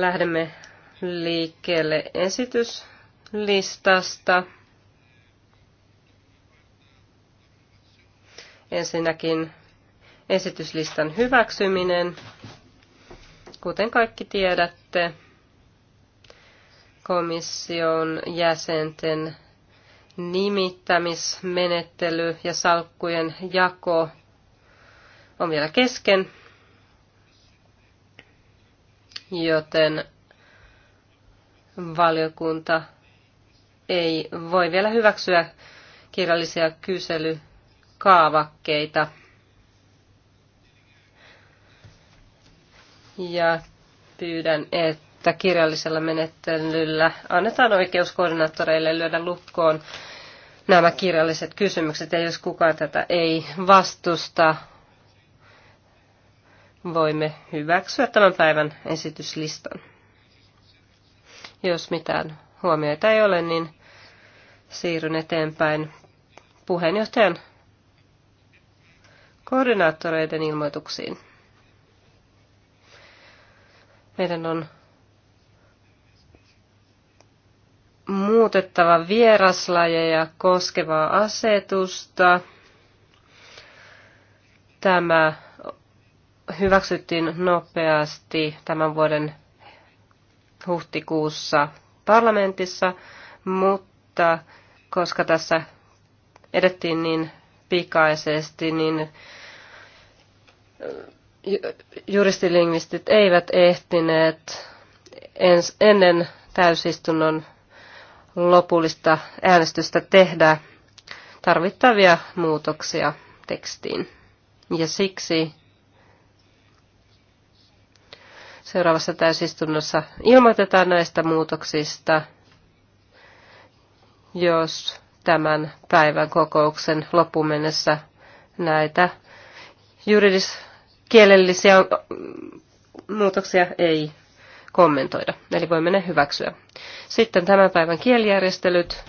lähdemme liikkeelle esityslistasta. Ensinnäkin esityslistan hyväksyminen. Kuten kaikki tiedätte, komission jäsenten nimittämismenettely ja salkkujen jako on vielä kesken joten valiokunta ei voi vielä hyväksyä kirjallisia kyselykaavakkeita. Ja pyydän, että kirjallisella menettelyllä annetaan oikeus koordinaattoreille lyödä lukkoon nämä kirjalliset kysymykset. Ja jos kukaan tätä ei vastusta, voimme hyväksyä tämän päivän esityslistan. Jos mitään huomioita ei ole, niin siirryn eteenpäin puheenjohtajan koordinaattoreiden ilmoituksiin. Meidän on muutettava vieraslajeja koskevaa asetusta. Tämä hyväksyttiin nopeasti tämän vuoden huhtikuussa parlamentissa, mutta koska tässä edettiin niin pikaisesti, niin äh, juristilingvistit eivät ehtineet ennen täysistunnon lopullista äänestystä tehdä tarvittavia muutoksia tekstiin. Ja siksi seuraavassa täysistunnossa ilmoitetaan näistä muutoksista, jos tämän päivän kokouksen loppuun mennessä näitä juridiskielellisiä muutoksia ei kommentoida. Eli voimme ne hyväksyä. Sitten tämän päivän kielijärjestelyt.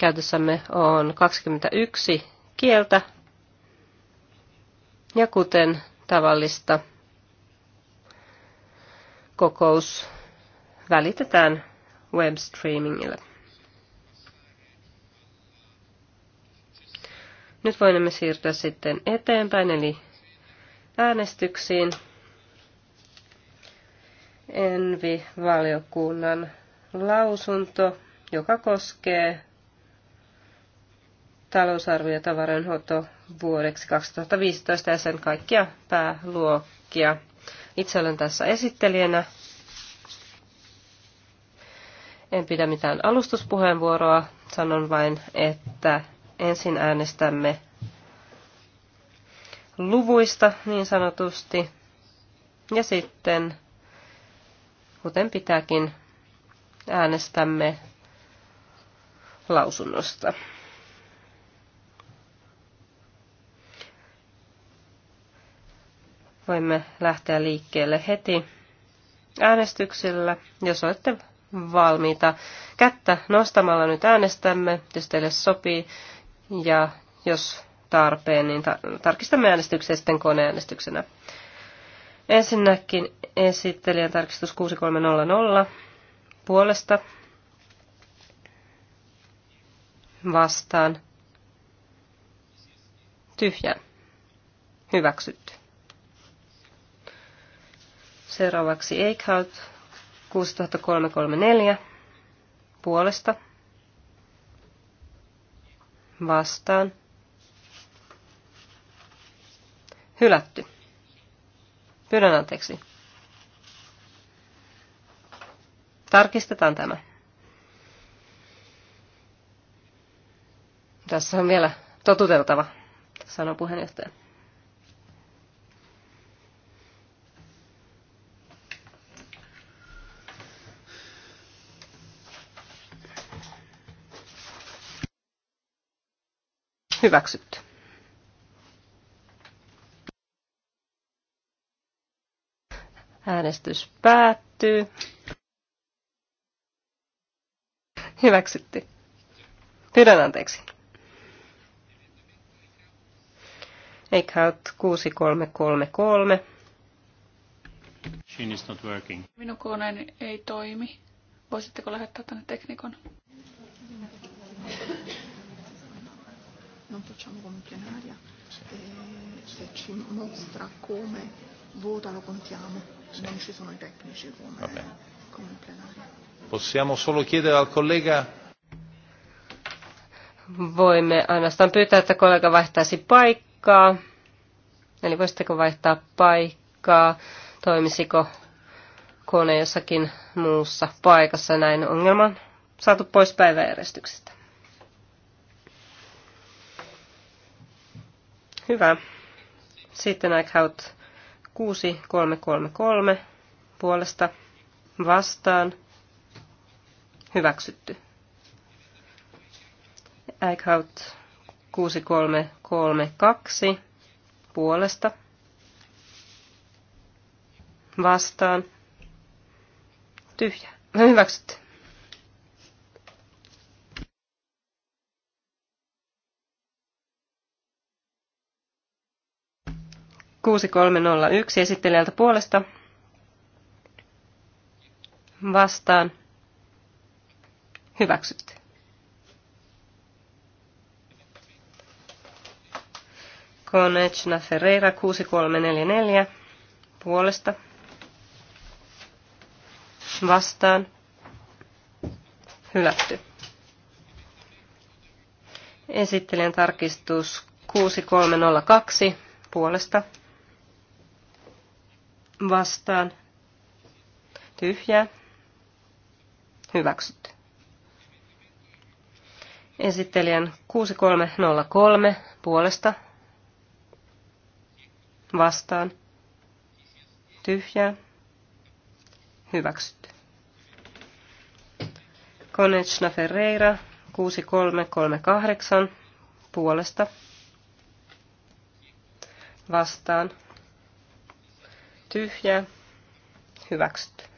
Käytössämme on 21 kieltä. Ja kuten tavallista. Kokous välitetään webstreamingille. Nyt voimme siirtyä sitten eteenpäin, eli äänestyksiin. Envi-valiokunnan lausunto, joka koskee talousarviota tavaroinhoito vuodeksi 2015 ja sen kaikkia pääluokkia. Itse olen tässä esittelijänä. En pidä mitään alustuspuheenvuoroa, sanon vain, että ensin äänestämme luvuista niin sanotusti. Ja sitten, kuten pitääkin, äänestämme lausunnosta. Voimme lähteä liikkeelle heti äänestyksellä, jos olette valmiita. Kättä nostamalla nyt äänestämme, jos teille sopii, ja jos tarpeen, niin tar- tarkistamme äänestyksen sitten koneäänestyksenä. Ensinnäkin esittelijän tarkistus 6300 puolesta vastaan tyhjä hyväksytty. Seuraavaksi Eichhout 6334 puolesta vastaan. Hylätty. Pyydän anteeksi. Tarkistetaan tämä. Tässä on vielä totuteltava, sanoi puheenjohtaja. Hyväksytty. Äänestys päättyy. Hyväksytty. Pyydän anteeksi. Eiköut 6333. is not working. Minun koneeni ei toimi. Voisitteko lähettää tänne teknikon? non facciamo come in plenaria, e, e ci mostra come vota lo contiamo, sì. non ci sono i tecnici come, come in plenaria. Possiamo solo chiedere al collega voimme ainoastaan pyytää, että kollega vaihtaisi paikkaa. Eli voisitteko vaihtaa paikkaa? Toimisiko kone jossakin muussa paikassa? Näin ongelman saatu pois päiväjärjestyksestä. Hyvä. Sitten Eichhout 6333 puolesta vastaan hyväksytty. Eichhout 6332 puolesta vastaan tyhjä. Hyväksytty. 6301 esittelijältä puolesta vastaan hyväksytty. Konechna Ferreira 6344 puolesta vastaan hylätty. Esittelijän tarkistus 6302 puolesta vastaan Tyhjä. hyväksytty. Esittelijän 6303 puolesta vastaan Tyhjä. hyväksytty. Konechna Ferreira 6338 puolesta vastaan tyhjää, hyväksyt.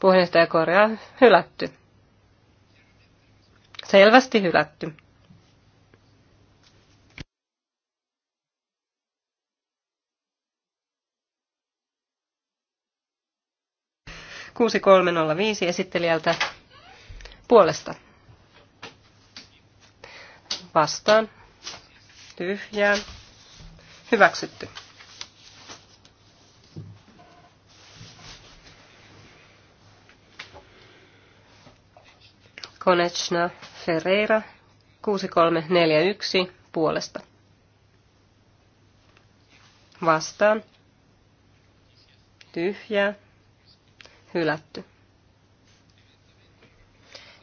Puheenjohtaja korjaa, hylätty. Selvästi hylätty. Kuusi kolme nolla viisi esittelijältä puolesta. Vastaan tyhjä hyväksytty. Konechna Ferreira 6341 puolesta. Vastaan. Tyhjää. Hylätty.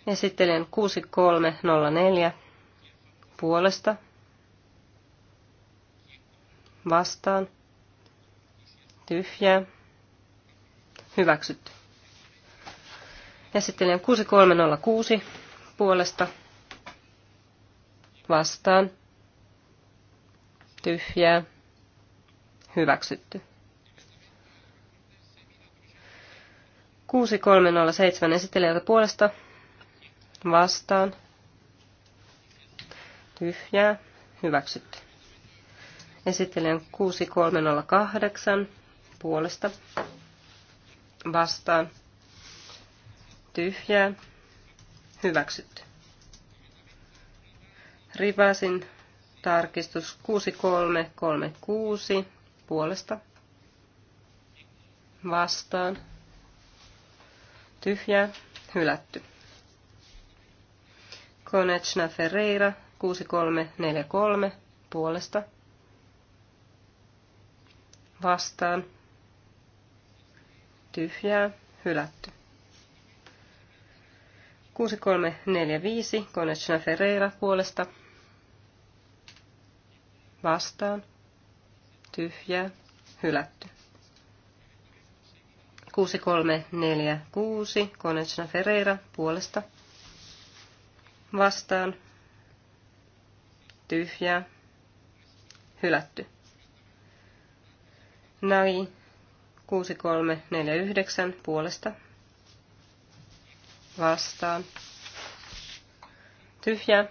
Esittelen 6304 puolesta vastaan, tyhjää, hyväksytty. Esittelijän 6306 puolesta vastaan, tyhjää, hyväksytty. 6307 esittelijältä puolesta vastaan, tyhjää, hyväksytty. Esittelen 6308 puolesta vastaan tyhjää hyväksytty. Rivasin tarkistus 6336 puolesta vastaan tyhjää hylätty. Konechna Ferreira 6343 puolesta vastaan tyhjää hylätty. 6345 Konechna Ferreira puolesta vastaan tyhjää hylätty. 6346 Konechna Ferreira puolesta vastaan tyhjää hylätty. Nai 6349 puolesta vastaan. Tyhjä.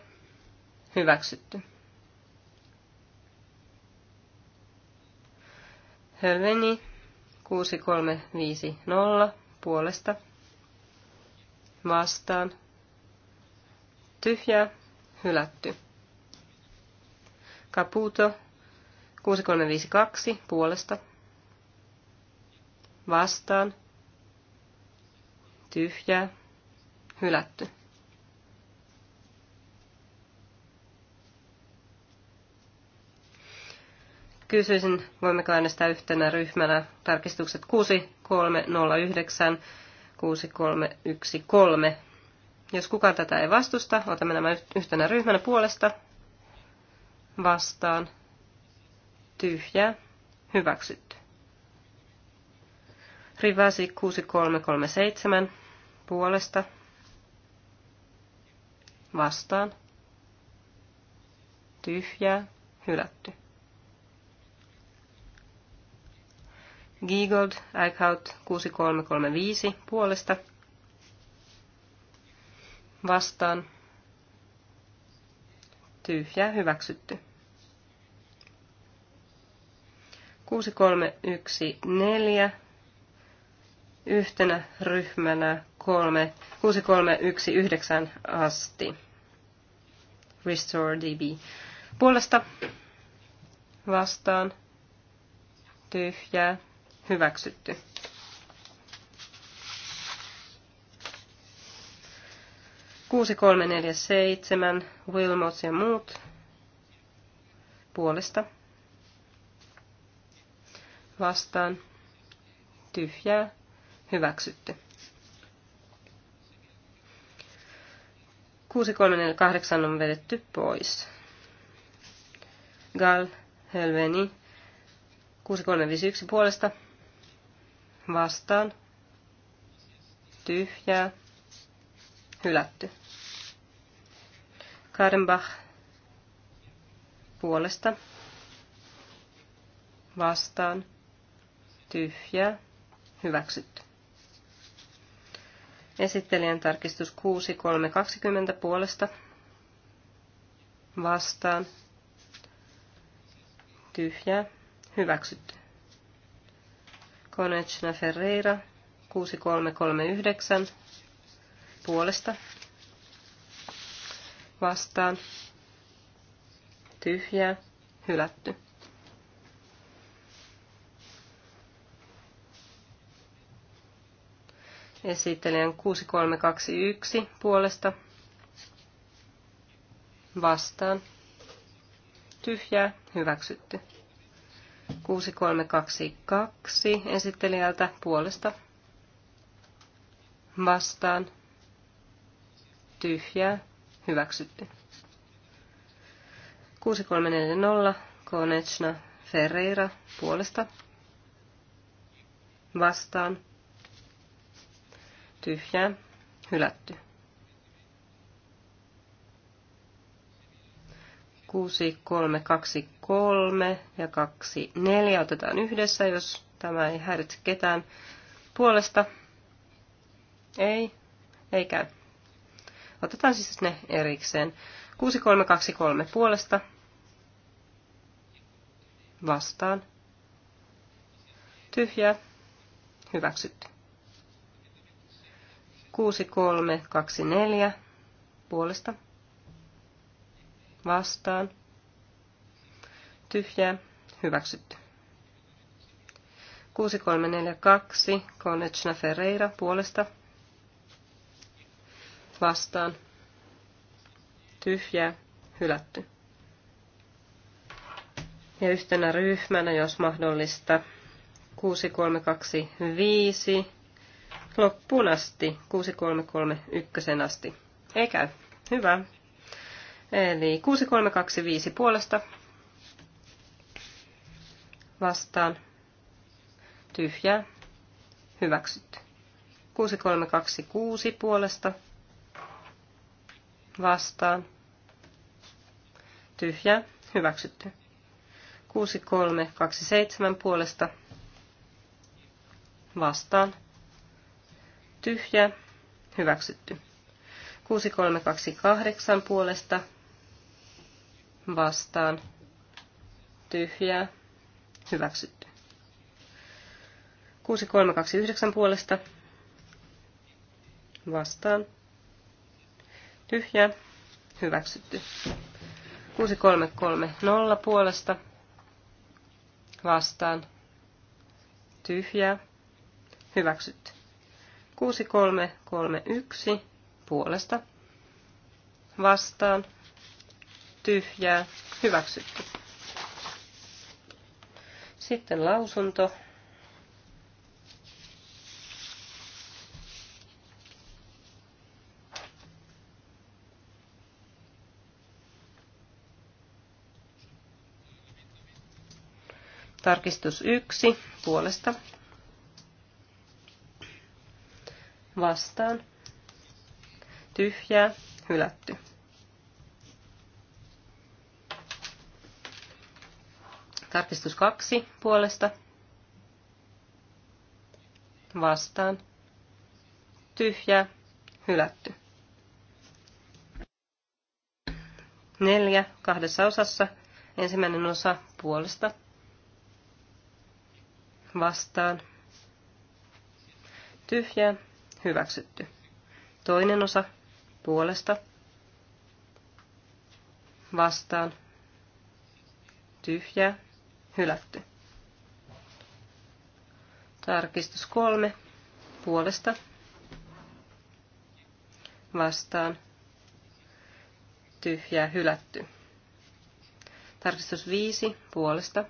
Hyväksytty. Hölveni 6350 puolesta vastaan. Tyhjä. Hylätty. Caputo 6352 puolesta vastaan, tyhjää, hylätty. Kysyisin, voimmeko äänestää yhtenä ryhmänä tarkistukset 6309, 6313. Jos kukaan tätä ei vastusta, otamme nämä yhtenä ryhmänä puolesta vastaan. Tyhjää. Hyväksytty. Rivasi 6337 puolesta vastaan. Tyhjää, hylätty. Giegold, Eichhout 6335 puolesta vastaan. Tyhjää, hyväksytty. 6314 yhtenä ryhmänä 6319 asti. Restore DB. Puolesta vastaan tyhjää hyväksytty. Kuusi, kolme, neljä, seitsemän, Wilmots ja muut puolesta. Vastaan tyhjää Hyväksytty. 6348 on vedetty pois. Gal Helveni 6351 puolesta vastaan. Tyhjää. Hylätty. Karenbach puolesta vastaan. Tyhjää. Hyväksytty. Esittelijän tarkistus 6320 puolesta vastaan tyhjää hyväksytty. Konechna Ferreira 6339 puolesta vastaan tyhjää hylätty. esittelijän 6321 puolesta vastaan. Tyhjää hyväksytty. 6322 esittelijältä puolesta vastaan. Tyhjää hyväksytty. 6340 Konechna Ferreira puolesta vastaan tyhjää, hylätty. Kuusi kolme kaksi kolme ja kaksi neljä otetaan yhdessä, jos tämä ei häiritse ketään puolesta. Ei, ei käy. Otetaan siis ne erikseen. 6, 3, 2, 3 puolesta. Vastaan. Tyhjä. Hyväksytty. 6324 puolesta vastaan tyhjää hyväksytty. 6342 Konechna Ferreira puolesta vastaan tyhjää hylätty. Ja yhtenä ryhmänä, jos mahdollista, 6325 loppuun asti, 6331 asti. Ei käy. Hyvä. Eli 6325 puolesta vastaan tyhjää hyväksytty. 6326 puolesta vastaan tyhjää hyväksytty. 6327 puolesta vastaan tyhjä, hyväksytty. 6328 puolesta vastaan tyhjä, hyväksytty. 6329 puolesta vastaan tyhjä, hyväksytty. 6330 puolesta vastaan tyhjä, hyväksytty. 6331 puolesta vastaan tyhjää hyväksytty. Sitten lausunto. Tarkistus 1 puolesta vastaan, tyhjää, hylätty. Tarkistus kaksi puolesta. Vastaan. Tyhjä. Hylätty. Neljä kahdessa osassa. Ensimmäinen osa puolesta. Vastaan. Tyhjä hyväksytty. Toinen osa puolesta vastaan tyhjää hylätty. Tarkistus kolme puolesta vastaan tyhjää hylätty. Tarkistus viisi puolesta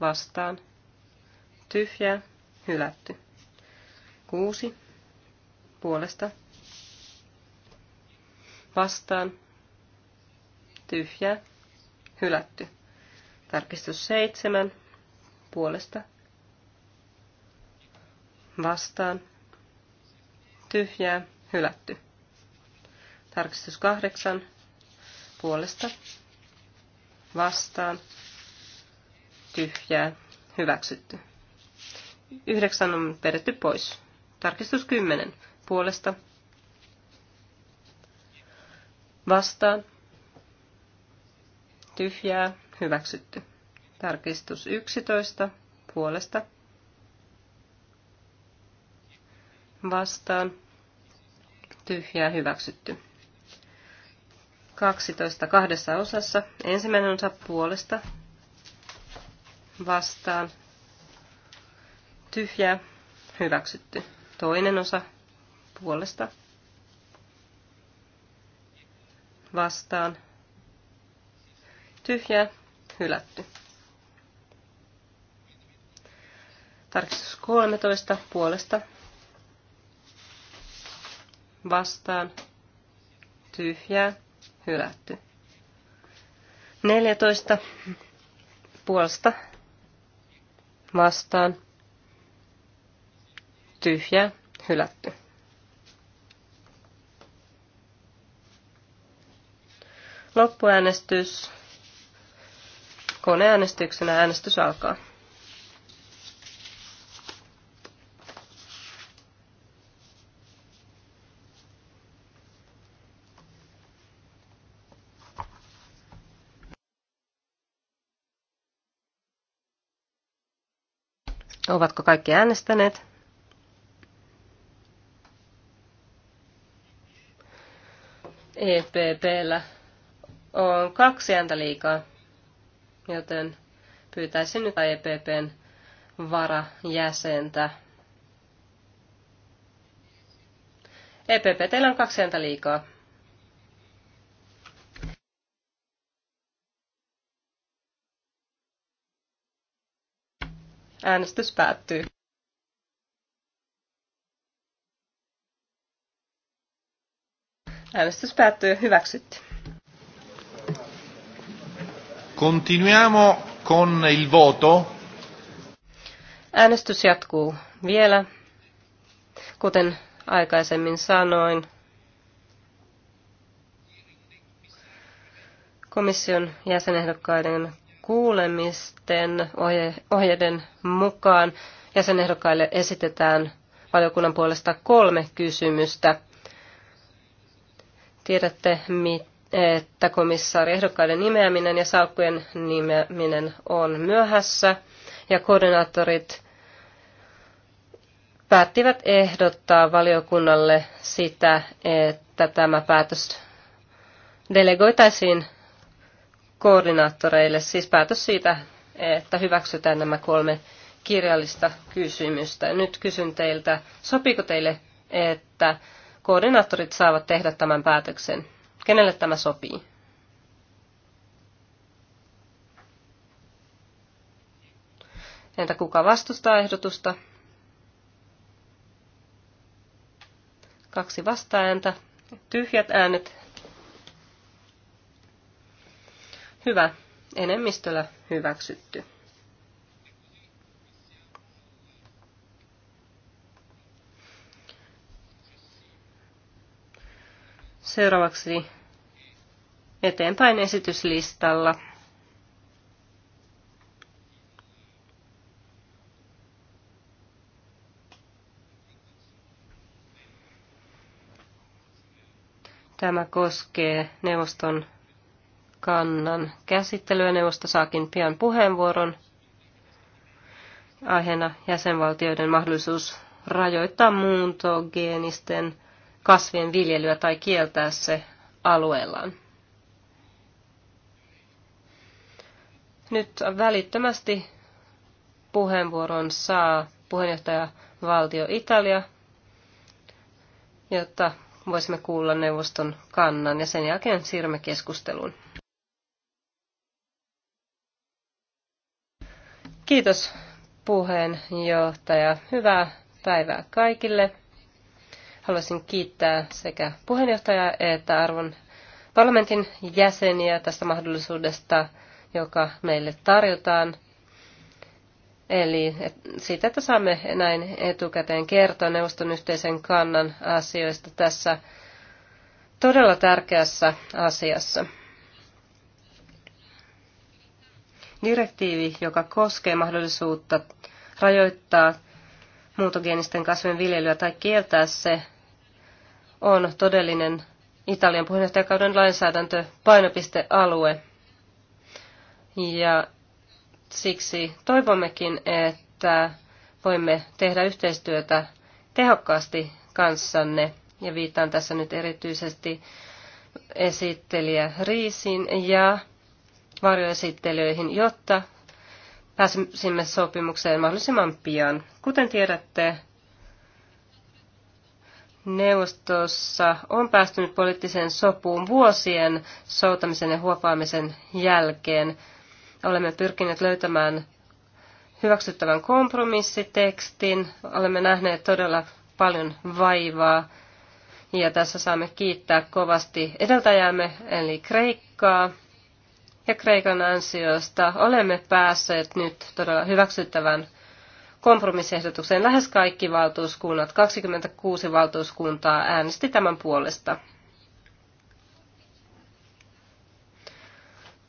vastaan tyhjää hylätty. Kuusi puolesta vastaan tyhjä hylätty. Tarkistus seitsemän puolesta vastaan tyhjää hylätty. Tarkistus kahdeksan puolesta vastaan tyhjää hyväksytty. Yhdeksän on vedetty pois. Tarkistus 10 puolesta. Vastaan. Tyhjää. Hyväksytty. Tarkistus 11 puolesta. Vastaan. Tyhjää. Hyväksytty. 12 kahdessa osassa. Ensimmäinen osa puolesta. Vastaan. Tyhjää. Hyväksytty. Toinen osa puolesta vastaan. Tyhjää, hylätty. Tarkistus 13 puolesta vastaan. Tyhjää, hylätty. 14 puolesta vastaan tyhjää, hylätty. Loppuäänestys. Koneäänestyksenä äänestys alkaa. Ovatko kaikki äänestäneet? EPPllä on kaksi ääntä liikaa, joten pyytäisin nyt EPPn varajäsentä. EPP, teillä on kaksi ääntä liikaa. Äänestys päättyy. Äänestys päättyy. Hyväksytty. Continuiamo con il voto. Äänestys jatkuu vielä. Kuten aikaisemmin sanoin, komission jäsenehdokkaiden kuulemisten ohje- ohjeiden mukaan jäsenehdokkaille esitetään valiokunnan puolesta kolme kysymystä. Tiedätte, että komissaari ehdokkaiden nimeäminen ja salkkujen nimeäminen on myöhässä ja koordinaattorit päättivät ehdottaa valiokunnalle sitä, että tämä päätös delegoitaisiin koordinaattoreille, siis päätös siitä, että hyväksytään nämä kolme kirjallista kysymystä. Nyt kysyn teiltä, sopiiko teille, että Koordinaattorit saavat tehdä tämän päätöksen. Kenelle tämä sopii? Entä kuka vastustaa ehdotusta? Kaksi vastaääntä. Tyhjät äänet. Hyvä. Enemmistöllä hyväksytty. Seuraavaksi eteenpäin esityslistalla. Tämä koskee neuvoston kannan käsittelyä. Neuvosto saakin pian puheenvuoron. Aiheena jäsenvaltioiden mahdollisuus rajoittaa muuntogeenisten kasvien viljelyä tai kieltää se alueellaan. Nyt välittömästi puheenvuoron saa puheenjohtaja valtio Italia, jotta voisimme kuulla neuvoston kannan ja sen jälkeen siirrymme keskusteluun. Kiitos puheenjohtaja. Hyvää päivää kaikille. Haluaisin kiittää sekä puheenjohtajaa että arvon parlamentin jäseniä tästä mahdollisuudesta, joka meille tarjotaan. Eli siitä, että saamme näin etukäteen kertoa neuvoston yhteisen kannan asioista tässä todella tärkeässä asiassa. Direktiivi, joka koskee mahdollisuutta rajoittaa muutogeenisten kasvien viljelyä tai kieltää se, on todellinen Italian puheenjohtajakauden lainsäädäntö painopistealue. Ja siksi toivommekin, että voimme tehdä yhteistyötä tehokkaasti kanssanne. Ja viittaan tässä nyt erityisesti esittelijä Riisin ja varjoesittelijöihin, jotta pääsimme sopimukseen mahdollisimman pian. Kuten tiedätte, neuvostossa on päästynyt poliittiseen sopuun vuosien soutamisen ja huopaamisen jälkeen. Olemme pyrkineet löytämään hyväksyttävän kompromissitekstin. Olemme nähneet todella paljon vaivaa. Ja tässä saamme kiittää kovasti edeltäjämme, eli Kreikkaa. Ja Kreikan ansiosta olemme päässeet nyt todella hyväksyttävän kompromissiehdotukseen lähes kaikki valtuuskunnat, 26 valtuuskuntaa äänesti tämän puolesta.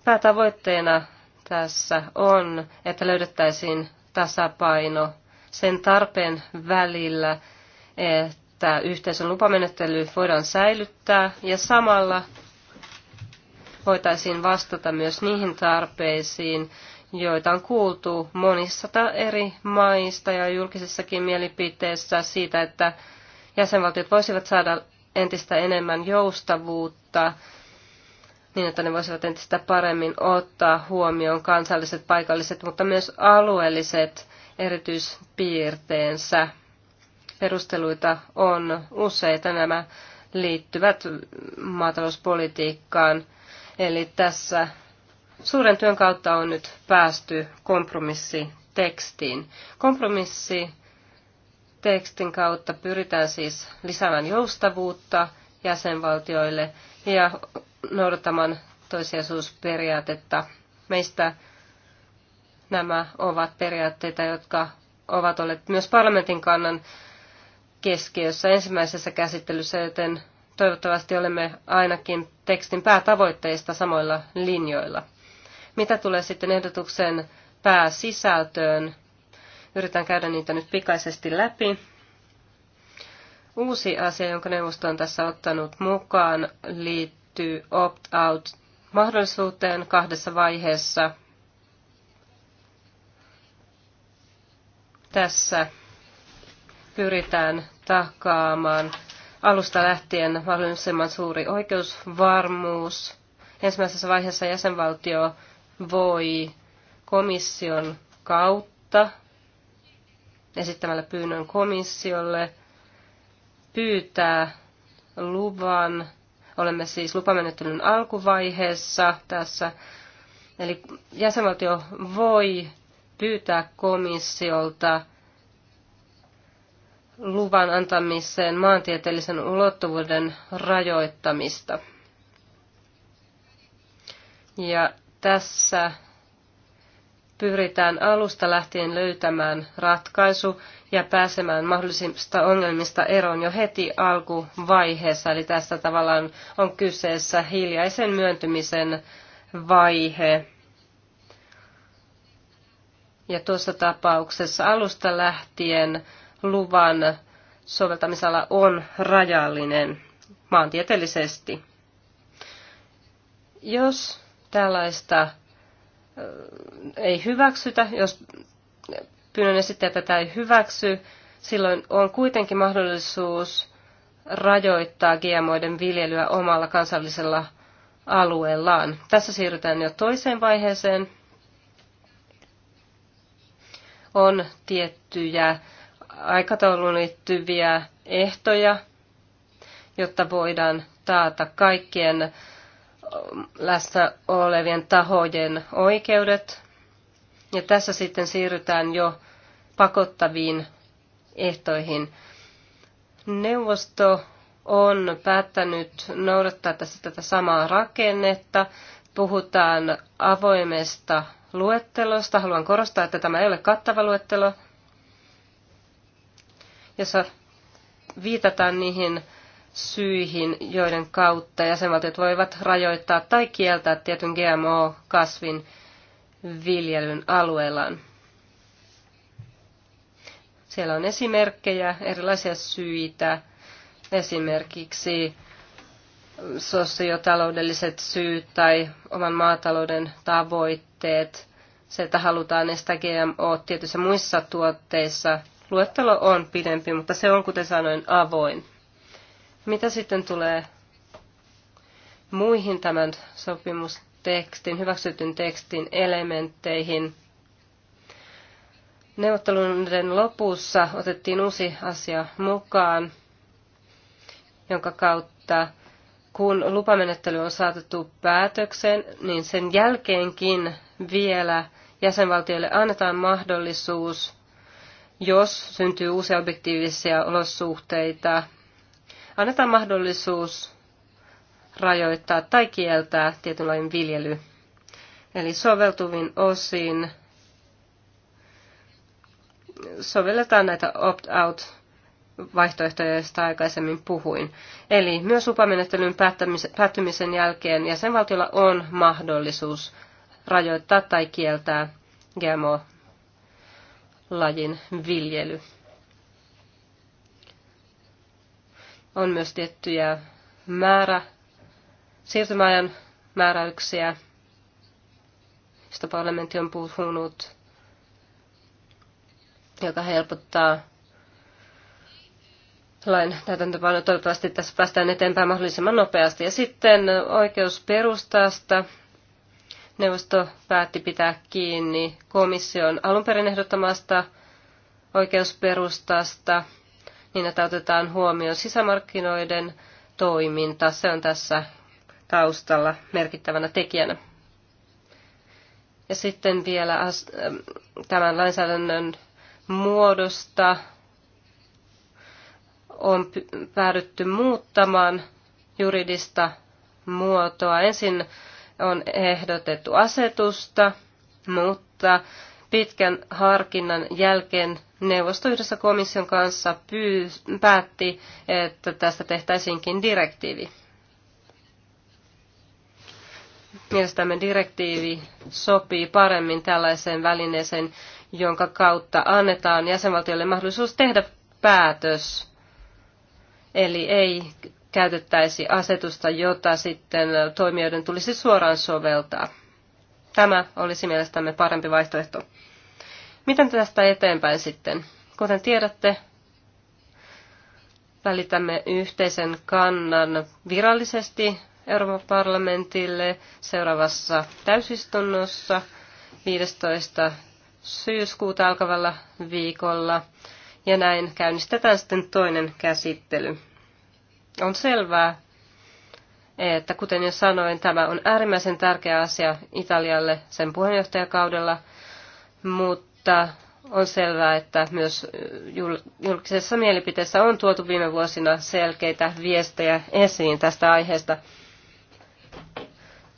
Päätavoitteena tässä on, että löydettäisiin tasapaino sen tarpeen välillä, että yhteisön lupamenettely voidaan säilyttää ja samalla voitaisiin vastata myös niihin tarpeisiin, joita on kuultu monissa eri maista ja julkisessakin mielipiteessä siitä, että jäsenvaltiot voisivat saada entistä enemmän joustavuutta niin, että ne voisivat entistä paremmin ottaa huomioon kansalliset, paikalliset, mutta myös alueelliset erityispiirteensä. Perusteluita on useita. Nämä liittyvät maatalouspolitiikkaan. Eli tässä Suuren työn kautta on nyt päästy kompromissitekstiin. Kompromissi tekstin kautta pyritään siis lisäämään joustavuutta jäsenvaltioille ja noudattamaan toisiasuusperiaatetta. Meistä nämä ovat periaatteita, jotka ovat olleet myös parlamentin kannan keskiössä ensimmäisessä käsittelyssä, joten toivottavasti olemme ainakin tekstin päätavoitteista samoilla linjoilla. Mitä tulee sitten ehdotuksen pääsisältöön, yritän käydä niitä nyt pikaisesti läpi. Uusi asia, jonka neuvosto on tässä ottanut mukaan, liittyy opt-out mahdollisuuteen kahdessa vaiheessa. Tässä pyritään takaamaan alusta lähtien mahdollisimman suuri oikeusvarmuus. Ensimmäisessä vaiheessa jäsenvaltio voi komission kautta esittämällä pyynnön komissiolle pyytää luvan. Olemme siis lupamenettelyn alkuvaiheessa tässä. Eli jäsenvaltio voi pyytää komissiolta luvan antamiseen maantieteellisen ulottuvuuden rajoittamista. Ja tässä pyritään alusta lähtien löytämään ratkaisu ja pääsemään mahdollisista ongelmista eroon jo heti alkuvaiheessa. Eli tässä tavallaan on kyseessä hiljaisen myöntymisen vaihe. Ja tuossa tapauksessa alusta lähtien luvan soveltamisala on rajallinen maantieteellisesti. Jos Tällaista ei hyväksytä. Jos pyynnön esittäjä tätä ei hyväksy, silloin on kuitenkin mahdollisuus rajoittaa GMOiden viljelyä omalla kansallisella alueellaan. Tässä siirrytään jo toiseen vaiheeseen. On tiettyjä aikatauluun liittyviä ehtoja, jotta voidaan taata kaikkien läsnä olevien tahojen oikeudet. Ja tässä sitten siirrytään jo pakottaviin ehtoihin. Neuvosto on päättänyt noudattaa tässä tätä samaa rakennetta. Puhutaan avoimesta luettelosta. Haluan korostaa, että tämä ei ole kattava luettelo, jossa viitataan niihin syihin, joiden kautta jäsenvaltiot voivat rajoittaa tai kieltää tietyn GMO-kasvin viljelyn alueellaan. Siellä on esimerkkejä, erilaisia syitä, esimerkiksi sosiotaloudelliset syyt tai oman maatalouden tavoitteet, se, että halutaan estää GMO tietyissä muissa tuotteissa. Luettelo on pidempi, mutta se on, kuten sanoin, avoin. Mitä sitten tulee muihin tämän sopimustekstin, hyväksytyn tekstin elementteihin? Neuvotteluiden lopussa otettiin uusi asia mukaan, jonka kautta kun lupamenettely on saatettu päätökseen, niin sen jälkeenkin vielä jäsenvaltioille annetaan mahdollisuus, jos syntyy uusia objektiivisia olosuhteita, annetaan mahdollisuus rajoittaa tai kieltää tietynlainen viljely. Eli soveltuvin osin sovelletaan näitä opt-out vaihtoehtoja, joista aikaisemmin puhuin. Eli myös lupamenettelyn päättymisen jälkeen jäsenvaltiolla on mahdollisuus rajoittaa tai kieltää GMO-lajin viljely. On myös tiettyjä määrä, siirtymäajan määräyksiä, josta parlamentti on puhunut, joka helpottaa lain täytäntöpano. Toivottavasti tässä päästään eteenpäin mahdollisimman nopeasti. Ja sitten oikeusperustasta. Neuvosto päätti pitää kiinni komission alunperin ehdottamasta oikeusperustasta – niin että otetaan huomioon sisämarkkinoiden toiminta. Se on tässä taustalla merkittävänä tekijänä. Ja sitten vielä ähm, tämän lainsäädännön muodosta on päädytty muuttamaan juridista muotoa. Ensin on ehdotettu asetusta, mutta pitkän harkinnan jälkeen neuvosto yhdessä komission kanssa pyy- päätti, että tästä tehtäisiinkin direktiivi. Mielestämme direktiivi sopii paremmin tällaiseen välineeseen, jonka kautta annetaan jäsenvaltiolle mahdollisuus tehdä päätös. Eli ei käytettäisi asetusta, jota sitten toimijoiden tulisi suoraan soveltaa. Tämä olisi mielestämme parempi vaihtoehto. Miten tästä eteenpäin sitten? Kuten tiedätte, välitämme yhteisen kannan virallisesti Euroopan parlamentille seuraavassa täysistunnossa 15. syyskuuta alkavalla viikolla. Ja näin käynnistetään sitten toinen käsittely. On selvää, että kuten jo sanoin, tämä on äärimmäisen tärkeä asia Italialle sen puheenjohtajakaudella, mutta mutta on selvää, että myös julkisessa mielipiteessä on tuotu viime vuosina selkeitä viestejä esiin tästä aiheesta.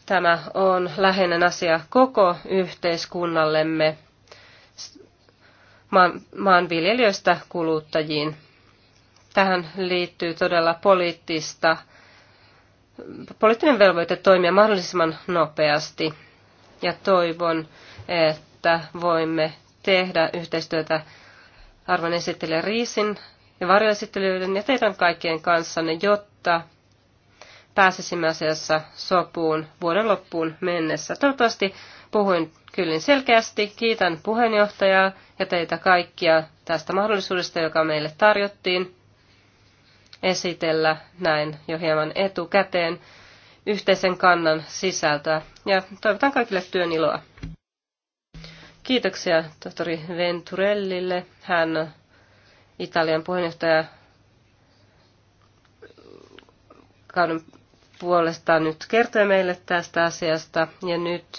Tämä on läheinen asia koko yhteiskunnallemme maanviljelijöistä kuluttajiin. Tähän liittyy todella poliittista, poliittinen velvoite toimia mahdollisimman nopeasti. Ja toivon, että voimme tehdä yhteistyötä arvon esittelijä Riisin ja varjoesittelijöiden ja teidän kaikkien kanssa, jotta pääsisimme asiassa sopuun vuoden loppuun mennessä. Toivottavasti puhuin kyllin selkeästi. Kiitän puheenjohtajaa ja teitä kaikkia tästä mahdollisuudesta, joka meille tarjottiin esitellä näin jo hieman etukäteen yhteisen kannan sisältöä. Ja toivotan kaikille työn iloa. Kiitoksia tohtori Venturellille. Hän Italian puheenjohtaja kauden puolesta nyt kertoi meille tästä asiasta. Ja nyt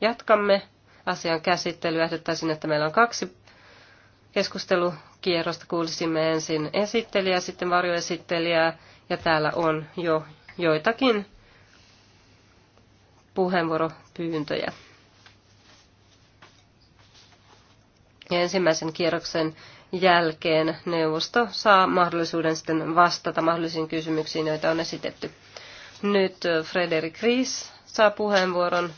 jatkamme asian käsittelyä. Ehdottaisin, että meillä on kaksi keskustelukierrosta. Kuulisimme ensin esittelijää, sitten varjoesittelijää. Ja täällä on jo joitakin puheenvuoropyyntöjä. Ja ensimmäisen kierroksen jälkeen neuvosto saa mahdollisuuden sitten vastata mahdollisiin kysymyksiin, joita on esitetty. Nyt äh, Frederik Ries saa puheenvuoron.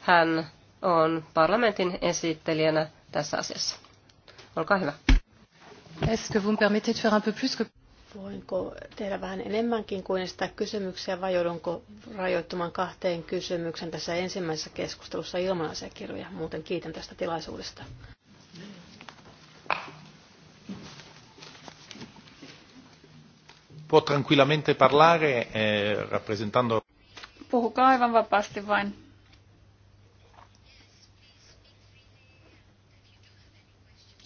Hän on parlamentin esittelijänä tässä asiassa. Olkaa hyvä. Est-ce que vous me permettez de faire un peu plus que... Voinko tehdä vähän enemmänkin kuin esittää kysymyksiä vai joudunko rajoittumaan kahteen kysymykseen tässä ensimmäisessä keskustelussa ilman asiakirjoja? Muuten kiitän tästä tilaisuudesta. Può tranquillamente parlare eh, rappresentando... Puhukaa aivan vapaasti vain.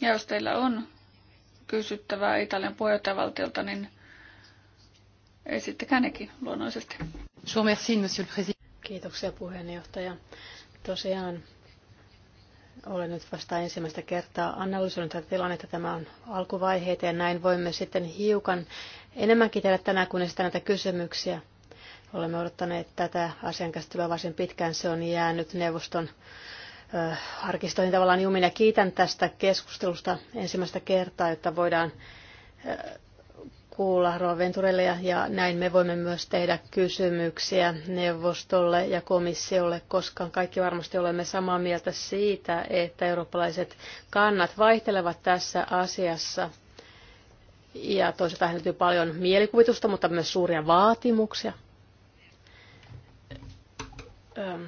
Ja jos teillä on kysyttävää Italian puheenjohtajavaltiolta, niin esittäkää nekin luonnollisesti. Kiitoksia puheenjohtaja. Tosiaan olen nyt vasta ensimmäistä kertaa analysoinut tätä tilannetta. Tämä on alkuvaiheita ja näin voimme sitten hiukan enemmänkin tehdä tänään, kuin esittää näitä kysymyksiä. Olemme odottaneet tätä asian käsittelyä varsin pitkään. Se on jäänyt neuvoston Äh, arkistoin niin tavallaan jumin ja kiitän tästä keskustelusta ensimmäistä kertaa, että voidaan äh, kuulla Roventurelle ja, ja näin me voimme myös tehdä kysymyksiä neuvostolle ja komissiolle, koska kaikki varmasti olemme samaa mieltä siitä, että eurooppalaiset kannat vaihtelevat tässä asiassa. Ja toisaalta löytyy paljon mielikuvitusta, mutta myös suuria vaatimuksia. Öm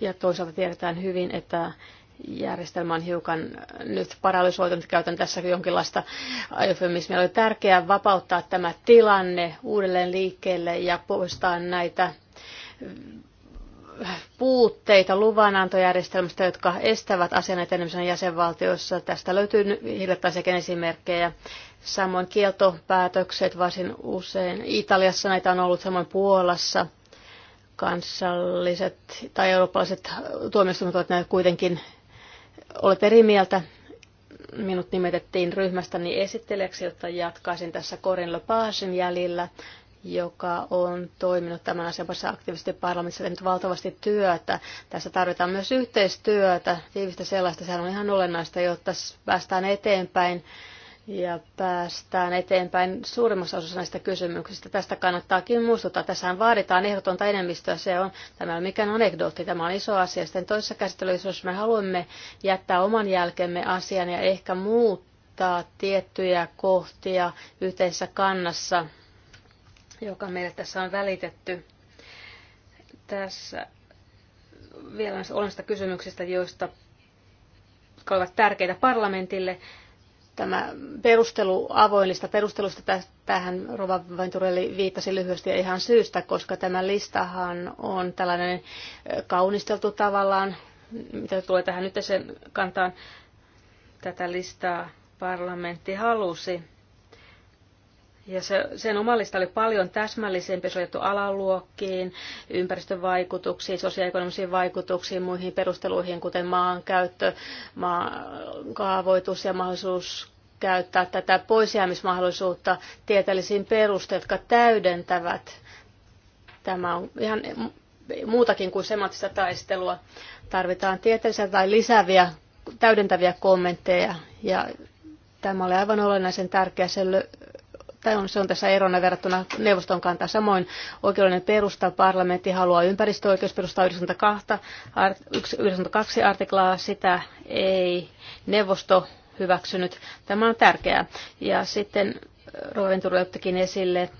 ja toisaalta tiedetään hyvin, että järjestelmä on hiukan nyt paralysoitunut. Käytän tässä jonkinlaista eufemismia. Oli tärkeää vapauttaa tämä tilanne uudelleen liikkeelle ja poistaa näitä puutteita luvanantojärjestelmästä, jotka estävät asian etenemisen jäsenvaltioissa. Tästä löytyy hiljattaisiakin esimerkkejä. Samoin kieltopäätökset varsin usein. Italiassa näitä on ollut samoin Puolassa kansalliset tai eurooppalaiset tuomioistuimet ovat näitä kuitenkin olet eri mieltä. Minut nimetettiin ryhmästäni esittelijäksi, jotta jatkaisin tässä Korin Lepagin jäljellä, joka on toiminut tämän asian parissa aktiivisesti parlamentissa, tehnyt valtavasti työtä. Tässä tarvitaan myös yhteistyötä, tiivistä sellaista, sehän on ihan olennaista, jotta päästään eteenpäin ja päästään eteenpäin suurimmassa osassa näistä kysymyksistä. Tästä kannattaakin muistuttaa. Tässä vaaditaan ehdotonta enemmistöä. Se on, tämä on mikään anekdootti, tämä on iso asia. Sitten toisessa käsittelyssä, jos me haluamme jättää oman jälkemme asian ja ehkä muuttaa tiettyjä kohtia yhteisessä kannassa, joka meille tässä on välitetty. Tässä vielä näistä kysymyksistä, joista ovat tärkeitä parlamentille Tämä perustelu avoinlista perustelusta tähän Rova Venturelli viittasi lyhyesti ja ihan syystä, koska tämä listahan on tällainen kaunisteltu tavallaan, mitä tulee tähän nyt sen kantaan, tätä listaa parlamentti halusi ja se, sen omallista oli paljon täsmällisempi, se alaluokkiin, ympäristövaikutuksiin, sosiaalikonomisiin vaikutuksiin, muihin perusteluihin, kuten maankäyttö, maankaavoitus kaavoitus ja mahdollisuus käyttää tätä poisjäämismahdollisuutta tieteellisiin perusteet, jotka täydentävät. Tämä on ihan muutakin kuin semantista taistelua. Tarvitaan tieteellisiä tai lisäviä, täydentäviä kommentteja ja tämä oli aivan olennaisen tärkeä sen tai on, se on tässä erona verrattuna neuvoston kantaa. Samoin oikeudellinen perusta parlamentti haluaa ympäristöoikeusperustaa 92, 92 artiklaa, sitä ei neuvosto hyväksynyt. Tämä on tärkeää. Ja sitten äh, Roventuri ottikin esille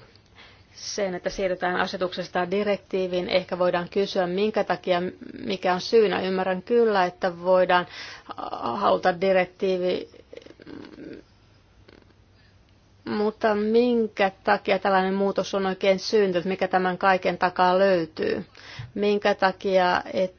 sen, että siirrytään asetuksesta direktiiviin. Ehkä voidaan kysyä, minkä takia, mikä on syynä. Ymmärrän kyllä, että voidaan haluta direktiivi mutta minkä takia tällainen muutos on oikein syntynyt, mikä tämän kaiken takaa löytyy? Minkä takia et,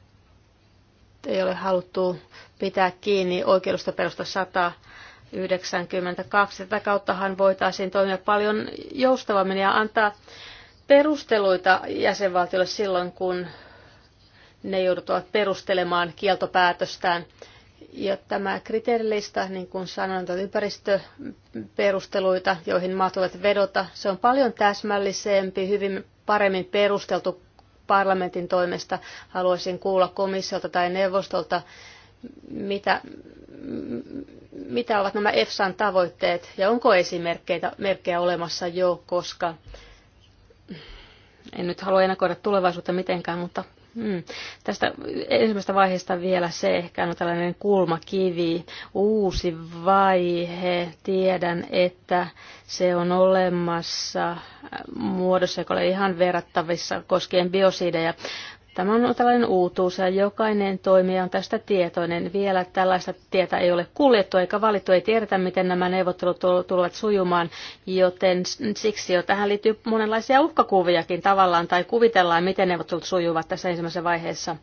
ei ole haluttu pitää kiinni oikeudesta perusta 192? Tätä kauttahan voitaisiin toimia paljon joustavammin ja antaa perusteluita jäsenvaltiolle silloin, kun ne joudutaan perustelemaan kieltopäätöstään – ja tämä kriteerilista, niin kuin sanoin, on tuota ympäristöperusteluita, joihin maat voivat vedota. Se on paljon täsmällisempi, hyvin paremmin perusteltu parlamentin toimesta. Haluaisin kuulla komissiolta tai neuvostolta, mitä, mitä ovat nämä EFSAn tavoitteet ja onko esimerkkejä merkkejä olemassa jo, koska en nyt halua ennakoida tulevaisuutta mitenkään, mutta Hmm. Tästä ensimmäisestä vaiheesta vielä se ehkä on tällainen kulmakivi, uusi vaihe. Tiedän, että se on olemassa muodossa, joka oli ihan verrattavissa koskien biosideja, Tämä on tällainen uutuus ja jokainen toimija on tästä tietoinen. Vielä tällaista tietä ei ole kuljettu eikä valittu, ei tiedetä miten nämä neuvottelut tulevat sujumaan, joten siksi jo tähän liittyy monenlaisia uhkakuviakin tavallaan tai kuvitellaan, miten neuvottelut sujuvat tässä ensimmäisessä vaiheessa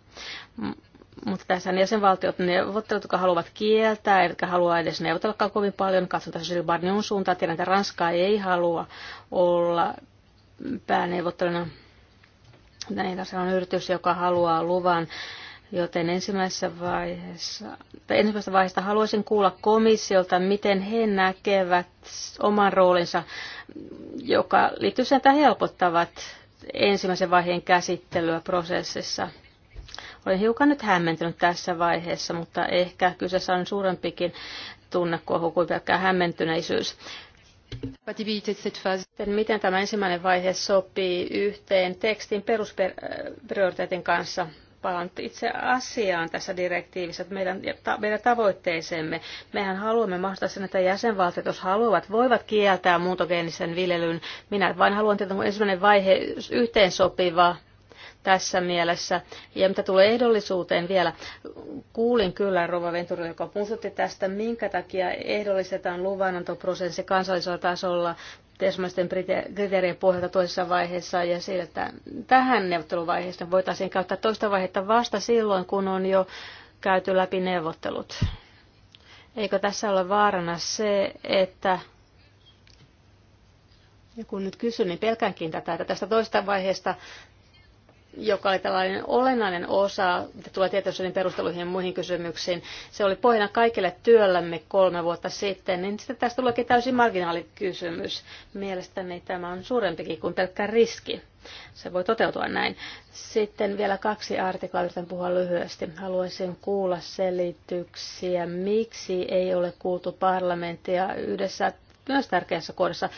mutta tässä on jäsenvaltiot neuvottelut, jotka haluavat kieltää, eivätkä halua edes neuvotella kovin paljon. Katsotaan tässä Barnion suuntaan, tiedän, että Ranska ei halua olla pääneuvottelijana näin tässä on yritys, joka haluaa luvan Joten ensimmäisessä vaiheessa, tai ensimmäisessä vaiheessa haluaisin kuulla komissiolta, miten he näkevät oman roolinsa, joka liittyy siihen, että helpottavat ensimmäisen vaiheen käsittelyä prosessissa. Olen hiukan nyt hämmentynyt tässä vaiheessa, mutta ehkä kyseessä on suurempikin tunnekohu kuin pelkkää hämmentyneisyys. Sitten miten tämä ensimmäinen vaihe sopii yhteen tekstin perusprioriteetin äh, kanssa? Palaan itse asiaan tässä direktiivissä, että meidän, ta, meidän tavoitteisemme. Mehän haluamme mahdollistaa sen, että jäsenvaltiot, jos haluavat, voivat kieltää muuntogeenisen viljelyn. Minä vain haluan tietää, että ensimmäinen vaihe yhteensopiva tässä mielessä. Ja mitä tulee ehdollisuuteen vielä, kuulin kyllä Rova Venturi, joka puhutti tästä, minkä takia ehdollistetaan luvanantoprosessi kansallisella tasolla esimerkiksi kriteerien pohjalta toisessa vaiheessa ja että tähän neuvotteluvaiheeseen. Voitaisiin käyttää toista vaihetta vasta silloin, kun on jo käyty läpi neuvottelut. Eikö tässä ole vaarana se, että ja kun nyt kysyn, niin pelkäänkin tätä, että tästä toista vaiheesta joka oli tällainen olennainen osa, mitä tulee tietoisuuden perusteluihin ja muihin kysymyksiin. Se oli pohjana kaikille työllämme kolme vuotta sitten, niin sitten tästä tuleekin täysin marginaalikysymys. Mielestäni tämä on suurempikin kuin pelkkä riski. Se voi toteutua näin. Sitten vielä kaksi artiklaa, yritän puhua lyhyesti. Haluaisin kuulla selityksiä, miksi ei ole kuultu parlamenttia yhdessä myös tärkeässä kohdassa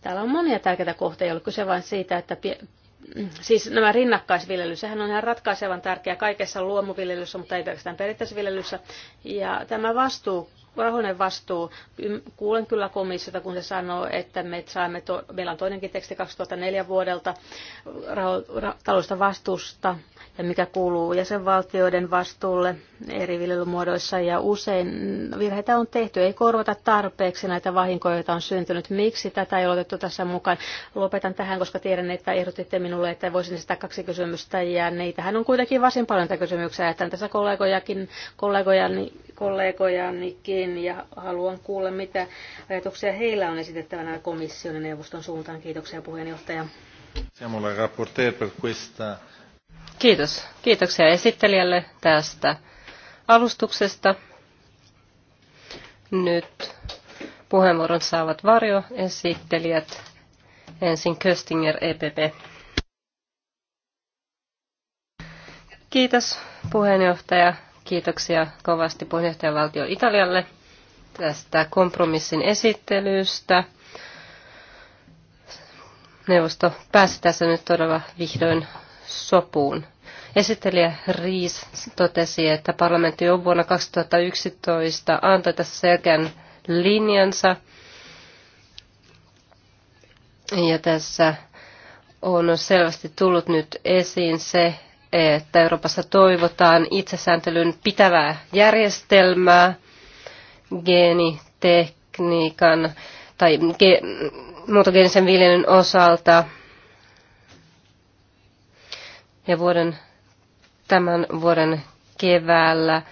Täällä on monia tärkeitä kohteita, ei ole kyse vain siitä, että siis nämä rinnakkaisviljely, sehän on ihan ratkaisevan tärkeä kaikessa luomuviljelyssä, mutta ei pelkästään perinteisviljelyssä. Ja tämä vastuu rahoinen vastuu. Kuulen kyllä komissiota, kun se sanoo, että me saamme to, meillä on toinenkin teksti 2004 vuodelta raho, ra, taloudesta vastuusta ja mikä kuuluu jäsenvaltioiden vastuulle eri viljelymuodoissa. Ja usein virheitä on tehty, ei korvata tarpeeksi näitä vahinkoja, joita on syntynyt. Miksi tätä ei ole otettu tässä mukaan? Lopetan tähän, koska tiedän, että ehdotitte minulle, että voisin sitä kaksi kysymystä. Ja niitähän on kuitenkin varsin paljon tätä kysymyksiä. Että tässä kollegojakin, kollegojani, kollegojanikin muitakin ja haluan kuulla, mitä ajatuksia heillä on esitettävänä komission ja neuvoston suuntaan. Kiitoksia puheenjohtaja. Kiitos. Kiitoksia esittelijälle tästä alustuksesta. Nyt puheenvuoron saavat varjoesittelijät. Ensin Köstinger EPP. Kiitos puheenjohtaja. Kiitoksia kovasti puheenjohtajavaltio Italialle tästä kompromissin esittelystä. Neuvosto pääsi tässä nyt todella vihdoin sopuun. Esittelijä Riis totesi, että parlamentti on vuonna 2011 antoi tässä selkeän linjansa. Ja tässä on selvästi tullut nyt esiin se, että Euroopassa toivotaan itsesääntelyn pitävää järjestelmää – geenitekniikan tai ge, muutogeenisen viljelyn osalta. Ja vuoden, tämän vuoden keväällä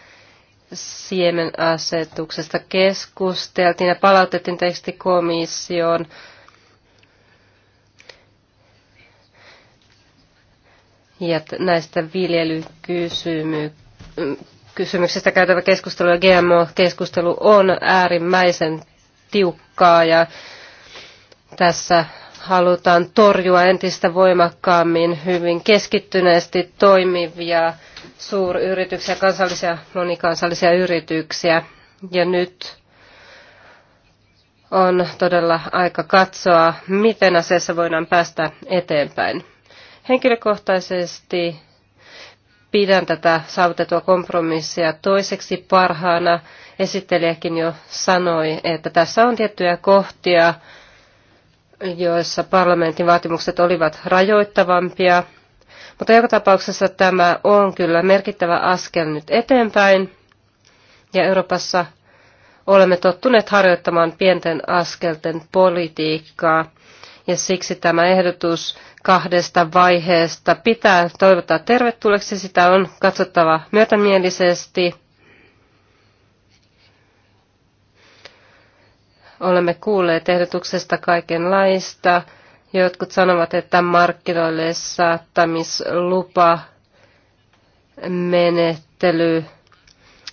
siemenasetuksesta keskusteltiin ja palautettiin teksti komissioon. Ja näistä viljelykysymyksistä kysymyksestä käytävä keskustelu ja GMO-keskustelu on äärimmäisen tiukkaa ja tässä halutaan torjua entistä voimakkaammin hyvin keskittyneesti toimivia suuryrityksiä, kansallisia, monikansallisia yrityksiä. Ja nyt on todella aika katsoa, miten asiassa voidaan päästä eteenpäin. Henkilökohtaisesti pidän tätä saavutettua kompromissia toiseksi parhaana. Esittelijäkin jo sanoi, että tässä on tiettyjä kohtia, joissa parlamentin vaatimukset olivat rajoittavampia. Mutta joka tapauksessa tämä on kyllä merkittävä askel nyt eteenpäin. Ja Euroopassa olemme tottuneet harjoittamaan pienten askelten politiikkaa. Ja siksi tämä ehdotus kahdesta vaiheesta pitää toivottaa tervetulleeksi. Sitä on katsottava myötämielisesti. Olemme kuulleet ehdotuksesta kaikenlaista. Jotkut sanovat, että markkinoille saattamislupa menettely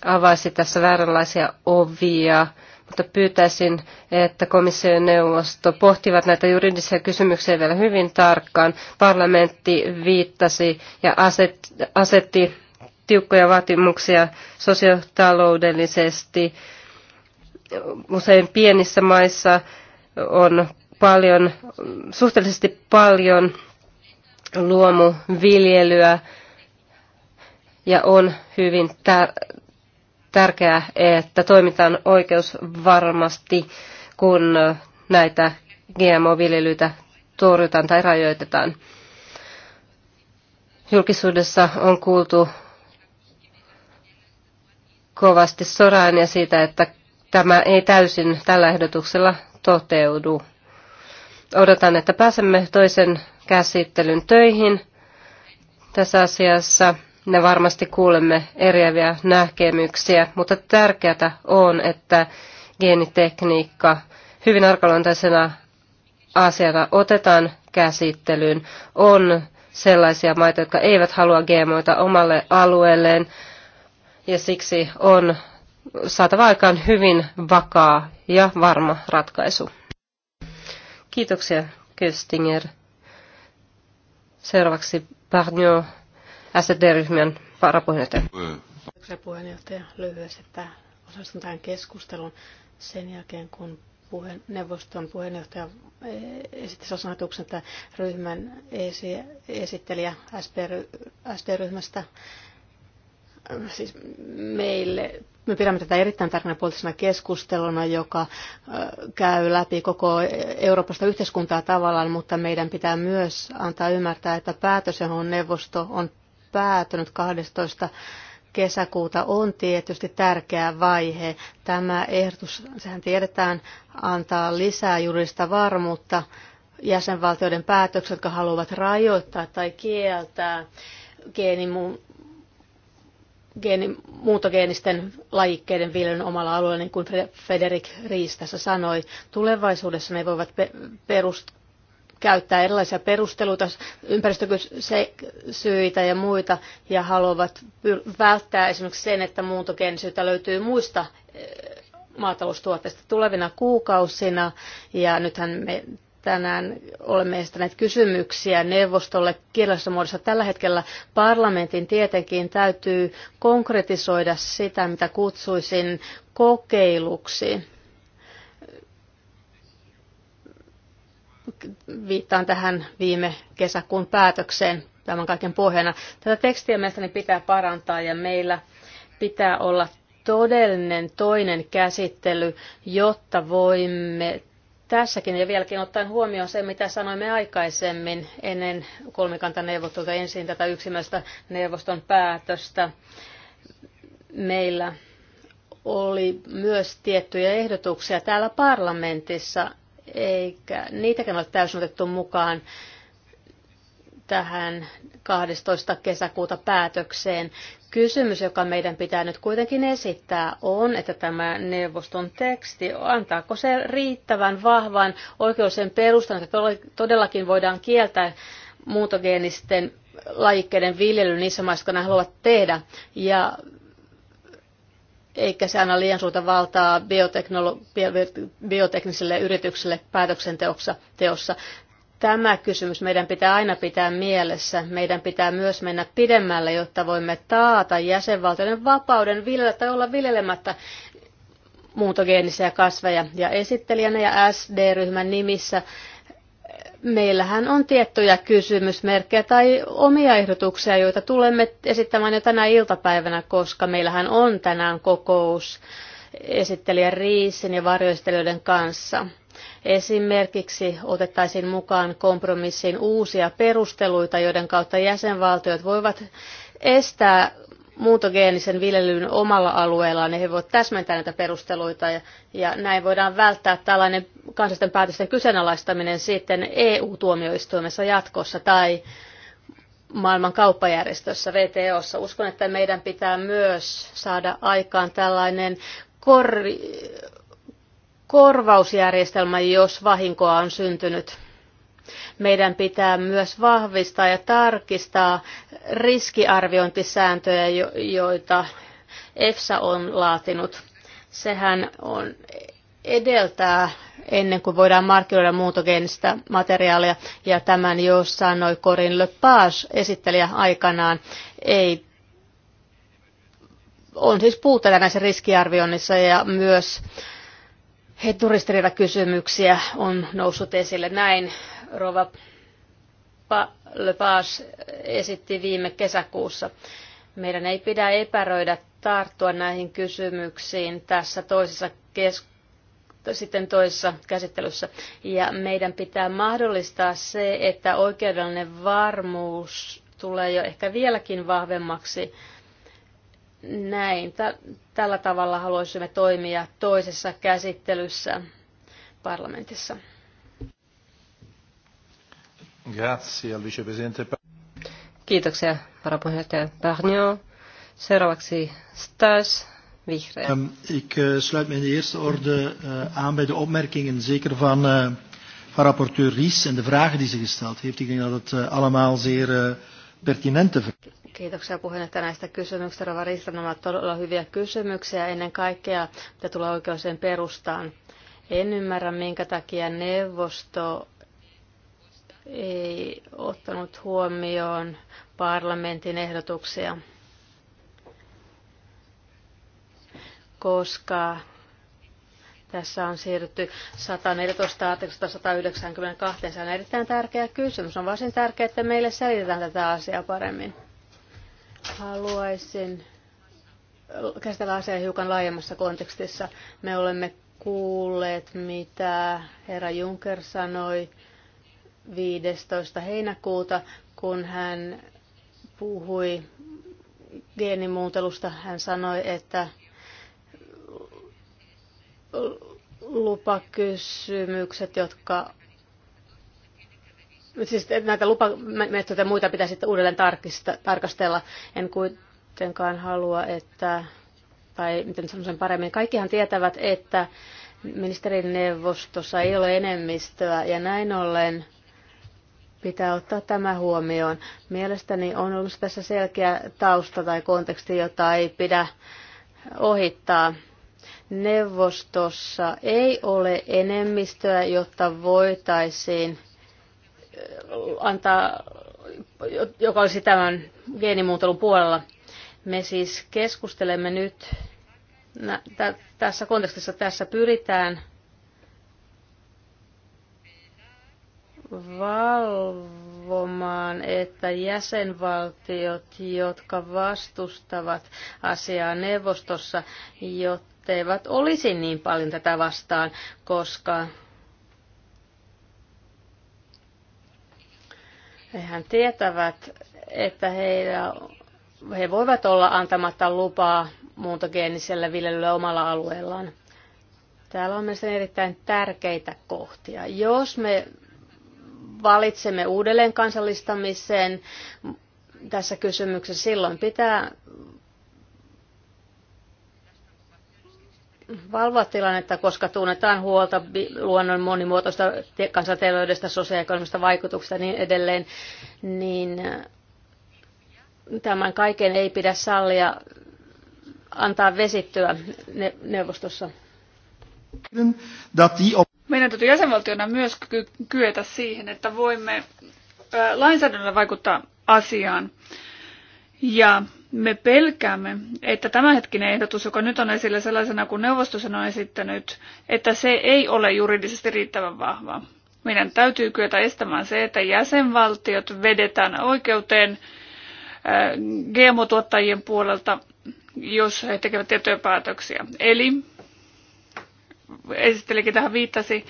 avaisi tässä vääränlaisia ovia mutta pyytäisin, että komission ja neuvosto pohtivat näitä juridisia kysymyksiä vielä hyvin tarkkaan. Parlamentti viittasi ja asetti tiukkoja vaatimuksia sosiotaloudellisesti. Usein pienissä maissa on paljon, suhteellisesti paljon luomuviljelyä ja on hyvin tärkeää, että toimitaan oikeusvarmasti, kun näitä GMO-viljelyitä torjutaan tai rajoitetaan. Julkisuudessa on kuultu kovasti soraan ja siitä, että tämä ei täysin tällä ehdotuksella toteudu. Odotan, että pääsemme toisen käsittelyn töihin tässä asiassa. Ne varmasti kuulemme eriäviä näkemyksiä, mutta tärkeää on, että geenitekniikka hyvin arkaluontaisena asiana otetaan käsittelyyn. On sellaisia maita, jotka eivät halua geemoita omalle alueelleen, ja siksi on saatava aikaan hyvin vakaa ja varma ratkaisu. Kiitoksia, Köstinger. Seuraavaksi Barnio SD-ryhmän varapuheenjohtaja. Kiitoksia puheenjohtaja lyhyesti, että osallistun tähän keskusteluun sen jälkeen, kun puheen, neuvoston puheenjohtaja eh, esitti osanotuksen, että ryhmän esi, esittelijä SD-ryhmästä siis meille, me pidämme tätä erittäin tärkeänä poliittisena keskusteluna, joka eh, käy läpi koko Euroopasta yhteiskuntaa tavallaan, mutta meidän pitää myös antaa ymmärtää, että päätös, johon neuvosto on päätynyt 12 kesäkuuta on tietysti tärkeä vaihe. Tämä ehdotus, sehän tiedetään, antaa lisää juridista varmuutta jäsenvaltioiden päätökset, jotka haluavat rajoittaa tai kieltää geenimu- geeni, muuntogeenisten lajikkeiden viljelyn omalla alueella, niin kuin Federik Riis tässä sanoi. Tulevaisuudessa ne voivat perustaa käyttää erilaisia perusteluita, ympäristösyitä ja muita, ja haluavat välttää esimerkiksi sen, että muuntogeenisyyttä löytyy muista eh, maataloustuotteista tulevina kuukausina, ja nythän me tänään olemme esittäneet kysymyksiä neuvostolle kirjallisessa muodossa. Tällä hetkellä parlamentin tietenkin täytyy konkretisoida sitä, mitä kutsuisin kokeiluksi Viittaan tähän viime kesäkuun päätökseen tämän kaiken pohjana. Tätä tekstiä mielestäni pitää parantaa ja meillä pitää olla todellinen toinen käsittely, jotta voimme tässäkin ja vieläkin ottaen huomioon se, mitä sanoimme aikaisemmin ennen kolmikantaneuvottelua ensin tätä yksimäistä neuvoston päätöstä. Meillä oli myös tiettyjä ehdotuksia täällä parlamentissa, eikä niitäkään ole täysin otettu mukaan tähän 12. kesäkuuta päätökseen. Kysymys, joka meidän pitää nyt kuitenkin esittää, on, että tämä neuvoston teksti, antaako se riittävän vahvan oikeuden perustan, että todellakin voidaan kieltää muutogeenisten lajikkeiden viljely niissä maissa, jotka ne haluavat tehdä. Ja eikä se anna liian suurta valtaa bioteknisille yritykselle päätöksenteossa. Tämä kysymys meidän pitää aina pitää mielessä. Meidän pitää myös mennä pidemmälle, jotta voimme taata jäsenvaltioiden vapauden viljellä tai olla viljelemättä muuntogeenisiä kasveja. Ja esittelijänä ja SD-ryhmän nimissä Meillähän on tiettyjä kysymysmerkkejä tai omia ehdotuksia, joita tulemme esittämään jo tänä iltapäivänä, koska meillähän on tänään kokous esittelijä Riisin ja varjoistelijoiden kanssa. Esimerkiksi otettaisiin mukaan kompromissiin uusia perusteluita, joiden kautta jäsenvaltiot voivat estää muuntogeenisen viljelyn omalla alueellaan, niin he voivat täsmentää näitä perusteluita ja, ja näin voidaan välttää tällainen kansallisten päätösten kyseenalaistaminen sitten EU-tuomioistuimessa jatkossa tai maailman kauppajärjestössä, VTOssa. Uskon, että meidän pitää myös saada aikaan tällainen kor- korvausjärjestelmä, jos vahinkoa on syntynyt meidän pitää myös vahvistaa ja tarkistaa riskiarviointisääntöjä, joita EFSA on laatinut. Sehän on edeltää ennen kuin voidaan markkinoida muutogeenistä materiaalia, ja tämän jo sanoi Corin Page esittelijä aikanaan, ei on siis puutteita näissä riskiarvioinnissa ja myös heturistiriitakysymyksiä on noussut esille. Näin Rova Lepage esitti viime kesäkuussa. Meidän ei pidä epäröidä tarttua näihin kysymyksiin tässä toisessa kes- sitten toisessa käsittelyssä. Ja meidän pitää mahdollistaa se, että oikeudellinen varmuus tulee jo ehkä vieläkin vahvemmaksi. Näin. tällä tavalla haluaisimme toimia toisessa käsittelyssä parlamentissa. Kiitoksia varapuheenjohtaja Parnio. Seuraavaksi Stas, Vihreä. Um, ik uh, sluit me in de eerste orde uh, aan bij de opmerkingen, zeker van, uh, eh, van rapporteur Ries en de vragen die ze gesteld heeft. Ik denk dat het uh, allemaal zeer uh, pertinente vragen Kiitoksia puheenjohtaja näistä kysymyksistä. Rava Riista, nämä ovat todella hyviä kysymyksiä. Ennen kaikkea, mitä tulee oikeuseen perustaan. En ymmärrä, minkä takia neuvosto ei ottanut huomioon parlamentin ehdotuksia, koska tässä on siirrytty 114 artiklasta 192. Se on erittäin tärkeä kysymys. On varsin tärkeää, että meille selitetään tätä asiaa paremmin. Haluaisin käsitellä asiaa hiukan laajemmassa kontekstissa. Me olemme kuulleet, mitä herra Juncker sanoi 15. heinäkuuta, kun hän puhui geenimuuntelusta. Hän sanoi, että lupakysymykset, jotka Siis näitä lupamenettelyitä ja muita pitäisi sitten uudelleen tarkastella. En kuitenkaan halua, että, tai miten sanon sen paremmin, kaikkihan tietävät, että ministerin neuvostossa ei ole enemmistöä ja näin ollen Pitää ottaa tämä huomioon. Mielestäni on ollut tässä selkeä tausta tai konteksti, jota ei pidä ohittaa. Neuvostossa ei ole enemmistöä, jotta voitaisiin antaa, joka olisi tämän geenimuuntelun puolella. Me siis keskustelemme nyt tässä kontekstissa, tässä pyritään valvomaan, että jäsenvaltiot, jotka vastustavat asiaa neuvostossa, jotteivät olisi niin paljon tätä vastaan, koska hehän tietävät, että heillä, he voivat olla antamatta lupaa muuntogeeniselle viljelylle omalla alueellaan. Täällä on mielestäni erittäin tärkeitä kohtia. Jos me valitsemme uudelleen kansallistamiseen tässä kysymyksessä, silloin pitää valvoa tilannetta, koska tunnetaan huolta luonnon monimuotoista kansanterveydestä, sosiaalikonomista vaikutuksista ja niin edelleen, niin äh, tämän kaiken ei pidä sallia antaa vesittyä neuvostossa. Dat die op meidän täytyy jäsenvaltiona myös ky- kyetä siihen, että voimme lainsäädännöllä vaikuttaa asiaan. Ja me pelkäämme, että tämänhetkinen ehdotus, joka nyt on esillä sellaisena kuin neuvosto on esittänyt, että se ei ole juridisesti riittävän vahva. Meidän täytyy kyetä estämään se, että jäsenvaltiot vedetään oikeuteen GMO-tuottajien puolelta, jos he tekevät tiettyjä päätöksiä. Eli esittelikin tähän viittasi,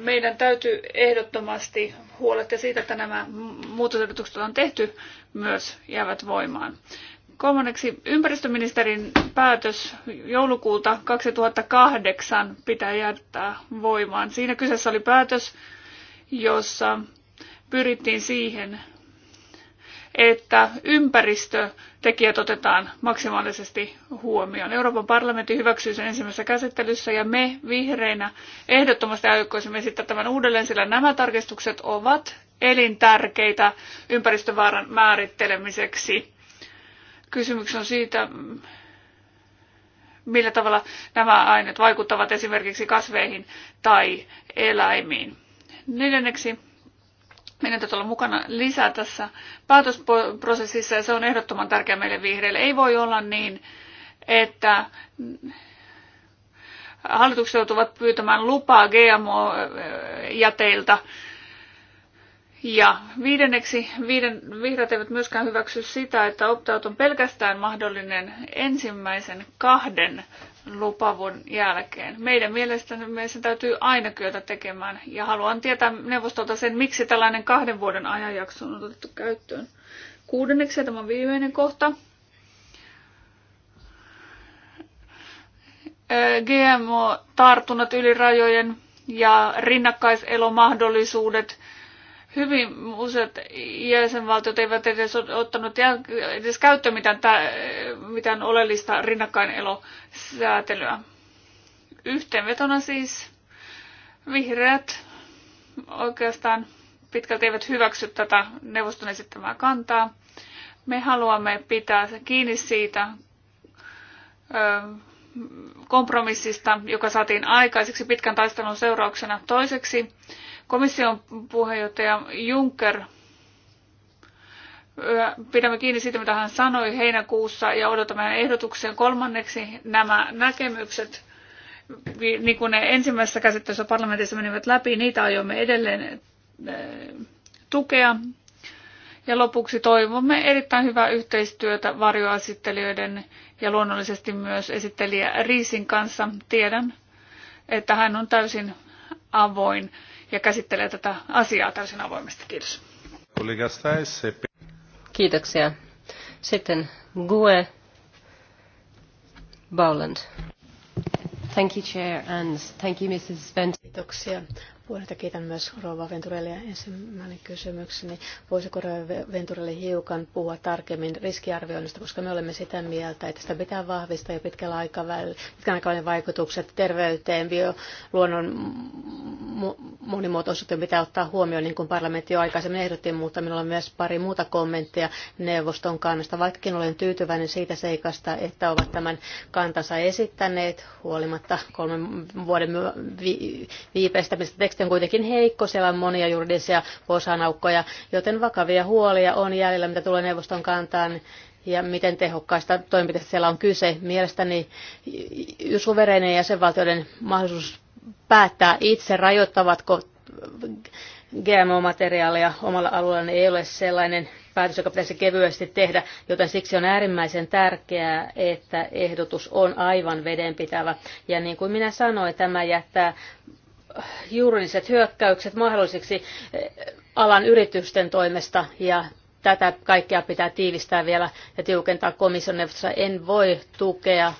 meidän täytyy ehdottomasti huolehtia siitä, että nämä muutosehdotukset on tehty myös jäävät voimaan. Kolmanneksi ympäristöministerin päätös joulukuulta 2008 pitää jättää voimaan. Siinä kyseessä oli päätös, jossa pyrittiin siihen, että ympäristötekijät otetaan maksimaalisesti huomioon. Euroopan parlamentti hyväksyy sen ensimmäisessä käsittelyssä ja me vihreinä ehdottomasti aikoisimme esittää tämän uudelleen, sillä nämä tarkistukset ovat elintärkeitä ympäristövaaran määrittelemiseksi. Kysymys on siitä, millä tavalla nämä aineet vaikuttavat esimerkiksi kasveihin tai eläimiin. Neljänneksi meidän täytyy olla mukana lisää tässä päätösprosessissa ja se on ehdottoman tärkeää meille vihreille. Ei voi olla niin, että hallitukset joutuvat pyytämään lupaa GMO-jäteiltä. Ja viidenneksi, viiden, vihreät eivät myöskään hyväksy sitä, että optaut on pelkästään mahdollinen ensimmäisen kahden lupavun jälkeen. Meidän mielestämme se täytyy aina kyetä tekemään ja haluan tietää neuvostolta sen, miksi tällainen kahden vuoden ajanjakso on otettu käyttöön. Kuudenneksi ja tämä viimeinen kohta. GMO-tartunnat yli rajojen ja rinnakkaiselomahdollisuudet hyvin useat jäsenvaltiot eivät edes ottanut edes käyttöön mitään, mitään oleellista rinnakkainelosäätelyä. Yhteenvetona siis vihreät oikeastaan pitkälti eivät hyväksy tätä neuvoston esittämää kantaa. Me haluamme pitää kiinni siitä kompromissista, joka saatiin aikaiseksi pitkän taistelun seurauksena. Toiseksi Komission puheenjohtaja Juncker pidämme kiinni siitä, mitä hän sanoi heinäkuussa ja odotamme hänen ehdotukseen kolmanneksi nämä näkemykset. Niin kuin ne ensimmäisessä käsittelyssä parlamentissa menivät läpi, niitä aiomme edelleen tukea. Ja lopuksi toivomme erittäin hyvää yhteistyötä varjoasittelijoiden ja luonnollisesti myös esittelijä Riisin kanssa. Tiedän, että hän on täysin avoin ja käsittelee tätä asiaa täysin avoimesti. Kiitos. Kiitoksia. Sitten Gue Bowland. Thank you, Chair, and thank you, Mrs. Kiitoksia puolesta kiitän myös Rouva ja Ensimmäinen kysymykseni, voisiko Rouva Venturelle hiukan puhua tarkemmin riskiarvioinnista, koska me olemme sitä mieltä, että sitä pitää vahvistaa ja pitkällä aikavälillä, pitkän aikavälin vaikutukset terveyteen, bio, luonnon monimuotoisuuteen pitää ottaa huomioon, niin kuin parlamentti jo aikaisemmin ehdotti, mutta minulla on myös pari muuta kommenttia neuvoston kannasta. Vaikkakin olen tyytyväinen siitä seikasta, että ovat tämän kantansa esittäneet huolimatta kolmen vuoden viipeistämistä teksti on kuitenkin heikko, siellä on monia juridisia osanaukkoja, joten vakavia huolia on jäljellä, mitä tulee neuvoston kantaan ja miten tehokkaista toimenpiteistä siellä on kyse. Mielestäni suvereinen jäsenvaltioiden mahdollisuus päättää itse, rajoittavatko GMO-materiaalia omalla alueella niin ei ole sellainen päätös, joka pitäisi kevyesti tehdä, joten siksi on äärimmäisen tärkeää, että ehdotus on aivan vedenpitävä. Ja niin kuin minä sanoin, tämä jättää juuriset hyökkäykset mahdollisiksi eh, alan yritysten toimesta ja tätä kaikkea pitää tiivistää vielä ja tiukentaa komission neuvostossa. En voi tukea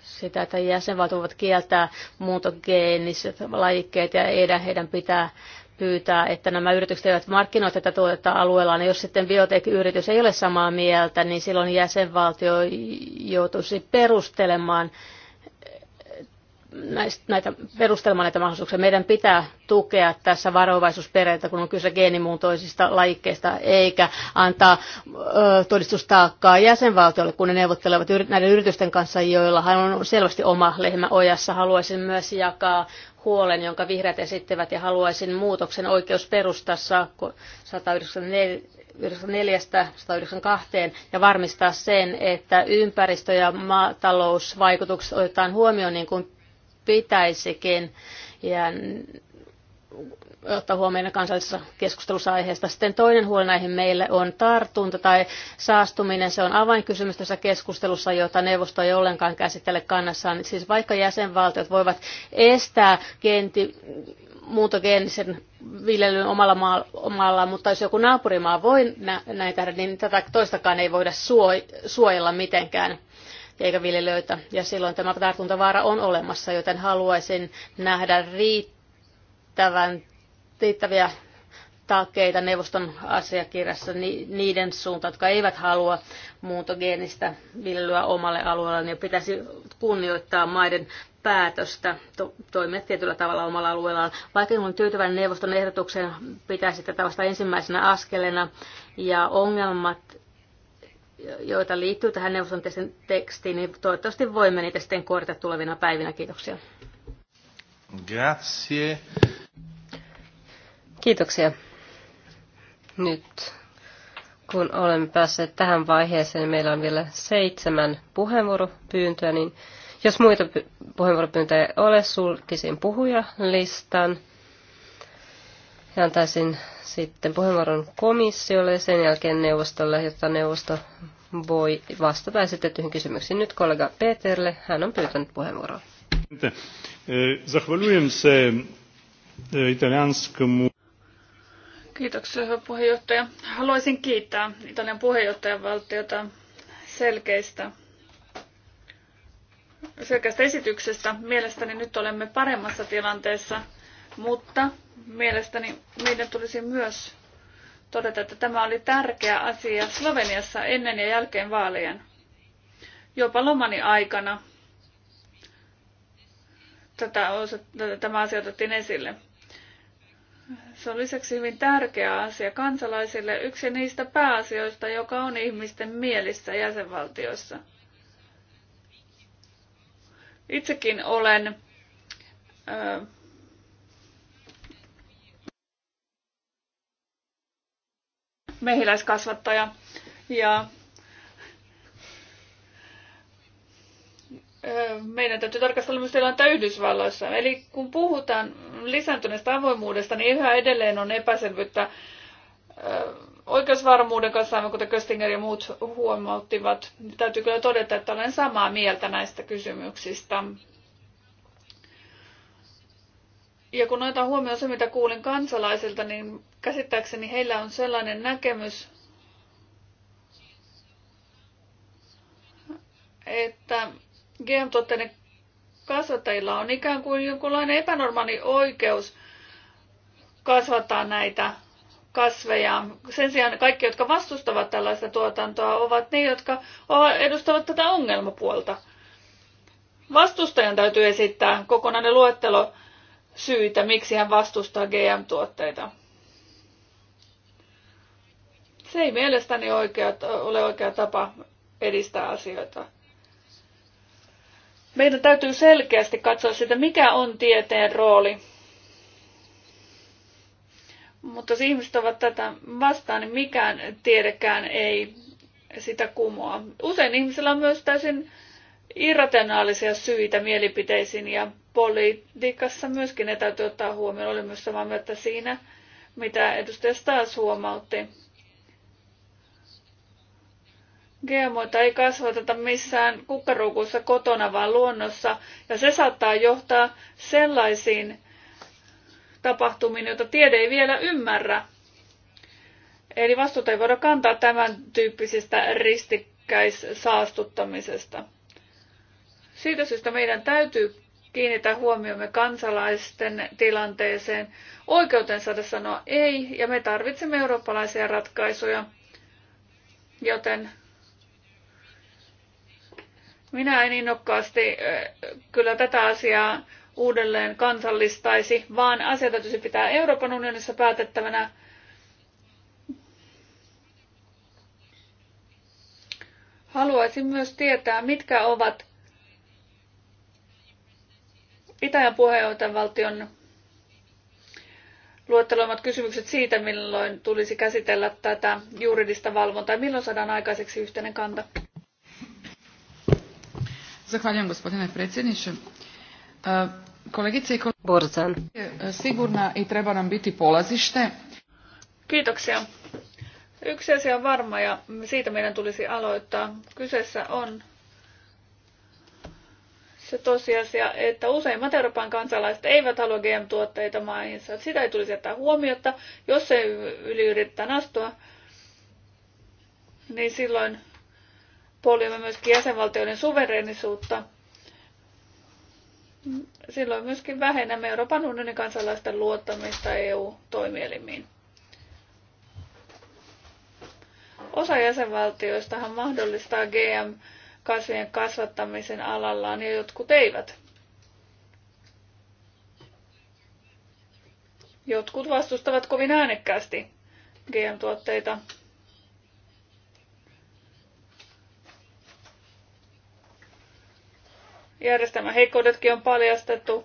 sitä, että jäsenvaltiot voivat kieltää muuntogeeniset lajikkeet ja heidän, heidän pitää pyytää, että nämä yritykset eivät markkinoi tätä tuotetta alueellaan. Niin jos sitten biotech-yritys ei ole samaa mieltä, niin silloin jäsenvaltio joutuisi perustelemaan näistä, näitä perustelmaa näitä mahdollisuuksia. Meidän pitää tukea tässä varovaisuusperiaatetta, kun on kyse geenimuuntoisista lajikkeista, eikä antaa ö, todistustaakkaa jäsenvaltioille, kun ne neuvottelevat näiden yritysten kanssa, joilla on selvästi oma lehmä ojassa. Haluaisin myös jakaa huolen, jonka vihreät esittävät, ja haluaisin muutoksen oikeusperustassa 194-192 ja varmistaa sen, että ympäristö- ja maatalousvaikutukset otetaan huomioon, niin kuin pitäisikin. Ja ottaa huomioon kansallisessa keskustelussa aiheesta. Sitten toinen huolenaihe meille on tartunta tai saastuminen. Se on avainkysymys tässä keskustelussa, jota neuvosto ei ollenkaan käsittele kannassaan. Siis vaikka jäsenvaltiot voivat estää genti, muuntogeenisen viljelyn omalla maalla, omalla, mutta jos joku naapurimaa voi nä, näin tehdä, niin tätä toistakaan ei voida suojella mitenkään eikä viljelijöitä. Ja silloin tämä tartuntavaara on olemassa, joten haluaisin nähdä riittävän, riittäviä takeita neuvoston asiakirjassa niiden suuntaan, jotka eivät halua muuntogeenistä viljelyä omalle alueelleen. Niin pitäisi kunnioittaa maiden päätöstä to, toimia tietyllä tavalla omalla alueellaan. Vaikka on tyytyväinen neuvoston ehdotukseen, pitäisi tätä vasta ensimmäisenä askelena. Ja ongelmat joita liittyy tähän neuvoston tekstiin, niin toivottavasti voimme niitä sitten korjata tulevina päivinä. Kiitoksia. Grazie. Kiitoksia. Nyt kun olemme päässeet tähän vaiheeseen, meillä on vielä seitsemän puheenvuoropyyntöä, niin jos muita puheenvuoropyyntöjä ei ole, sulkisin puhujalistan antaisin sitten puheenvuoron komissiolle ja sen jälkeen neuvostolle, jotta neuvosto voi vastata esitettyihin kysymyksiin. Nyt kollega Peterle, hän on pyytänyt puheenvuoroa. E, Kiitoksia, hyvä puheenjohtaja. Haluaisin kiittää Italian valtiota selkeistä selkeästä esityksestä. Mielestäni nyt olemme paremmassa tilanteessa mutta mielestäni meidän tulisi myös todeta, että tämä oli tärkeä asia Sloveniassa ennen ja jälkeen vaalien. Jopa lomani aikana tätä, tämä asia otettiin esille. Se on lisäksi hyvin tärkeä asia kansalaisille, yksi niistä pääasioista, joka on ihmisten mielissä jäsenvaltioissa. Itsekin olen ö, mehiläiskasvattaja. Ja meidän täytyy tarkastella myös tilannetta Yhdysvalloissa. Eli kun puhutaan lisääntyneestä avoimuudesta, niin yhä edelleen on epäselvyyttä oikeusvarmuuden kanssa, aivan kuten Köstinger ja muut huomauttivat. Täytyy kyllä todeta, että olen samaa mieltä näistä kysymyksistä. Ja kun otetaan huomioon se, mitä kuulin kansalaisilta, niin käsittääkseni heillä on sellainen näkemys, että GM-tuotteiden kasvattajilla on ikään kuin jonkunlainen epänormaali oikeus kasvattaa näitä kasveja. Sen sijaan kaikki, jotka vastustavat tällaista tuotantoa, ovat ne, jotka edustavat tätä ongelmapuolta. Vastustajan täytyy esittää kokonainen luettelo syitä, miksi hän vastustaa GM-tuotteita. Se ei mielestäni oikea, ole oikea tapa edistää asioita. Meidän täytyy selkeästi katsoa sitä, mikä on tieteen rooli. Mutta jos ihmiset ovat tätä vastaan, niin mikään tiedekään ei sitä kumoa. Usein ihmisillä on myös täysin irrationaalisia syitä mielipiteisiin ja politiikassa myöskin ne täytyy ottaa huomioon. Olen myös samaa mieltä siinä, mitä edustaja Staas huomautti. GMOita ei kasvateta missään kukkaruukussa kotona, vaan luonnossa, ja se saattaa johtaa sellaisiin tapahtumiin, joita tiede ei vielä ymmärrä. Eli vastuuta ei voida kantaa tämän tyyppisestä ristikkäissaastuttamisesta. Siitä syystä meidän täytyy kiinnittää huomiomme kansalaisten tilanteeseen, oikeuteen saada sanoa ei, ja me tarvitsemme eurooppalaisia ratkaisuja, joten minä en innokkaasti kyllä tätä asiaa uudelleen kansallistaisi, vaan asia täytyisi pitää Euroopan unionissa päätettävänä. Haluaisin myös tietää, mitkä ovat Itäjän puheenjohtajavaltion luetteloimat kysymykset siitä, milloin tulisi käsitellä tätä juridista valvontaa ja milloin saadaan aikaiseksi yhteinen kanta. Zahvaljujem gospodine predsjedniče. E, kolegice i kolege, e, sigurna i treba nam biti polazište. Kiitoksia. Yksi asia on varma ja siitä meidän tulisi aloittaa. Kyseessä on se tosiasia, että useimmat Euroopan kansalaiset eivät halua GM-tuotteita maihinsa. Sitä ei tulisi jättää huomiota. Jos ei yli yritetään astua, niin silloin poljemme myöskin jäsenvaltioiden suvereenisuutta. Silloin myöskin vähennämme Euroopan unionin kansalaisten luottamista EU-toimielimiin. Osa jäsenvaltioistahan mahdollistaa GM kasvien kasvattamisen alallaan ja jotkut eivät. Jotkut vastustavat kovin äänekkäästi GM-tuotteita. Järjestelmän heikkoudetkin on paljastettu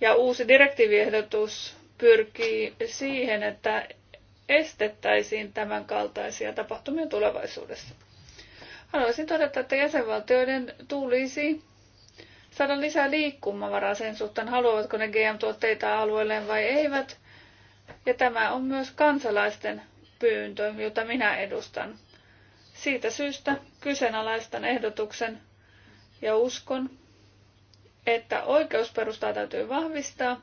ja uusi direktiiviehdotus pyrkii siihen, että estettäisiin tämänkaltaisia tapahtumia tulevaisuudessa. Haluaisin todeta, että jäsenvaltioiden tulisi saada lisää liikkumavaraa sen suhteen, haluavatko ne GM-tuotteita alueelleen vai eivät. Ja tämä on myös kansalaisten pyyntö, jota minä edustan. Siitä syystä kyseenalaistan ehdotuksen ja uskon, että oikeusperustaa täytyy vahvistaa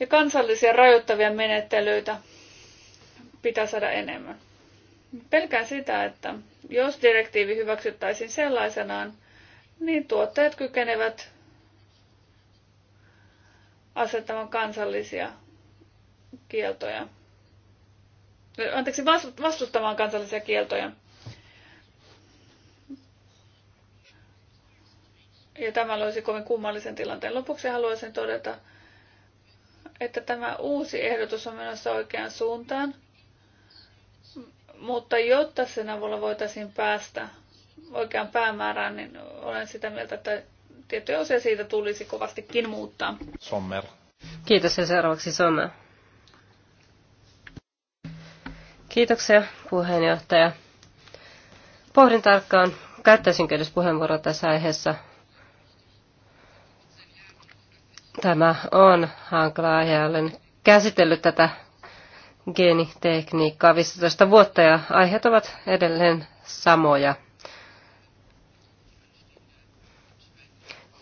ja kansallisia rajoittavia menettelyitä pitää saada enemmän. Pelkään sitä, että jos direktiivi hyväksyttäisiin sellaisenaan, niin tuottajat kykenevät asettamaan kansallisia kieltoja. Anteeksi, vastustamaan kansallisia kieltoja. Ja tämä loisi kovin kummallisen tilanteen. Lopuksi haluaisin todeta, että tämä uusi ehdotus on menossa oikeaan suuntaan – mutta jotta sen avulla voitaisiin päästä oikeaan päämäärään, niin olen sitä mieltä, että tiettyjä osia siitä tulisi kovastikin muuttaa. Sommer. Kiitos ja seuraavaksi Sommer. Kiitoksia puheenjohtaja. Pohdin tarkkaan, käyttäisinkö edes puheenvuoroa tässä aiheessa. Tämä on hankala aihe. Olen käsitellyt tätä geenitekniikkaa 15 vuotta ja aiheet ovat edelleen samoja.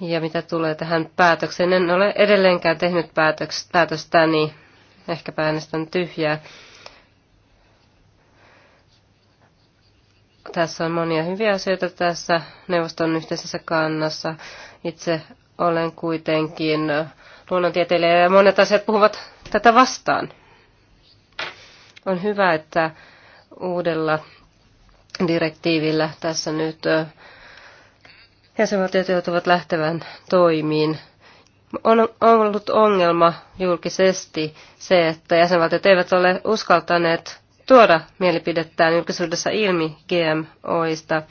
Ja mitä tulee tähän päätökseen, en ole edelleenkään tehnyt päätöks, päätöstä, niin ehkä äänestän tyhjää. Tässä on monia hyviä asioita tässä neuvoston yhteisessä kannassa. Itse olen kuitenkin luonnontieteilijä ja monet asiat puhuvat tätä vastaan. On hyvä, että uudella direktiivillä tässä nyt jäsenvaltiot joutuvat lähtevän toimiin. On ollut ongelma julkisesti se, että jäsenvaltiot eivät ole uskaltaneet tuoda mielipidettään julkisuudessa ilmi GMOista.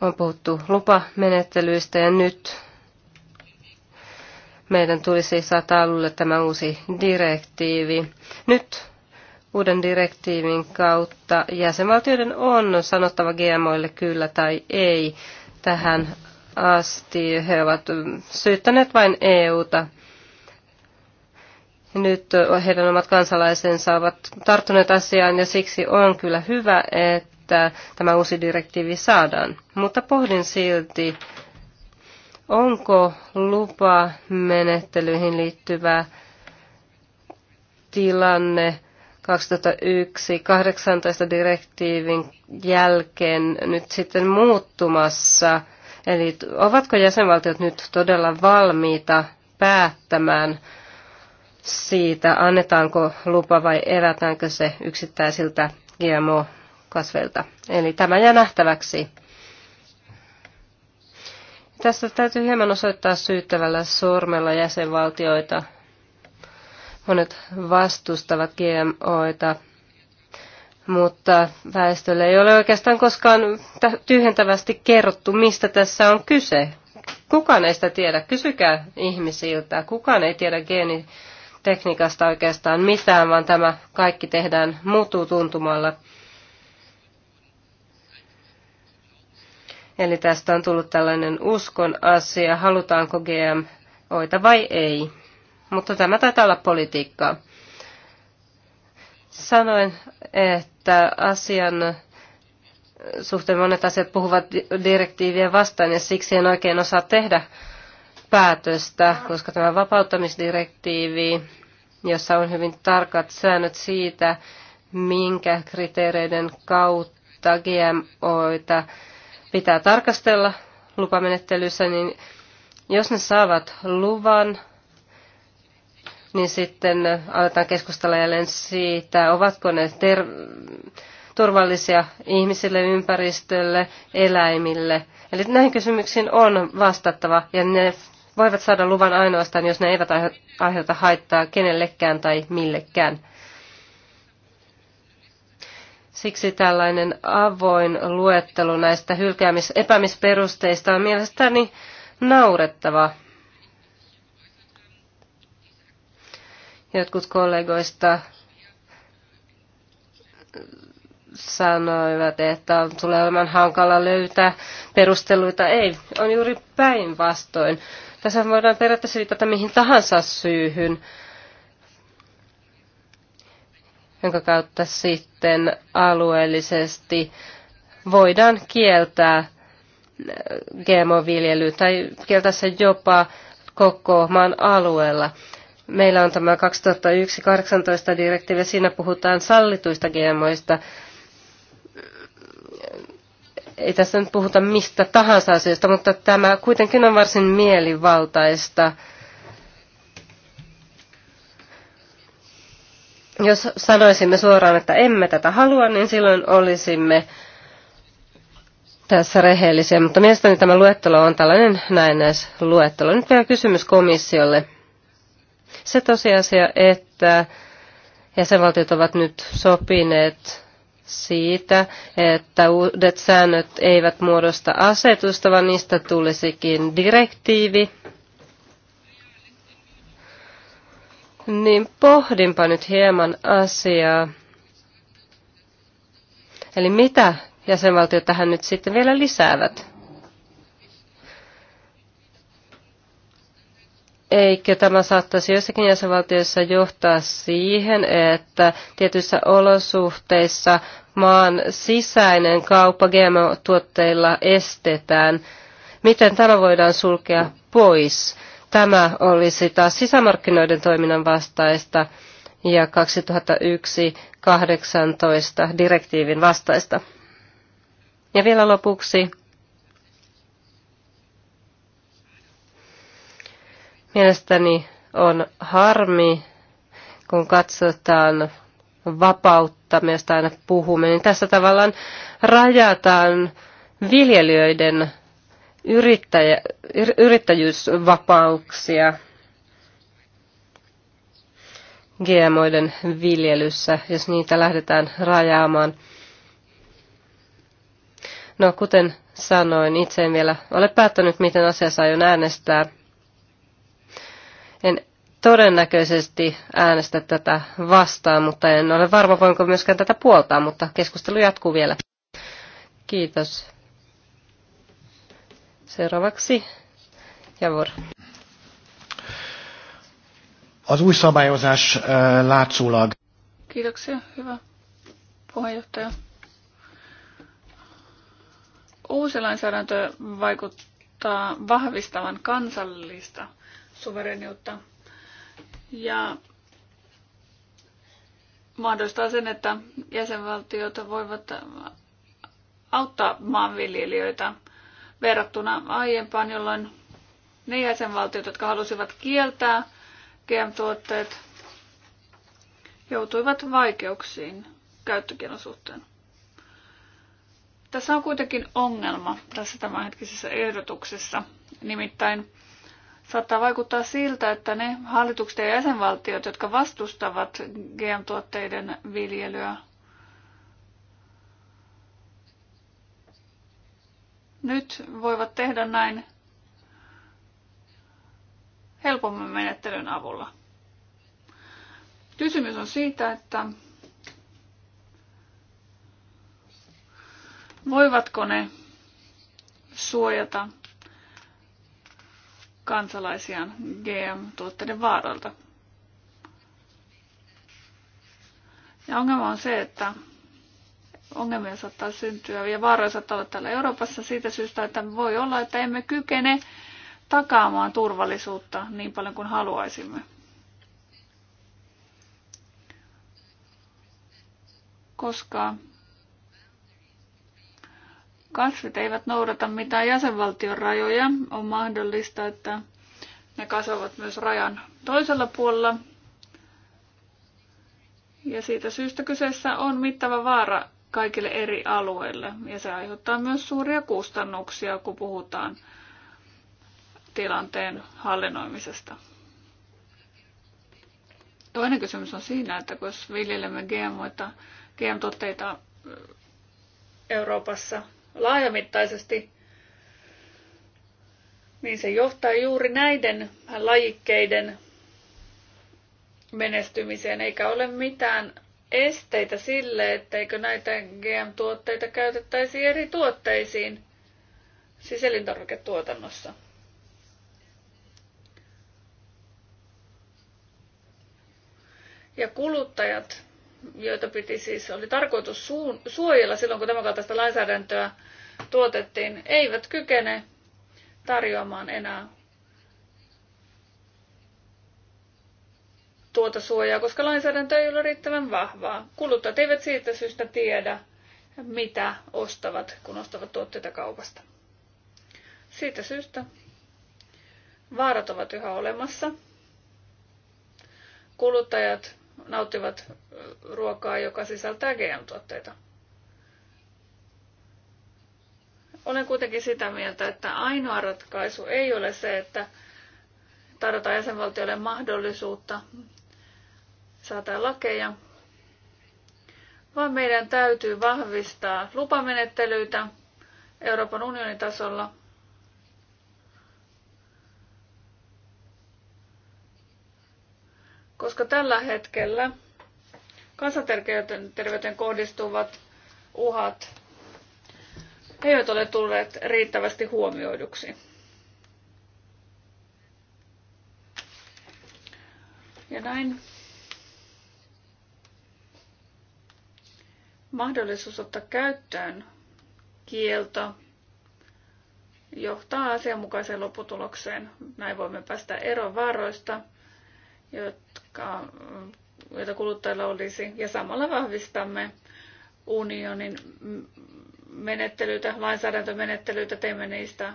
On puhuttu lupamenettelyistä ja nyt meidän tulisi saada alulle tämä uusi direktiivi. Nyt uuden direktiivin kautta jäsenvaltioiden on sanottava GMOille kyllä tai ei. Tähän asti he ovat syyttäneet vain EUta. Nyt heidän omat kansalaisensa ovat tarttuneet asiaan ja siksi on kyllä hyvä, että tämä uusi direktiivi saadaan. Mutta pohdin silti, Onko menettelyihin liittyvä tilanne 2001-18 direktiivin jälkeen nyt sitten muuttumassa? Eli ovatko jäsenvaltiot nyt todella valmiita päättämään siitä, annetaanko lupa vai evätäänkö se yksittäisiltä GMO-kasveilta? Eli tämä jää nähtäväksi. Tässä täytyy hieman osoittaa syyttävällä sormella jäsenvaltioita. Monet vastustavat GMOita, mutta väestölle ei ole oikeastaan koskaan tyhjentävästi kerrottu, mistä tässä on kyse. Kukaan ei sitä tiedä. Kysykää ihmisiltä. Kukaan ei tiedä geenitekniikasta oikeastaan mitään, vaan tämä kaikki tehdään mututuntumalla. tuntumalla. Eli tästä on tullut tällainen uskon asia, halutaanko GM-oita vai ei. Mutta tämä taitaa olla politiikkaa. Sanoin, että asian suhteen monet asiat puhuvat direktiiviä vastaan ja siksi en oikein osaa tehdä päätöstä, koska tämä vapauttamisdirektiivi, jossa on hyvin tarkat säännöt siitä, minkä kriteereiden kautta GMOita pitää tarkastella lupamenettelyssä, niin jos ne saavat luvan, niin sitten aletaan keskustella jälleen siitä, ovatko ne ter- turvallisia ihmisille, ympäristölle, eläimille. Eli näihin kysymyksiin on vastattava ja ne voivat saada luvan ainoastaan, jos ne eivät aiheuta haittaa kenellekään tai millekään. Siksi tällainen avoin luettelu näistä hylkäämis- epämisperusteista on mielestäni naurettava. Jotkut kollegoista sanoivat, että tulee olemaan hankala löytää perusteluita. Ei, on juuri päinvastoin. Tässä voidaan periaatteessa viitata mihin tahansa syyhyn jonka kautta sitten alueellisesti voidaan kieltää GMO-viljely tai kieltää se jopa koko maan alueella. Meillä on tämä 2001-18 direktiivi, siinä puhutaan sallituista GMOista. Ei tässä nyt puhuta mistä tahansa asioista, mutta tämä kuitenkin on varsin mielivaltaista Jos sanoisimme suoraan, että emme tätä halua, niin silloin olisimme tässä rehellisiä, mutta mielestäni tämä luettelo on tällainen näennäisluettelo. Nyt vielä kysymys komissiolle. Se tosiasia, että jäsenvaltiot ovat nyt sopineet siitä, että uudet säännöt eivät muodosta asetusta, vaan niistä tulisikin direktiivi, niin pohdinpa nyt hieman asiaa. Eli mitä jäsenvaltiot tähän nyt sitten vielä lisäävät? Eikö tämä saattaisi joissakin jäsenvaltioissa johtaa siihen, että tietyissä olosuhteissa maan sisäinen kauppa GMO-tuotteilla estetään? Miten tämä voidaan sulkea pois? Tämä olisi taas sisämarkkinoiden toiminnan vastaista ja 2001-18 direktiivin vastaista. Ja vielä lopuksi mielestäni on harmi, kun katsotaan vapautta, mistä aina puhumme, niin tässä tavallaan rajataan viljelijöiden yrittäjä, yrittäjyysvapauksia GMOiden viljelyssä, jos niitä lähdetään rajaamaan. No, kuten sanoin, itse en vielä ole päättänyt, miten asiassa aion äänestää. En todennäköisesti äänestä tätä vastaan, mutta en ole varma, voinko myöskään tätä puoltaa, mutta keskustelu jatkuu vielä. Kiitos. Seuraavaksi Javor. Az új szabályozás látszólag. Kiitoksia, hyvä puheenjohtaja. Uusi lainsäädäntö vaikuttaa vahvistavan kansallista suvereniutta ja mahdollistaa sen, että jäsenvaltiot voivat auttaa maanviljelijöitä – verrattuna aiempaan, jolloin ne jäsenvaltiot, jotka halusivat kieltää GM-tuotteet, joutuivat vaikeuksiin käyttökielon suhteen. Tässä on kuitenkin ongelma tässä tämänhetkisessä ehdotuksessa. Nimittäin saattaa vaikuttaa siltä, että ne hallitukset ja jäsenvaltiot, jotka vastustavat GM-tuotteiden viljelyä, nyt voivat tehdä näin helpomman menettelyn avulla. Kysymys on siitä, että voivatko ne suojata kansalaisiaan GM-tuotteiden vaaralta. Ja ongelma on se, että ongelmia saattaa syntyä ja vaaroja saattaa olla täällä Euroopassa siitä syystä, että voi olla, että emme kykene takaamaan turvallisuutta niin paljon kuin haluaisimme. Koska kasvit eivät noudata mitään jäsenvaltion rajoja, on mahdollista, että ne kasvavat myös rajan toisella puolella. Ja siitä syystä kyseessä on mittava vaara kaikille eri alueille. Ja se aiheuttaa myös suuria kustannuksia, kun puhutaan tilanteen hallinnoimisesta. Toinen kysymys on siinä, että jos viljelemme GMOita, GM-tuotteita Euroopassa laajamittaisesti, niin se johtaa juuri näiden lajikkeiden menestymiseen, eikä ole mitään esteitä sille, etteikö näitä GM-tuotteita käytettäisi eri tuotteisiin, siis Ja kuluttajat, joita piti siis, oli tarkoitus suojella silloin, kun tämänkaltaista lainsäädäntöä tuotettiin, eivät kykene tarjoamaan enää tuota suojaa, koska lainsäädäntö ei ole riittävän vahvaa. Kuluttajat eivät siitä syystä tiedä, mitä ostavat, kun ostavat tuotteita kaupasta. Siitä syystä vaarat ovat yhä olemassa. Kuluttajat nauttivat ruokaa, joka sisältää GM-tuotteita. Olen kuitenkin sitä mieltä, että ainoa ratkaisu ei ole se, että tarjotaan jäsenvaltioille mahdollisuutta säätää lakeja, vaan meidän täytyy vahvistaa lupamenettelyitä Euroopan unionin tasolla. Koska tällä hetkellä kansanterveyteen kohdistuvat uhat eivät ole tulleet riittävästi huomioiduksi. Ja näin mahdollisuus ottaa käyttöön kielto johtaa asianmukaiseen lopputulokseen. Näin voimme päästä eroon vaaroista, jotka, joita kuluttajilla olisi, ja samalla vahvistamme unionin menettelyitä, lainsäädäntömenettelyitä, teemme niistä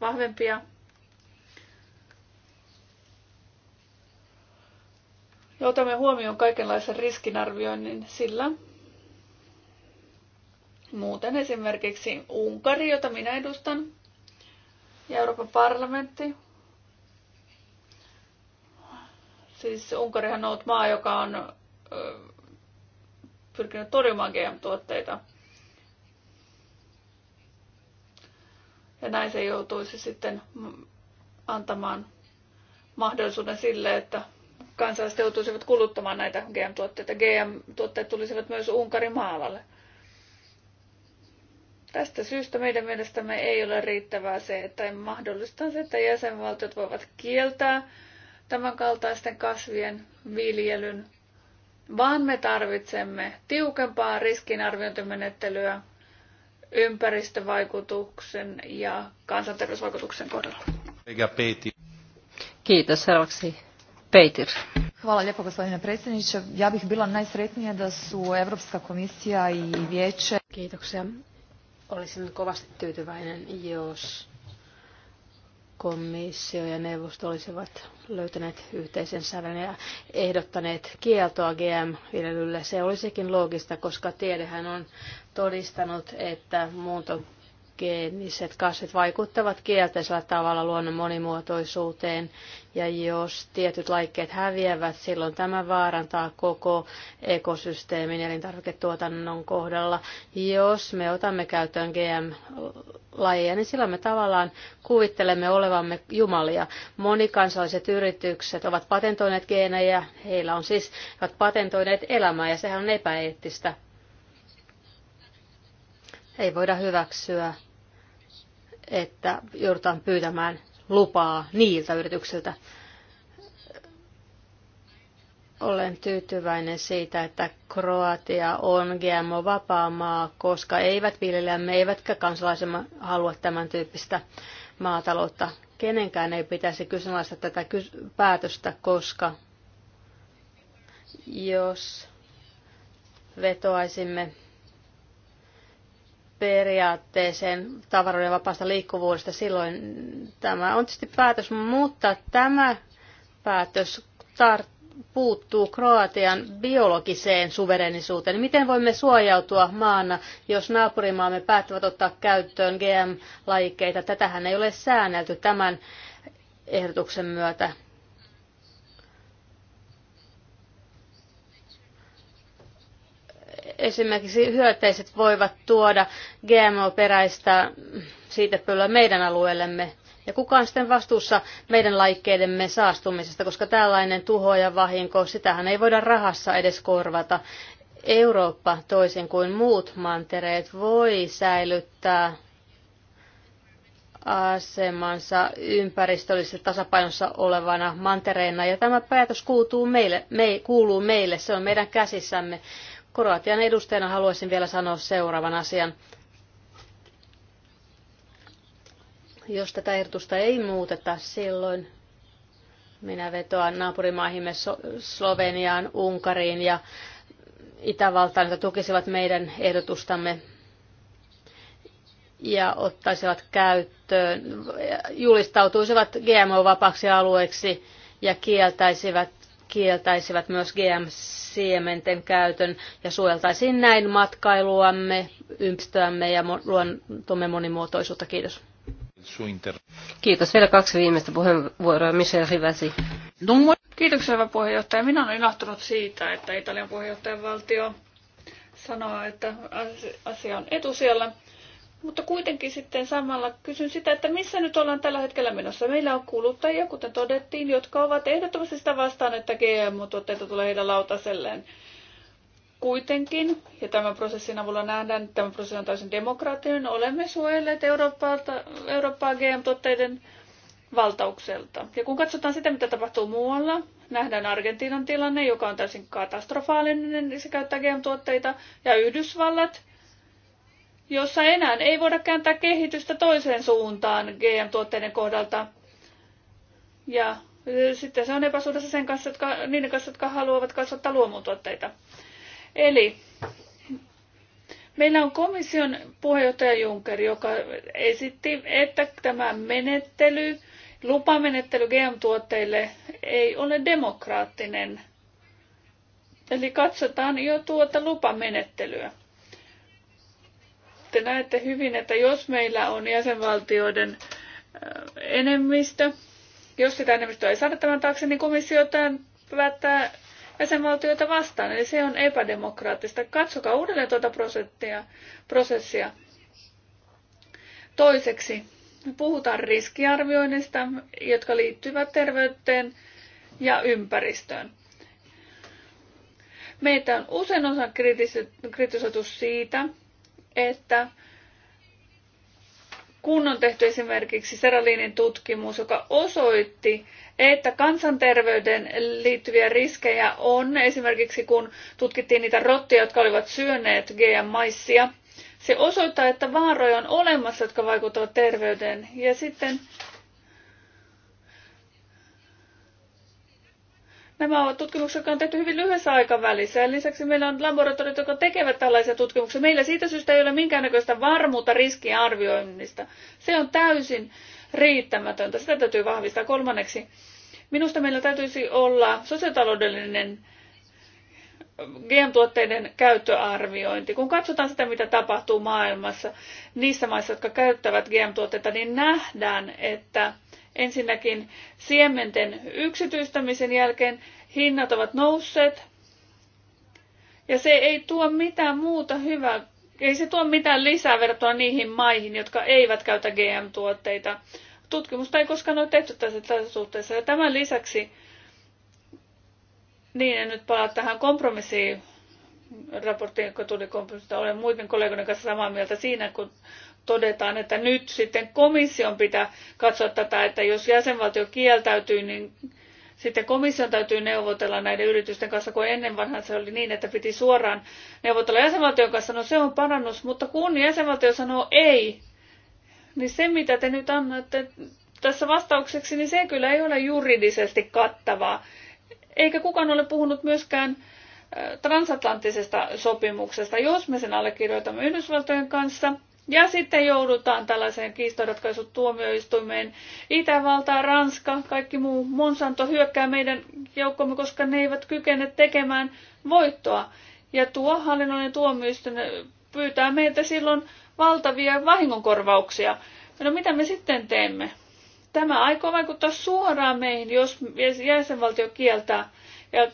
vahvempia. Ja otamme huomioon kaikenlaisen riskinarvioinnin sillä Muuten esimerkiksi Unkari, jota minä edustan, ja Euroopan parlamentti. Siis Unkarihan on ollut maa, joka on ö, pyrkinyt torjumaan GM-tuotteita. Ja näin se joutuisi sitten antamaan mahdollisuuden sille, että kansalaiset joutuisivat kuluttamaan näitä GM-tuotteita. GM-tuotteet tulisivat myös Unkarin maalalle. Tästä syystä meidän mielestämme ei ole riittävää se, että mahdollistaa se, että jäsenvaltiot voivat kieltää tämän kaltaisten kasvien viljelyn, vaan me tarvitsemme tiukempaa riskinarviointimenettelyä ympäristövaikutuksen ja kansanterveysvaikutuksen kohdalla. Kiitos. Seuraavaksi Petir. Hvala lijepo gospodine predsjedniče. Ja bih bila najsretnija da su Europska komisija i vijeće Kiitoksia Olisin kovasti tyytyväinen, jos komissio ja neuvosto olisivat löytäneet yhteisen sävelen ja ehdottaneet kieltoa GM-viljelylle. Se olisikin loogista, koska tiedehän on todistanut, että muunto geeniset kasvit vaikuttavat kielteisellä tavalla luonnon monimuotoisuuteen, ja jos tietyt laikkeet häviävät, silloin tämä vaarantaa koko ekosysteemin elintarviketuotannon kohdalla. Jos me otamme käyttöön GM-lajeja, niin silloin me tavallaan kuvittelemme olevamme jumalia. Monikansalliset yritykset ovat patentoineet geenejä, heillä on siis ovat patentoineet elämää, ja sehän on epäeettistä ei voida hyväksyä että joudutaan pyytämään lupaa niiltä yrityksiltä. Olen tyytyväinen siitä, että Kroatia on GMO-vapaa maa, koska eivät viljelijämme eivätkä kansalaisemme halua tämän tyyppistä maataloutta. Kenenkään ei pitäisi kyseenalaista tätä päätöstä, koska jos vetoaisimme periaatteeseen tavaroiden vapaasta liikkuvuudesta silloin tämä on tietysti päätös, mutta tämä päätös tar- puuttuu Kroatian biologiseen suverenisuuteen. Miten voimme suojautua maana, jos naapurimaamme päättävät ottaa käyttöön GM-lajikkeita? Tätähän ei ole säännelty tämän ehdotuksen myötä. esimerkiksi hyönteiset voivat tuoda GMO-peräistä siitepölyä meidän alueellemme. Ja kuka on sitten vastuussa meidän laikkeidemme saastumisesta, koska tällainen tuho ja vahinko, sitähän ei voida rahassa edes korvata. Eurooppa, toisin kuin muut mantereet, voi säilyttää asemansa ympäristöllisessä tasapainossa olevana mantereena. Ja tämä päätös kuuluu meille, me, kuuluu meille, se on meidän käsissämme. Kroatian edustajana haluaisin vielä sanoa seuraavan asian. Jos tätä ehdotusta ei muuteta, silloin minä vetoan naapurimaihimme Sloveniaan, Unkariin ja Itävaltaan, jotka tukisivat meidän ehdotustamme ja ottaisivat käyttöön, julistautuisivat GMO-vapaaksi alueeksi ja kieltäisivät kieltäisivät myös GM-siementen käytön ja suojeltaisiin näin matkailuamme, ympäristöämme ja luontomme monimuotoisuutta. Kiitos. Kiitos. Vielä kaksi viimeistä puheenvuoroa. Michelle Rivasi. Kiitoksia, hyvä puheenjohtaja. Minä olen ilahtunut siitä, että Italian puheenjohtajavaltio sanoo, että asia on etusijalla. Mutta kuitenkin sitten samalla kysyn sitä, että missä nyt ollaan tällä hetkellä menossa. Meillä on kuluttajia, kuten todettiin, jotka ovat ehdottomasti sitä vastaan, että GMO-tuotteita tulee heidän lautaselleen. Kuitenkin, ja tämän prosessin avulla nähdään, että tämä prosessi on täysin demokraattinen, olemme suojelleet Eurooppaa GM-tuotteiden valtaukselta. Ja kun katsotaan sitä, mitä tapahtuu muualla, nähdään Argentiinan tilanne, joka on täysin katastrofaalinen, niin se käyttää GM-tuotteita, ja Yhdysvallat, jossa enää ei voida kääntää kehitystä toiseen suuntaan GM-tuotteiden kohdalta. Ja sitten se on epäsuhdassa sen kanssa, jotka, niiden kanssa, jotka haluavat kasvattaa luomutuotteita. Eli meillä on komission puheenjohtaja Juncker, joka esitti, että tämä menettely, lupamenettely GM-tuotteille ei ole demokraattinen. Eli katsotaan jo tuota lupamenettelyä te näette hyvin, että jos meillä on jäsenvaltioiden äh, enemmistö, jos sitä enemmistöä ei saada tämän taakse, niin komissio päättää jäsenvaltioita vastaan. Eli se on epädemokraattista. Katsokaa uudelleen tuota prosessia. Toiseksi, puhutaan riskiarvioinnista, jotka liittyvät terveyteen ja ympäristöön. Meitä on usein osa kritisoitu siitä, että kun on tehty esimerkiksi Seraliinin tutkimus, joka osoitti, että kansanterveyden liittyviä riskejä on esimerkiksi kun tutkittiin niitä rottia, jotka olivat syöneet GM-maissia. Se osoittaa, että vaaroja on olemassa, jotka vaikuttavat terveyteen. Ja sitten Nämä ovat tutkimuksia, jotka on tehty hyvin lyhyessä aikavälissä. Ja lisäksi meillä on laboratoriot, jotka tekevät tällaisia tutkimuksia. Meillä siitä syystä ei ole minkäännäköistä varmuutta riskien arvioinnista. Se on täysin riittämätöntä. Sitä täytyy vahvistaa. Kolmanneksi, minusta meillä täytyisi olla sosiotaloudellinen GM-tuotteiden käyttöarviointi. Kun katsotaan sitä, mitä tapahtuu maailmassa niissä maissa, jotka käyttävät GM-tuotteita, niin nähdään, että Ensinnäkin siementen yksityistämisen jälkeen hinnat ovat nousseet ja se ei tuo mitään muuta hyvää. Ei se tuo mitään lisää verrattuna niihin maihin, jotka eivät käytä GM-tuotteita. Tutkimusta ei koskaan ole tehty tässä, tässä suhteessa. Ja tämän lisäksi, niin en nyt palaa tähän kompromissiin, raporttiin, joka tuli kompromissista. Olen muiden kollegoiden kanssa samaa mieltä siinä, kun todetaan, että nyt sitten komission pitää katsoa tätä, että jos jäsenvaltio kieltäytyy, niin sitten komission täytyy neuvotella näiden yritysten kanssa, kun ennen vanhan se oli niin, että piti suoraan neuvotella jäsenvaltion kanssa. No se on parannus, mutta kun jäsenvaltio sanoo ei, niin se mitä te nyt annatte tässä vastaukseksi, niin se kyllä ei ole juridisesti kattavaa. Eikä kukaan ole puhunut myöskään äh, transatlanttisesta sopimuksesta. Jos me sen allekirjoitamme Yhdysvaltojen kanssa, ja sitten joudutaan tällaiseen kiistoratkaisutuomioistuimeen. Itävalta, Ranska, kaikki muu Monsanto hyökkää meidän joukkomme, koska ne eivät kykene tekemään voittoa. Ja tuo hallinnollinen tuomioistuin pyytää meiltä silloin valtavia vahingonkorvauksia. No mitä me sitten teemme? Tämä aikoo vaikuttaa suoraan meihin, jos jäsenvaltio kieltää. Ja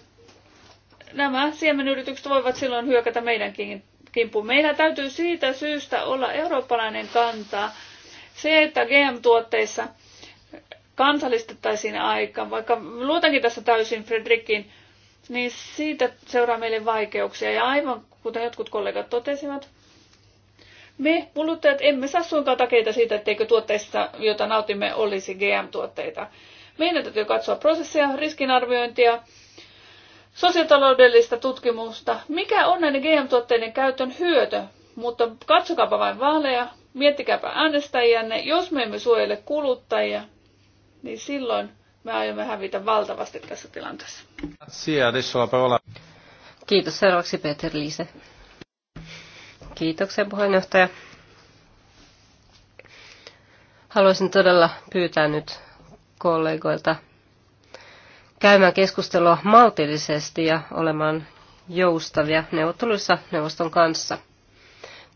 nämä siemenyritykset voivat silloin hyökätä meidänkin kimppuun. Meillä täytyy siitä syystä olla eurooppalainen kanta. Se, että GM-tuotteissa kansallistettaisiin aika, vaikka luotankin tässä täysin Fredrikin, niin siitä seuraa meille vaikeuksia. Ja aivan kuten jotkut kollegat totesivat, me kuluttajat emme saa suinkaan takeita siitä, etteikö tuotteista, joita nautimme, olisi GM-tuotteita. Meidän täytyy katsoa prosesseja, riskinarviointia, sosiotaloudellista tutkimusta, mikä on näiden GM-tuotteiden käytön hyöty, mutta katsokaapa vain vaaleja, miettikääpä äänestäjänne, jos me emme suojele kuluttajia, niin silloin me aiomme hävitä valtavasti tässä tilanteessa. Kiitos. Seuraavaksi Peter Liise. Kiitoksia puheenjohtaja. Haluaisin todella pyytää nyt kollegoilta käymään keskustelua maltillisesti ja olemaan joustavia neuvotteluissa neuvoston kanssa.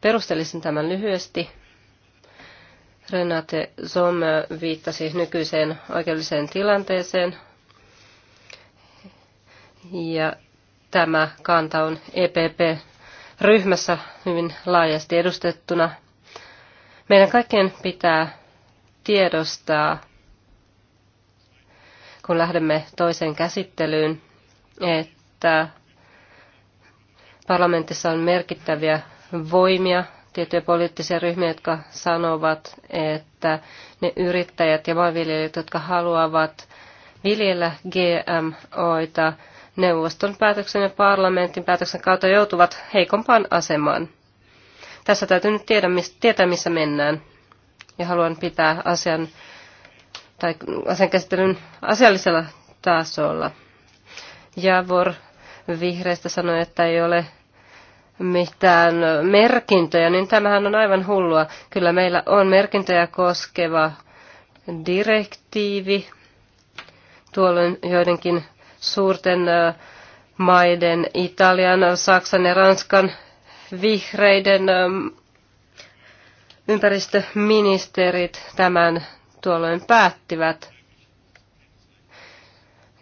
Perustelisin tämän lyhyesti. Renate Zomme viittasi nykyiseen oikeudelliseen tilanteeseen ja tämä kanta on EPP-ryhmässä hyvin laajasti edustettuna. Meidän kaikkien pitää tiedostaa, kun lähdemme toiseen käsittelyyn, että parlamentissa on merkittäviä voimia, tiettyjä poliittisia ryhmiä, jotka sanovat, että ne yrittäjät ja maanviljelijät, jotka haluavat viljellä GMOita, neuvoston päätöksen ja parlamentin päätöksen kautta joutuvat heikompaan asemaan. Tässä täytyy nyt tiedä, tietää, missä mennään. Ja haluan pitää asian tai käsittelyn asiallisella tasolla. Javor vihreistä sanoi, että ei ole mitään merkintöjä, niin tämähän on aivan hullua. Kyllä meillä on merkintöjä koskeva direktiivi. Tuolloin joidenkin suurten maiden, Italian, Saksan ja Ranskan vihreiden ympäristöministerit tämän tuolloin päättivät.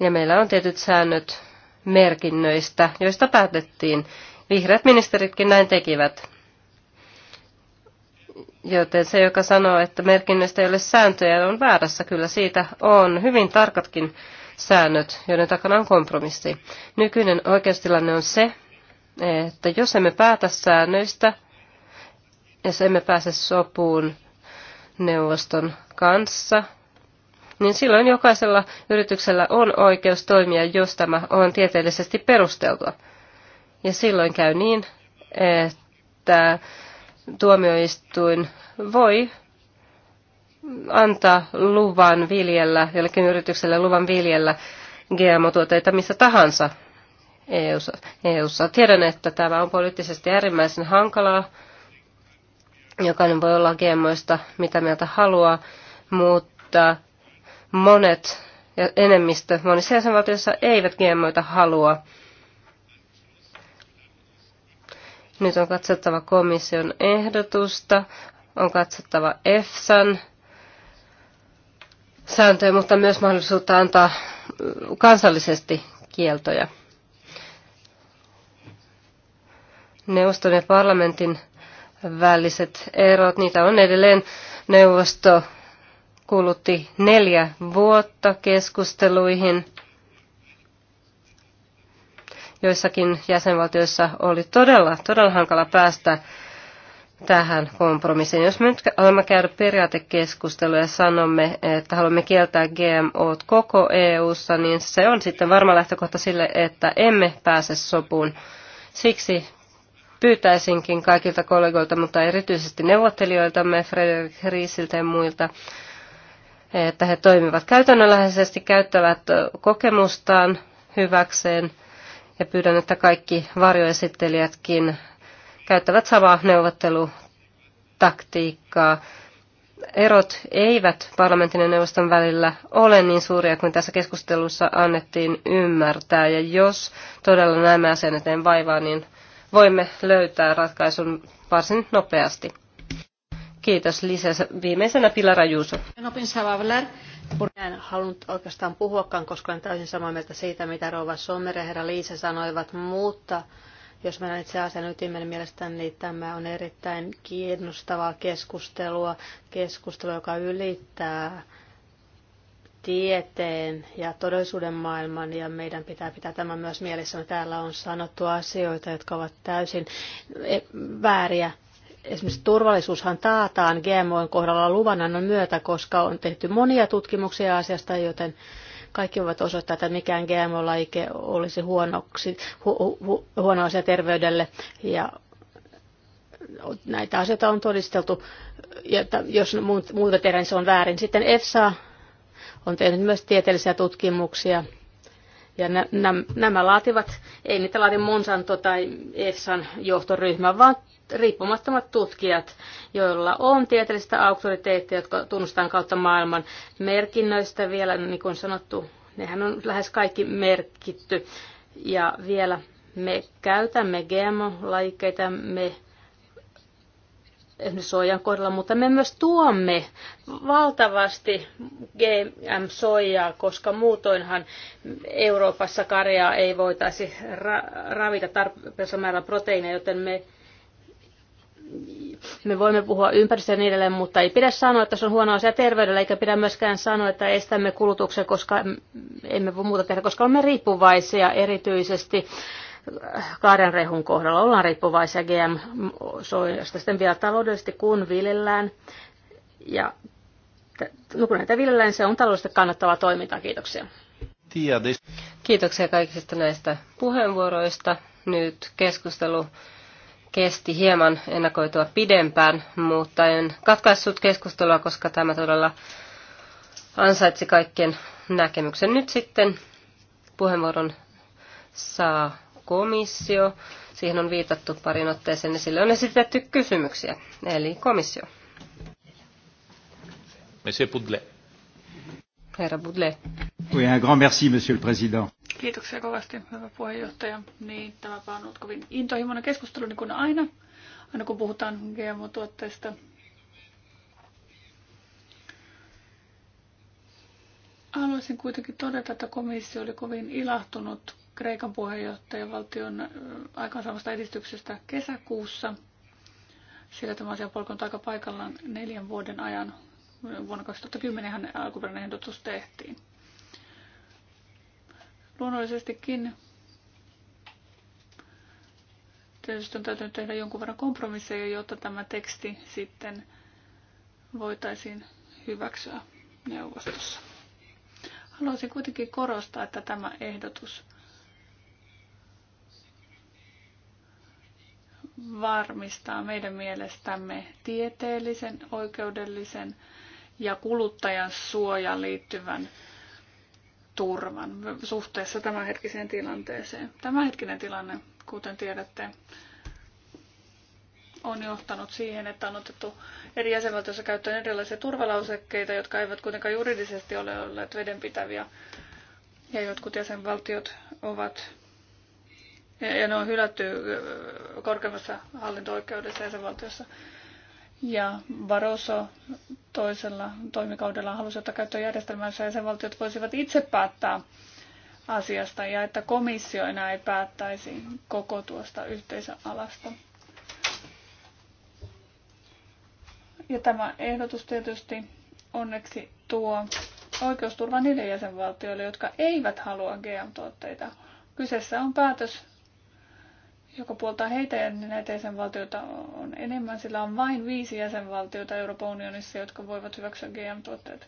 Ja meillä on tietyt säännöt merkinnöistä, joista päätettiin. Vihreät ministeritkin näin tekivät. Joten se, joka sanoo, että merkinnöistä ei ole sääntöjä, on väärässä. Kyllä siitä on hyvin tarkatkin säännöt, joiden takana on kompromissi. Nykyinen oikeustilanne on se, että jos emme päätä säännöistä, jos emme pääse sopuun neuvoston kanssa, niin silloin jokaisella yrityksellä on oikeus toimia, jos tämä on tieteellisesti perusteltua. Ja silloin käy niin, että tuomioistuin voi antaa luvan viljellä, jollekin yritykselle luvan viljellä gmo tuoteita missä tahansa EU-ssa. E Tiedän, että tämä on poliittisesti äärimmäisen hankalaa, Jokainen voi olla GMOista mitä mieltä haluaa, mutta monet ja enemmistö monissa jäsenvaltioissa eivät GMOita halua. Nyt on katsottava komission ehdotusta, on katsottava EFSAn sääntöjä, mutta myös mahdollisuutta antaa kansallisesti kieltoja. Neuvoston ja parlamentin väliset erot. Niitä on edelleen. Neuvosto kulutti neljä vuotta keskusteluihin. Joissakin jäsenvaltioissa oli todella, todella hankala päästä tähän kompromissiin. Jos me nyt olemme käydä periaatekeskustelua ja sanomme, että haluamme kieltää GMO koko EU-ssa, niin se on sitten varma lähtökohta sille, että emme pääse sopuun. Siksi pyytäisinkin kaikilta kollegoilta, mutta erityisesti neuvottelijoiltamme, Frederik Riisiltä ja muilta, että he toimivat käytännönläheisesti, käyttävät kokemustaan hyväkseen ja pyydän, että kaikki varjoesittelijätkin käyttävät samaa neuvottelutaktiikkaa. Erot eivät parlamentin ja neuvoston välillä ole niin suuria kuin tässä keskustelussa annettiin ymmärtää. Ja jos todella näemme asian eteen vaivaa, niin voimme löytää ratkaisun varsin nopeasti. Kiitos Lisä. Viimeisenä Pilara Juuso. En opin hablar. En halunnut oikeastaan puhuakaan, koska olen täysin samaa mieltä siitä, mitä Rova Sommer ja herra Liisa sanoivat, mutta jos mennään itse asian ytimen mielestäni, niin tämä on erittäin kiinnostavaa keskustelua, keskustelua, joka ylittää tieteen ja todellisuuden maailman ja meidän pitää pitää tämä myös mielessä. Täällä on sanottu asioita, jotka ovat täysin e, vääriä. Esimerkiksi turvallisuushan taataan GMOn kohdalla luvanannon myötä, koska on tehty monia tutkimuksia asiasta, joten kaikki voivat osoittaa, että mikään GMO-laike olisi huonoksi, hu, hu, hu, huono asia terveydelle. Ja näitä asioita on todisteltu, ja jos muuta tehdään, niin se on väärin. Sitten EFSA on tehnyt myös tieteellisiä tutkimuksia. Ja nämä laativat, ei niitä laadi Monsanto tai EFSAn johtoryhmä, vaan riippumattomat tutkijat, joilla on tieteellistä auktoriteettia, jotka tunnustetaan kautta maailman merkinnöistä vielä, niin kuin sanottu, nehän on lähes kaikki merkitty. Ja vielä me käytämme GMO-lajikkeita, me soijan kohdalla, mutta me myös tuomme valtavasti GM-soijaa, koska muutoinhan Euroopassa karjaa ei voitaisi ra- ravita tarpeessa määrällä proteiineja, joten me me voimme puhua ympäristöä ja niin edelleen, mutta ei pidä sanoa, että se on huono asia terveydelle, eikä pidä myöskään sanoa, että estämme kulutuksen, koska emme voi muuta tehdä, koska olemme riippuvaisia erityisesti kaarenrehun kohdalla ollaan riippuvaisia GM-soijasta. Sitten vielä taloudellisesti, kun viljellään ja no kun näitä viljellään, niin se on taloudellisesti kannattavaa toimintaa. Kiitoksia. Kiitoksia kaikista näistä puheenvuoroista. Nyt keskustelu kesti hieman ennakoitua pidempään, mutta en katkaissut keskustelua, koska tämä todella ansaitsi kaikkien näkemyksen. Nyt sitten puheenvuoron saa komissio. Siihen on viitattu parin otteeseen ja sille on esitetty kysymyksiä. Eli komissio. Monsieur Boudlet. Herra Boudlet. Oui, un grand merci, monsieur le président. Kiitoksia kovasti, hyvä puheenjohtaja. Niin, tämä on ollut kovin intohimoinen keskustelu, niin kuin aina, aina kun puhutaan GMO-tuotteista. Haluaisin kuitenkin todeta, että komissio oli kovin ilahtunut Kreikan puheenjohtajavaltion aikaansaamasta edistyksestä kesäkuussa, sillä tämä asia on aika paikallaan neljän vuoden ajan. Vuonna 2010 hän alkuperäinen ehdotus tehtiin. Luonnollisestikin tietysti on täytynyt tehdä jonkun verran kompromisseja, jotta tämä teksti sitten voitaisiin hyväksyä neuvostossa. Haluaisin kuitenkin korostaa, että tämä ehdotus varmistaa meidän mielestämme tieteellisen, oikeudellisen ja kuluttajan suojaan liittyvän turvan suhteessa tämänhetkiseen tilanteeseen. Tämänhetkinen tilanne, kuten tiedätte, on johtanut siihen, että on otettu eri jäsenvaltioissa käyttöön erilaisia turvalausekkeita, jotka eivät kuitenkaan juridisesti ole olleet vedenpitäviä. Ja jotkut jäsenvaltiot ovat, ja ne on hylätty korkeimmassa hallinto-oikeudessa jäsenvaltiossa. Ja Barroso toisella toimikaudella halusi ottaa käyttöön järjestelmänsä jossa jäsenvaltiot voisivat itse päättää asiasta ja että komissio enää ei päättäisi koko tuosta yhteisöalasta. alasta. Ja tämä ehdotus tietysti onneksi tuo oikeusturva niille jäsenvaltioille, jotka eivät halua GM-tuotteita. Kyseessä on päätös, joka puoltaa heitä ja näitä jäsenvaltioita on enemmän. Sillä on vain viisi jäsenvaltiota Euroopan unionissa, jotka voivat hyväksyä GM-tuotteita.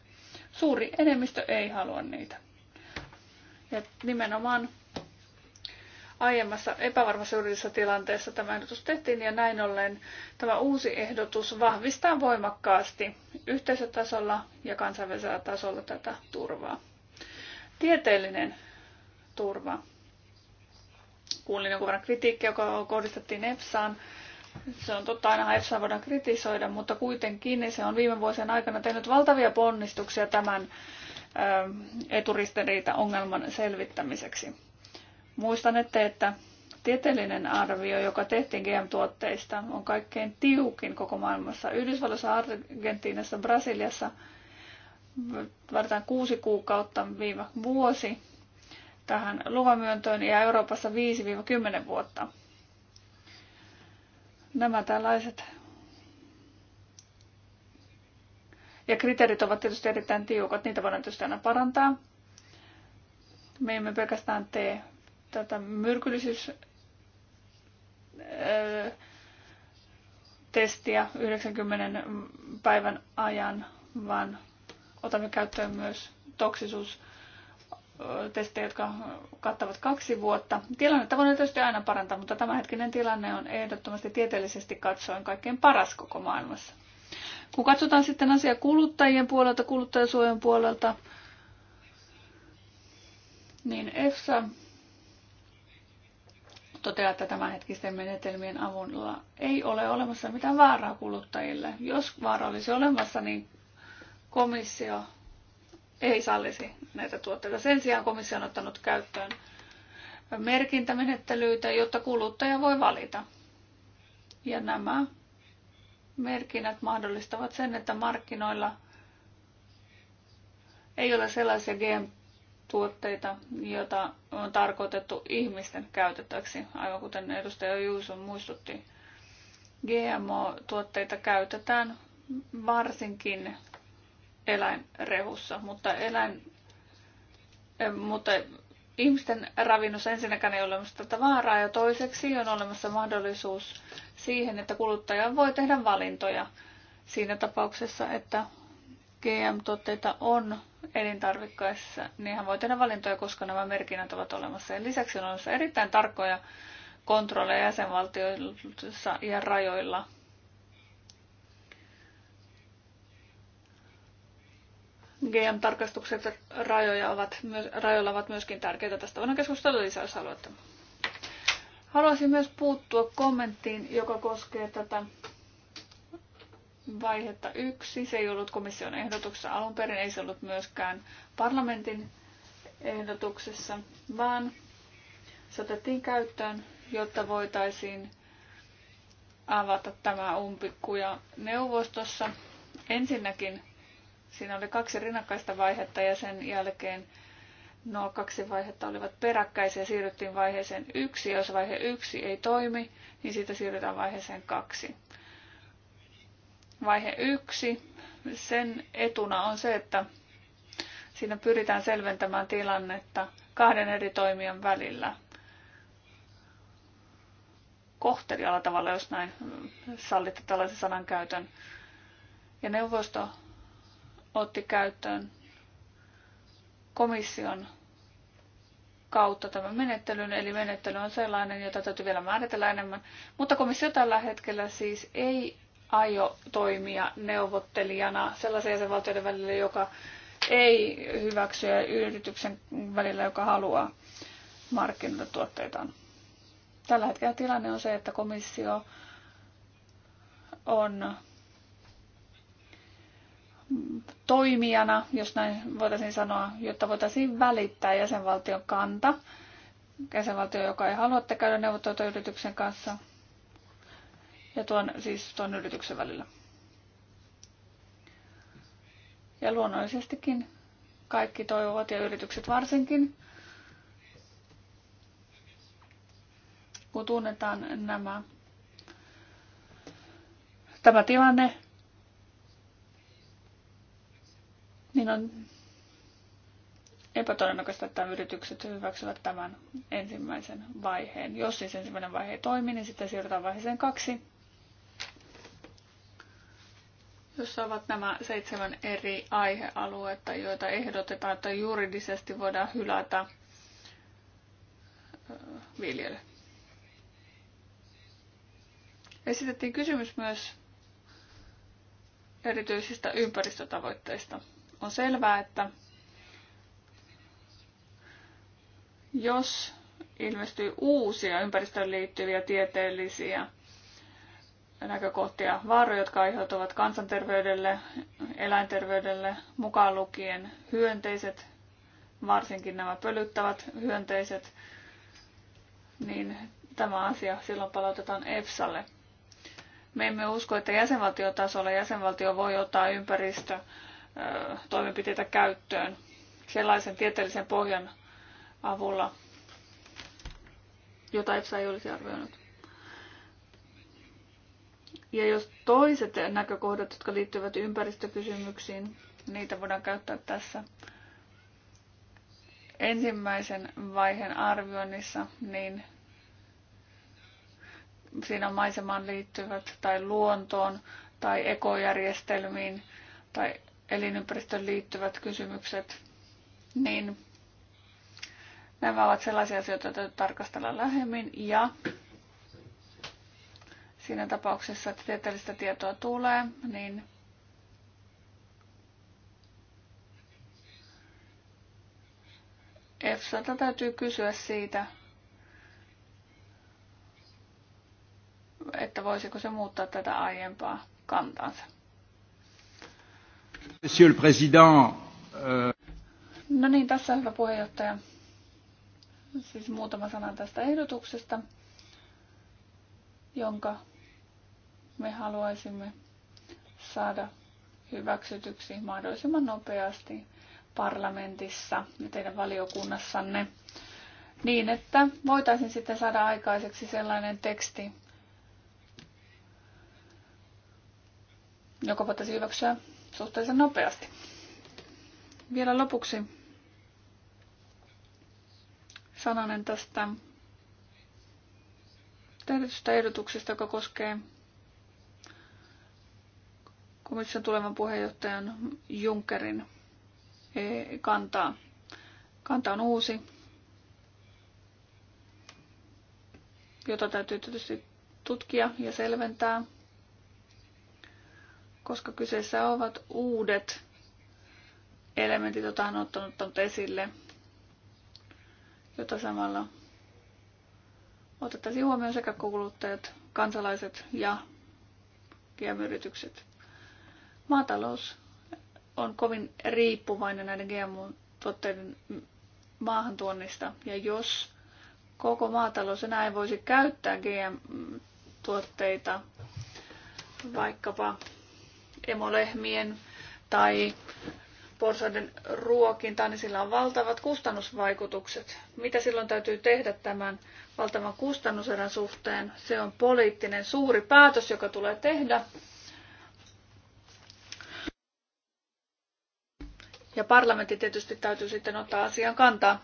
Suuri enemmistö ei halua niitä. Ja nimenomaan aiemmassa epävarmassa juridisessa tilanteessa tämä ehdotus tehtiin ja näin ollen tämä uusi ehdotus vahvistaa voimakkaasti yhteisötasolla ja kansainvälisellä tasolla tätä turvaa. Tieteellinen turva. Kuulin jonkun verran kritiikkiä, joka kohdistettiin EPSAan. Se on totta, aina EFSA voidaan kritisoida, mutta kuitenkin se on viime vuosien aikana tehnyt valtavia ponnistuksia tämän eturistiriita-ongelman selvittämiseksi. Muistan, että, että tieteellinen arvio, joka tehtiin GM-tuotteista, on kaikkein tiukin koko maailmassa. Yhdysvalloissa, Argentiinassa, Brasiliassa vartaan kuusi kuukautta viiva vuosi tähän luvamyöntöön ja Euroopassa 5-10 vuotta. Nämä tällaiset ja kriteerit ovat tietysti erittäin tiukat, niitä voidaan tietysti aina parantaa. Me emme pelkästään tee tätä myrkyllisyys testiä 90 päivän ajan, vaan otamme käyttöön myös toksisuus testejä, jotka kattavat kaksi vuotta. Tilannetta voidaan tietysti aina parantaa, mutta tämänhetkinen tilanne on ehdottomasti tieteellisesti katsoen kaikkein paras koko maailmassa. Kun katsotaan sitten asiaa kuluttajien puolelta, kuluttajasuojan puolelta, niin EFSA toteaa, että tämänhetkisten menetelmien avulla ei ole olemassa mitään vaaraa kuluttajille. Jos vaara olisi olemassa, niin komissio ei sallisi näitä tuotteita. Sen sijaan komissio on ottanut käyttöön merkintämenettelyitä, jotta kuluttaja voi valita. Ja nämä merkinnät mahdollistavat sen, että markkinoilla ei ole sellaisia GM tuotteita, joita on tarkoitettu ihmisten käytettäväksi, aivan kuten edustaja Juuson muistutti. GMO-tuotteita käytetään varsinkin eläinrehussa, mutta, eläin, eh, mutta ihmisten ravinnossa ensinnäkään ei ole olemassa tätä vaaraa ja toiseksi on olemassa mahdollisuus siihen, että kuluttaja voi tehdä valintoja siinä tapauksessa, että GM-tuotteita on elintarvikkeissa, niin hän voi tehdä valintoja, koska nämä merkinnät ovat olemassa. Ja lisäksi on olemassa erittäin tarkkoja kontrolleja jäsenvaltioissa ja rajoilla. GM-tarkastukset rajoja ovat, rajoilla ovat myöskin tärkeitä. Tästä voidaan keskustella lisää, jos haluatte. Haluaisin myös puuttua kommenttiin, joka koskee tätä vaihetta yksi. Se ei ollut komission ehdotuksessa alun perin, ei se ollut myöskään parlamentin ehdotuksessa, vaan se otettiin käyttöön, jotta voitaisiin avata tämä umpikkuja neuvostossa. Ensinnäkin siinä oli kaksi rinnakkaista vaihetta ja sen jälkeen nuo kaksi vaihetta olivat peräkkäisiä. Siirryttiin vaiheeseen yksi. Jos vaihe yksi ei toimi, niin siitä siirrytään vaiheeseen kaksi. Vaihe yksi. Sen etuna on se, että siinä pyritään selventämään tilannetta kahden eri toimijan välillä kohtelijalla tavalla, jos näin sallitte tällaisen sanan käytön. Ja neuvosto otti käyttöön komission kautta tämän menettelyn, eli menettely on sellainen, jota täytyy vielä määritellä enemmän. Mutta komissio tällä hetkellä siis ei aio toimia neuvottelijana sellaisen jäsenvaltioiden välillä, joka ei hyväksy ja yrityksen välillä, joka haluaa markkinoida tuotteitaan. Tällä hetkellä tilanne on se, että komissio on toimijana, jos näin voitaisiin sanoa, jotta voitaisiin välittää jäsenvaltion kanta, jäsenvaltio, joka ei halua käydä neuvotteluita yrityksen kanssa, ja tuon, siis tuon yrityksen välillä. Ja luonnollisestikin kaikki toivovat ja yritykset varsinkin, kun tunnetaan nämä, tämä tilanne, niin on epätodennäköistä, että yritykset hyväksyvät tämän ensimmäisen vaiheen. Jos siis ensimmäinen vaihe ei toimi, niin sitten siirrytään vaiheeseen kaksi jossa ovat nämä seitsemän eri aihealuetta, joita ehdotetaan, että juridisesti voidaan hylätä viljely. Esitettiin kysymys myös erityisistä ympäristötavoitteista. On selvää, että jos ilmestyy uusia ympäristöön liittyviä tieteellisiä näkökohtia, vaaroja, jotka aiheutuvat kansanterveydelle, eläinterveydelle, mukaan lukien hyönteiset, varsinkin nämä pölyttävät hyönteiset, niin tämä asia silloin palautetaan EFSAlle. Me emme usko, että jäsenvaltiotasolla jäsenvaltio voi ottaa ympäristö toimenpiteitä käyttöön sellaisen tieteellisen pohjan avulla, jota EFSA ei olisi arvioinut. Ja jos toiset näkökohdat, jotka liittyvät ympäristökysymyksiin, niitä voidaan käyttää tässä ensimmäisen vaiheen arvioinnissa, niin siinä on maisemaan liittyvät tai luontoon tai ekojärjestelmiin tai elinympäristöön liittyvät kysymykset, niin nämä ovat sellaisia asioita, joita tarkastella lähemmin ja siinä tapauksessa, että tieteellistä tietoa tulee, niin EFSAta täytyy kysyä siitä, että voisiko se muuttaa tätä aiempaa kantaansa. Monsieur le Président. Euh, no niin, tässä hyvä puheenjohtaja. Siis muutama sana tästä ehdotuksesta, jonka me haluaisimme saada hyväksytyksi mahdollisimman nopeasti parlamentissa ja teidän valiokunnassanne niin, että voitaisiin sitten saada aikaiseksi sellainen teksti, joka voitaisiin hyväksyä suhteellisen nopeasti. Vielä lopuksi sananen tästä tehdystä ehdotuksesta, joka koskee komission tulevan puheenjohtajan Junckerin e, kantaa. Kanta on uusi, jota täytyy tietysti tutkia ja selventää, koska kyseessä ovat uudet elementit, joita hän on ottanut esille, jota samalla otettaisiin huomioon sekä kuluttajat, kansalaiset ja kiemyritykset. Maatalous on kovin riippuvainen näiden GMO-tuotteiden maahantuonnista. Ja jos koko maatalous enää ei voisi käyttää GM-tuotteita, vaikkapa emolehmien tai porsaiden ruokintaan, niin sillä on valtavat kustannusvaikutukset. Mitä silloin täytyy tehdä tämän valtavan kustannuserän suhteen? Se on poliittinen suuri päätös, joka tulee tehdä. Ja parlamentti tietysti täytyy sitten ottaa asiaan kantaa.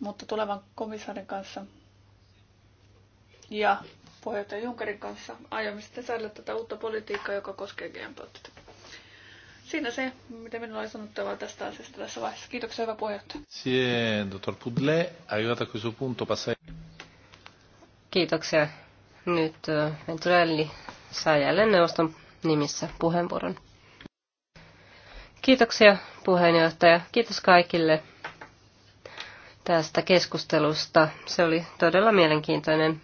Mutta tulevan komissaarin kanssa ja puheenjohtaja Junckerin kanssa aiomme sitten saada tätä uutta politiikkaa, joka koskee GMPtä. Siinä se, mitä minulla oli sanottavaa tästä asiasta tässä vaiheessa. Kiitoksia, hyvä puheenjohtaja. Pudle, Kiitoksia. Nyt eh, Venturelli saa jälleen neuvoston nimissä puheenvuoron. Kiitoksia puheenjohtaja. Kiitos kaikille tästä keskustelusta. Se oli todella mielenkiintoinen.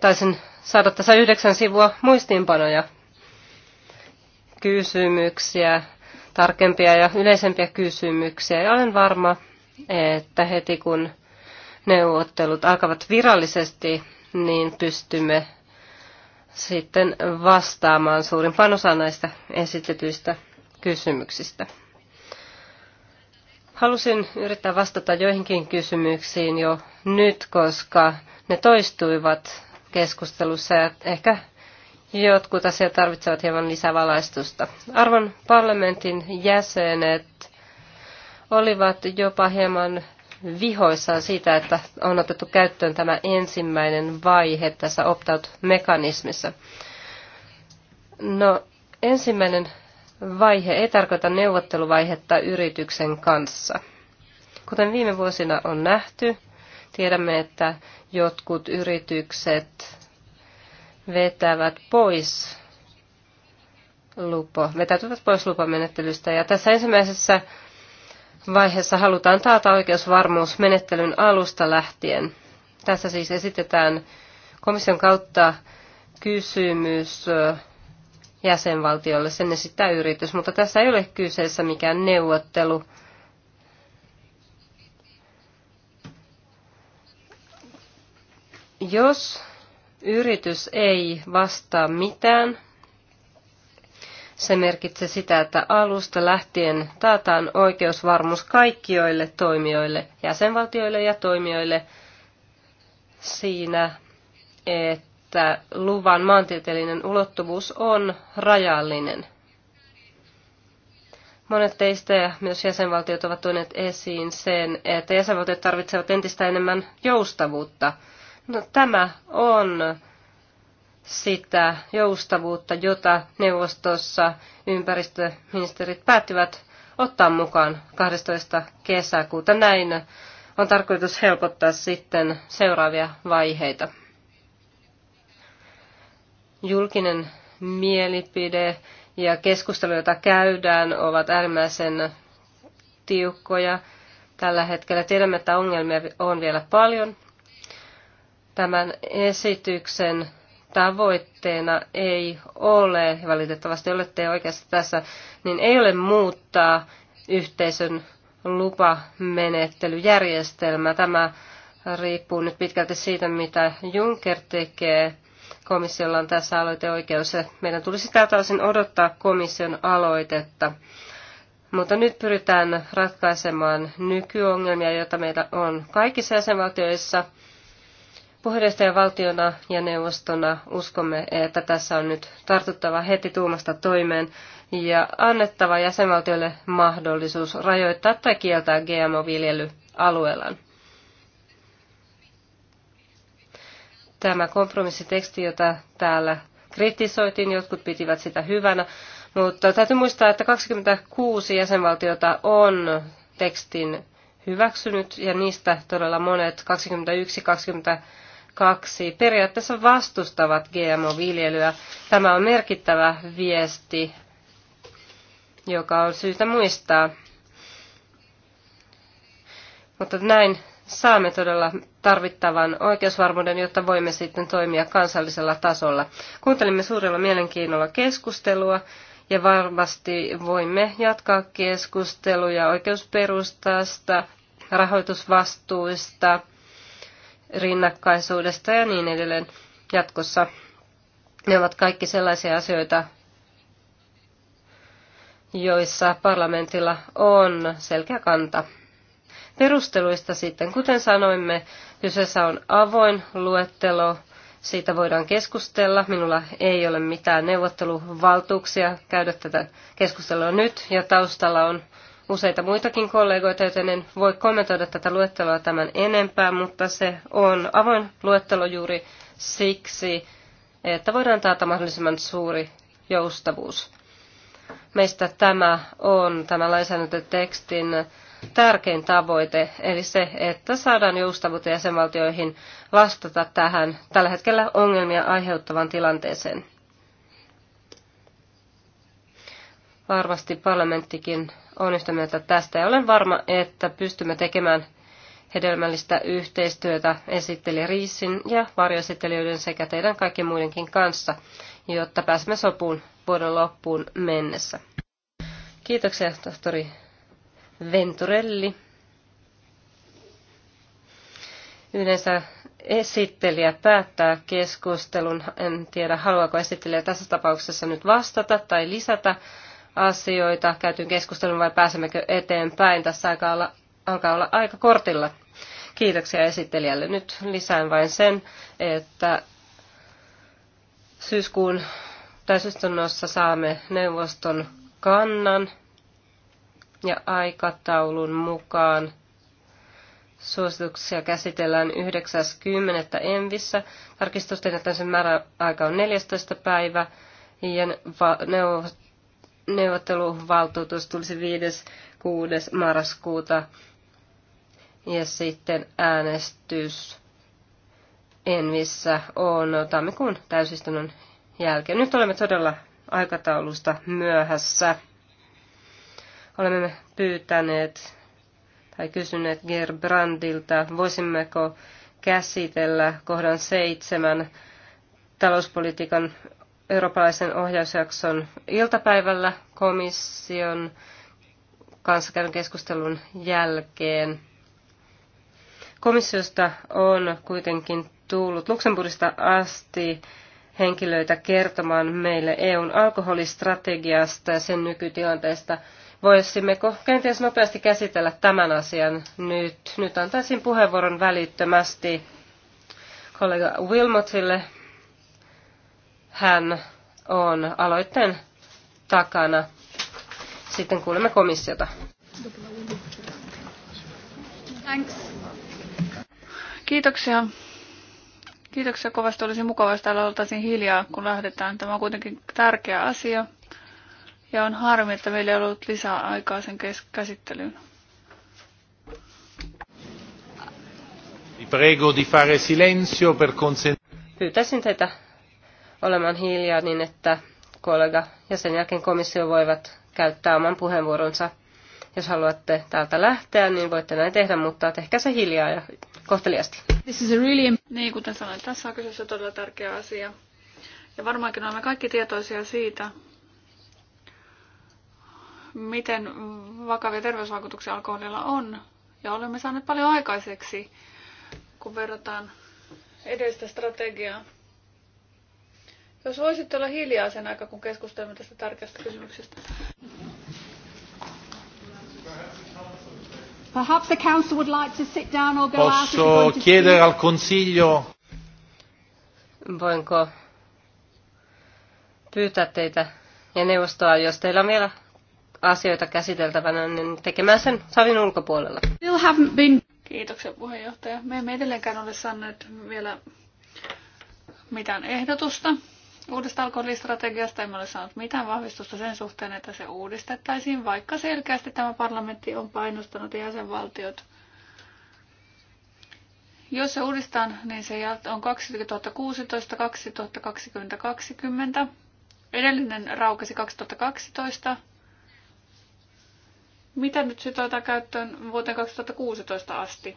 Taisin saada tässä yhdeksän sivua muistiinpanoja, kysymyksiä, tarkempia ja yleisempiä kysymyksiä. Ja olen varma, että heti kun neuvottelut alkavat virallisesti, niin pystymme sitten vastaamaan suurimpaan osaan näistä esitetyistä kysymyksistä. Halusin yrittää vastata joihinkin kysymyksiin jo nyt, koska ne toistuivat keskustelussa ja ehkä jotkut asiat tarvitsevat hieman lisävalaistusta. Arvon parlamentin jäsenet olivat jopa hieman vihoissaan siitä, että on otettu käyttöön tämä ensimmäinen vaihe tässä opt-out-mekanismissa. No, ensimmäinen vaihe ei tarkoita neuvotteluvaihetta yrityksen kanssa. Kuten viime vuosina on nähty, tiedämme, että jotkut yritykset vetävät pois lupo, vetäytyvät pois lupamenettelystä. Ja tässä ensimmäisessä vaiheessa halutaan taata oikeusvarmuus menettelyn alusta lähtien. Tässä siis esitetään komission kautta kysymys jäsenvaltiolle, sen esittää yritys, mutta tässä ei ole kyseessä mikään neuvottelu. Jos yritys ei vastaa mitään se merkitsee sitä, että alusta lähtien taataan oikeusvarmuus kaikkioille toimijoille, jäsenvaltioille ja toimijoille siinä, että luvan maantieteellinen ulottuvuus on rajallinen. Monet teistä ja myös jäsenvaltiot ovat tuoneet esiin sen, että jäsenvaltiot tarvitsevat entistä enemmän joustavuutta. No, tämä on sitä joustavuutta, jota neuvostossa ympäristöministerit päättivät ottaa mukaan 12. kesäkuuta. Näin on tarkoitus helpottaa sitten seuraavia vaiheita. Julkinen mielipide ja keskustelu, jota käydään, ovat äärimmäisen tiukkoja tällä hetkellä. Tiedämme, että ongelmia on vielä paljon. Tämän esityksen tavoitteena ei ole, ja valitettavasti olette oikeassa tässä, niin ei ole muuttaa yhteisön lupamenettelyjärjestelmä. Tämä riippuu nyt pitkälti siitä, mitä Juncker tekee. Komissiolla on tässä aloiteoikeus ja meidän tulisi tältä osin odottaa komission aloitetta. Mutta nyt pyritään ratkaisemaan nykyongelmia, joita meillä on kaikissa jäsenvaltioissa – Puheenjohtajavaltiona ja neuvostona uskomme, että tässä on nyt tartuttava heti tuumasta toimeen ja annettava jäsenvaltioille mahdollisuus rajoittaa tai kieltää GMO-viljely alueellaan. Tämä kompromissiteksti, jota täällä kritisoitiin, jotkut pitivät sitä hyvänä, mutta täytyy muistaa, että 26 jäsenvaltiota on tekstin hyväksynyt ja niistä todella monet 21, 20 kaksi periaatteessa vastustavat GMO-viljelyä. Tämä on merkittävä viesti, joka on syytä muistaa. Mutta näin saamme todella tarvittavan oikeusvarmuuden, jotta voimme sitten toimia kansallisella tasolla. Kuuntelimme suurella mielenkiinnolla keskustelua ja varmasti voimme jatkaa keskusteluja oikeusperustasta, rahoitusvastuista – rinnakkaisuudesta ja niin edelleen jatkossa. Ne ovat kaikki sellaisia asioita, joissa parlamentilla on selkeä kanta. Perusteluista sitten, kuten sanoimme, kyseessä on avoin luettelo, siitä voidaan keskustella. Minulla ei ole mitään neuvotteluvaltuuksia käydä tätä keskustelua nyt, ja taustalla on useita muitakin kollegoita, joten en voi kommentoida tätä luetteloa tämän enempää, mutta se on avoin luettelo juuri siksi, että voidaan taata mahdollisimman suuri joustavuus. Meistä tämä on tämä lainsäädäntötekstin tärkein tavoite, eli se, että saadaan joustavuutta jäsenvaltioihin vastata tähän tällä hetkellä ongelmia aiheuttavan tilanteeseen. Varmasti parlamenttikin on yhtä mieltä tästä ja olen varma, että pystymme tekemään hedelmällistä yhteistyötä Esitteli Riisin ja varjoesittelijöiden sekä teidän kaikkien muidenkin kanssa, jotta pääsemme sopuun vuoden loppuun mennessä. Kiitoksia, tohtori Venturelli. Yleensä esittelijä päättää keskustelun. En tiedä, haluaako esittelijä tässä tapauksessa nyt vastata tai lisätä asioita käytyyn keskusteluun vai pääsemmekö eteenpäin. Tässä alkaa olla, alkaa olla aika kortilla. Kiitoksia esittelijälle. Nyt lisään vain sen, että syyskuun täysistunnossa saamme neuvoston kannan ja aikataulun mukaan suosituksia käsitellään 9.10. Envissä. Tarkistusten että sen määräaika on 14. päivä ja neuvotteluvaltuutus tulisi 5. 6. marraskuuta ja sitten äänestys Envissä on tammikuun täysistunnon jälkeen. Nyt olemme todella aikataulusta myöhässä. Olemme pyytäneet tai kysyneet Gerbrandilta, voisimmeko käsitellä kohdan seitsemän talouspolitiikan eurooppalaisen ohjausjakson iltapäivällä komission kanssa käydyn keskustelun jälkeen. Komissiosta on kuitenkin tullut Luxemburgista asti henkilöitä kertomaan meille EUn alkoholistrategiasta ja sen nykytilanteesta. Voisimmeko kenties nopeasti käsitellä tämän asian nyt? Nyt antaisin puheenvuoron välittömästi kollega Wilmotille, hän on aloitteen takana. Sitten kuulemme komissiota. Thanks. Kiitoksia. Kiitoksia kovasti. Olisi mukavaa, jos täällä oltaisiin hiljaa, kun lähdetään. Tämä on kuitenkin tärkeä asia. Ja on harmi, että meillä ei ollut lisää aikaa sen käsittelyyn. Prego di fare silenzio per consentire. Pyytäisin teitä olemaan hiljaa niin, että kollega ja sen jälkeen komissio voivat käyttää oman puheenvuoronsa. Jos haluatte täältä lähteä, niin voitte näin tehdä, mutta tehkää se hiljaa ja kohteliasti. This is a really... Niin, kuten sanoin, tässä on kyseessä todella tärkeä asia. Ja varmaankin olemme kaikki tietoisia siitä, miten vakavia terveysvaikutuksia alkoholilla on. Ja olemme saaneet paljon aikaiseksi, kun verrataan edellistä strategiaa. Jos voisit olla hiljaa sen aika, kun keskustelemme tästä tärkeästä kysymyksestä. Perhaps the council would like to sit down or go Posso out chiedere al consiglio Voinko pyytää teitä ja neuvostoa, jos teillä on vielä asioita käsiteltävänä, niin tekemään sen savin ulkopuolella. Still haven't been... Kiitoksia puheenjohtaja. Me emme edelleenkään ole saaneet vielä mitään ehdotusta uudesta alkoholistrategiasta emme ole saanut mitään vahvistusta sen suhteen, että se uudistettaisiin, vaikka selkeästi tämä parlamentti on painostanut jäsenvaltiot. Jos se uudistetaan, niin se on 2016, 2020, Edellinen raukesi 2012. Mitä nyt sitotaan käyttöön vuoteen 2016 asti?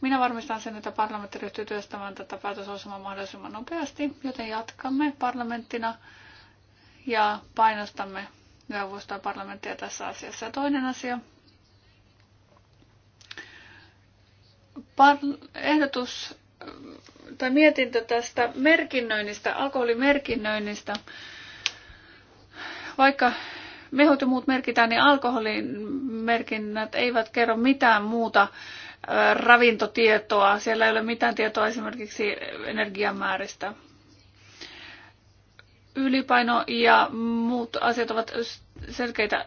Minä varmistan sen, että parlamentti ryhtyy työstämään tätä päätösohjelmaa mahdollisimman nopeasti, joten jatkamme parlamenttina ja painostamme neuvostoa parlamenttia tässä asiassa. Ja toinen asia. Par- ehdotus tai mietintö tästä merkinnöinnistä, alkoholimerkinnöinnistä. Vaikka mehut ja muut merkitään, niin alkoholin merkinnät eivät kerro mitään muuta ravintotietoa. Siellä ei ole mitään tietoa esimerkiksi energiamääristä. Ylipaino ja muut asiat ovat selkeitä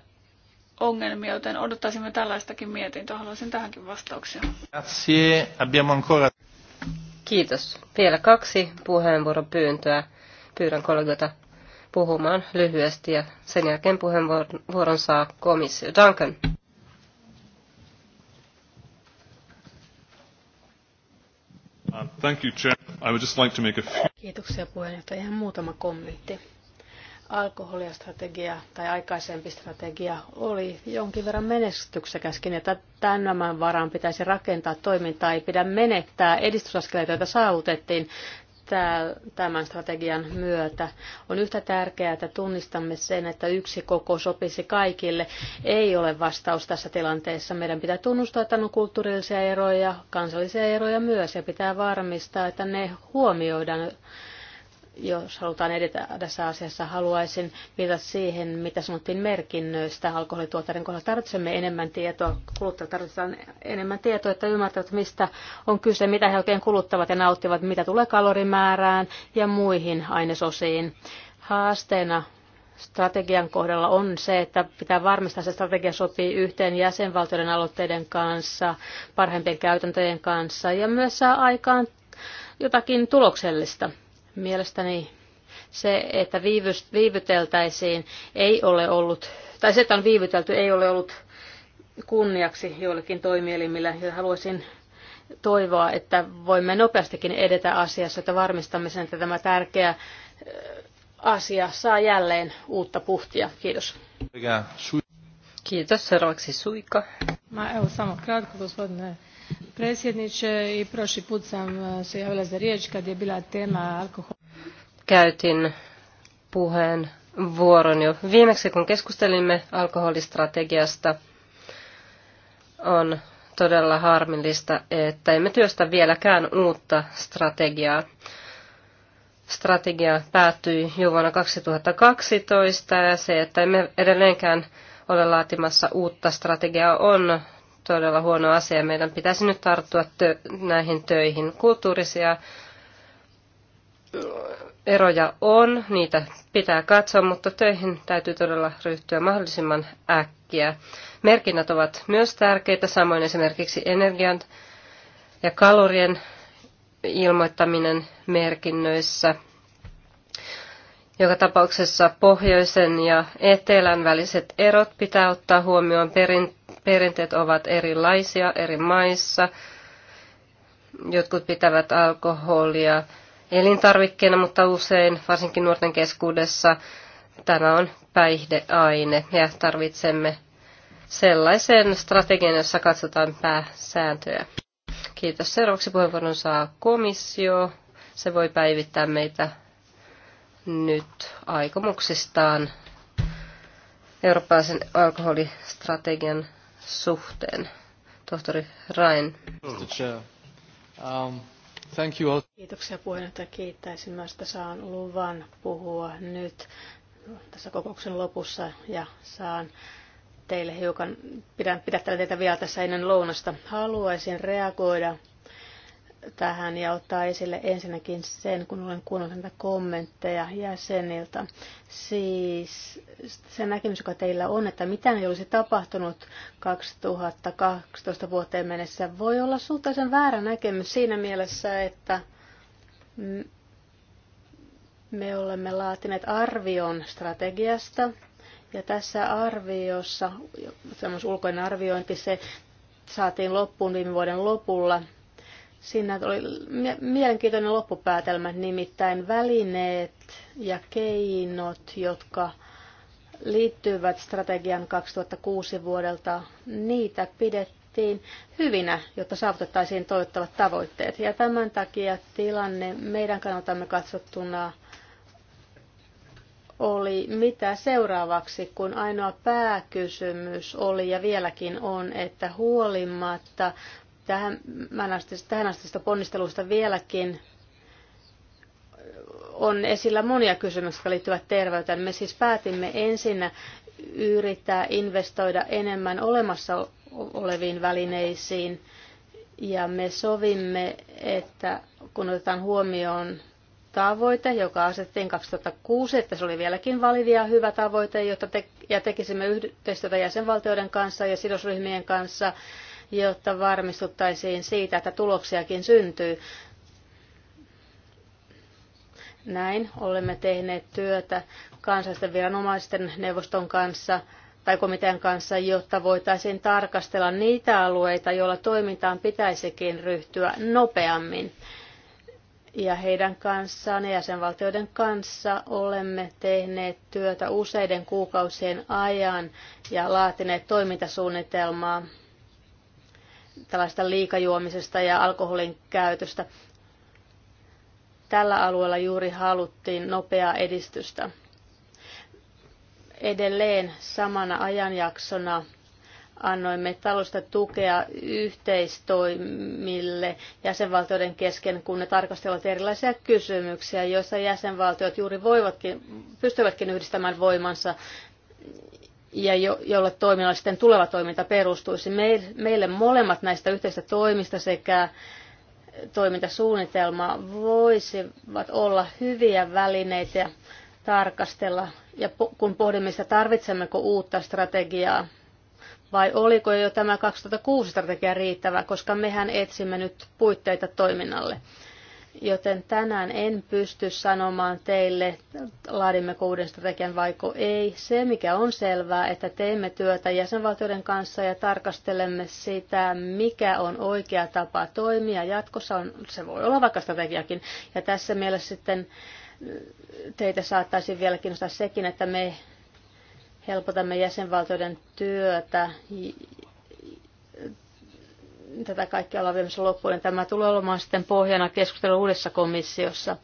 ongelmia, joten odottaisimme tällaistakin mietintöä. Haluaisin tähänkin vastauksia. Kiitos. Vielä kaksi pyyntöä Pyydän kollegoita puhumaan lyhyesti ja sen jälkeen puheenvuoron saa komissio. Duncan. Thank Kiitoksia puheenjohtaja. Ihan muutama kommentti. Alkoholistrategia tai aikaisempi strategia oli jonkin verran menestyksekäskin, että tämän varaan pitäisi rakentaa toimintaa, ei pidä menettää edistysaskeleita, joita saavutettiin tämän strategian myötä. On yhtä tärkeää, että tunnistamme sen, että yksi koko sopisi kaikille. Ei ole vastaus tässä tilanteessa. Meidän pitää tunnustaa, että on kulttuurillisia eroja, kansallisia eroja myös, ja pitää varmistaa, että ne huomioidaan jos halutaan edetä tässä asiassa, haluaisin viitata siihen, mitä sanottiin merkinnöistä alkoholituotteiden kohdalla. Tarvitsemme enemmän tietoa, kuluttajat tarvitsevat enemmän tietoa, että ymmärtävät, mistä on kyse, mitä he oikein kuluttavat ja nauttivat, mitä tulee kalorimäärään ja muihin ainesosiin. Haasteena strategian kohdalla on se, että pitää varmistaa, että strategia sopii yhteen jäsenvaltioiden aloitteiden kanssa, parhaimpien käytäntöjen kanssa ja myös saa aikaan jotakin tuloksellista. Mielestäni se, että viivyteltäisiin, ei ole ollut, tai se, että on viivytelty, ei ole ollut kunniaksi joillekin toimielimille. Ja haluaisin toivoa, että voimme nopeastikin edetä asiassa, että varmistamme sen, että tämä tärkeä asia saa jälleen uutta puhtia. Kiitos. Kiitos. Seuraavaksi Suika. Mä evo samo kratko, predsjednie i proli put sam e, se javila za rije kad je bila tema alkohol. Käytin puheen vuoron jo viimeksi, kun keskustelimme alkoholistrategiasta. On todella harmillista, että emme työstä vieläkään uutta strategiaa. Strategia päättyi jo vuonna 2012 ja se, että emme edelleenkään ole laatimassa uutta strategiaa, on todella huono asia. Meidän pitäisi nyt tarttua tö- näihin töihin. Kulttuurisia eroja on, niitä pitää katsoa, mutta töihin täytyy todella ryhtyä mahdollisimman äkkiä. Merkinnät ovat myös tärkeitä, samoin esimerkiksi energian ja kalorien ilmoittaminen merkinnöissä. Joka tapauksessa pohjoisen ja etelän väliset erot pitää ottaa huomioon. Perin, perinteet ovat erilaisia eri maissa. Jotkut pitävät alkoholia elintarvikkeena, mutta usein, varsinkin nuorten keskuudessa, tämä on päihdeaine ja tarvitsemme sellaisen strategian, jossa katsotaan pääsääntöjä. Kiitos. Seuraavaksi puheenvuoron saa komissio. Se voi päivittää meitä nyt aikomuksistaan eurooppalaisen alkoholistrategian suhteen. Tohtori Rain. Um, thank you Kiitoksia puheenjohtaja. Kiittäisin myös, että saan luvan puhua nyt tässä kokouksen lopussa ja saan teille hiukan, pidän, pidättelen teitä vielä tässä ennen lounasta. Haluaisin reagoida tähän ja ottaa esille ensinnäkin sen, kun olen kuunnellut näitä kommentteja jäseniltä. Siis se näkemys, joka teillä on, että mitä ei olisi tapahtunut 2012 vuoteen mennessä, voi olla suhteellisen väärä näkemys siinä mielessä, että me olemme laatineet arvion strategiasta, ja tässä arviossa, semmoisen ulkoinen arviointi, se saatiin loppuun viime vuoden lopulla, Siinä oli mielenkiintoinen loppupäätelmä, nimittäin välineet ja keinot, jotka liittyvät strategian 2006 vuodelta, niitä pidettiin hyvinä, jotta saavutettaisiin toivottavat tavoitteet. Ja tämän takia tilanne meidän kannaltamme katsottuna oli mitä seuraavaksi, kun ainoa pääkysymys oli ja vieläkin on, että huolimatta tähän, tähän astista ponnisteluista vieläkin on esillä monia kysymyksiä, jotka liittyvät terveyteen. Me siis päätimme ensinnä yrittää investoida enemmän olemassa oleviin välineisiin ja me sovimme, että kun otetaan huomioon tavoite, joka asettiin 2006, että se oli vieläkin valivia hyvä tavoite, jota te- ja tekisimme yhteistyötä jäsenvaltioiden kanssa ja sidosryhmien kanssa jotta varmistuttaisiin siitä, että tuloksiakin syntyy. Näin olemme tehneet työtä kansallisten viranomaisten neuvoston kanssa tai komitean kanssa, jotta voitaisiin tarkastella niitä alueita, joilla toimintaan pitäisikin ryhtyä nopeammin. Ja heidän kanssaan ja jäsenvaltioiden kanssa olemme tehneet työtä useiden kuukausien ajan ja laatineet toimintasuunnitelmaa tällaista liikajuomisesta ja alkoholin käytöstä. Tällä alueella juuri haluttiin nopeaa edistystä. Edelleen samana ajanjaksona annoimme taloudellista tukea yhteistoimille jäsenvaltioiden kesken, kun ne tarkastelevat erilaisia kysymyksiä, joissa jäsenvaltiot juuri voivatkin, pystyvätkin yhdistämään voimansa ja jo, jolle toiminnalle sitten tuleva toiminta perustuisi. Meille molemmat näistä yhteistä toimista sekä toimintasuunnitelma voisivat olla hyviä välineitä tarkastella, ja kun pohdimme sitä, tarvitsemmeko uutta strategiaa, vai oliko jo tämä 2006 strategia riittävä, koska mehän etsimme nyt puitteita toiminnalle joten tänään en pysty sanomaan teille, laadimme uuden strategian vaiko ei. Se, mikä on selvää, että teemme työtä jäsenvaltioiden kanssa ja tarkastelemme sitä, mikä on oikea tapa toimia. Jatkossa on, se voi olla vaikka strategiakin. Ja tässä mielessä sitten mm, teitä saattaisi vielä kiinnostaa sekin, että me helpotamme jäsenvaltioiden työtä tätä kaikkea ollaan viemässä loppuun. Niin tämä tulee olemaan sitten pohjana keskustelu uudessa komissiossa.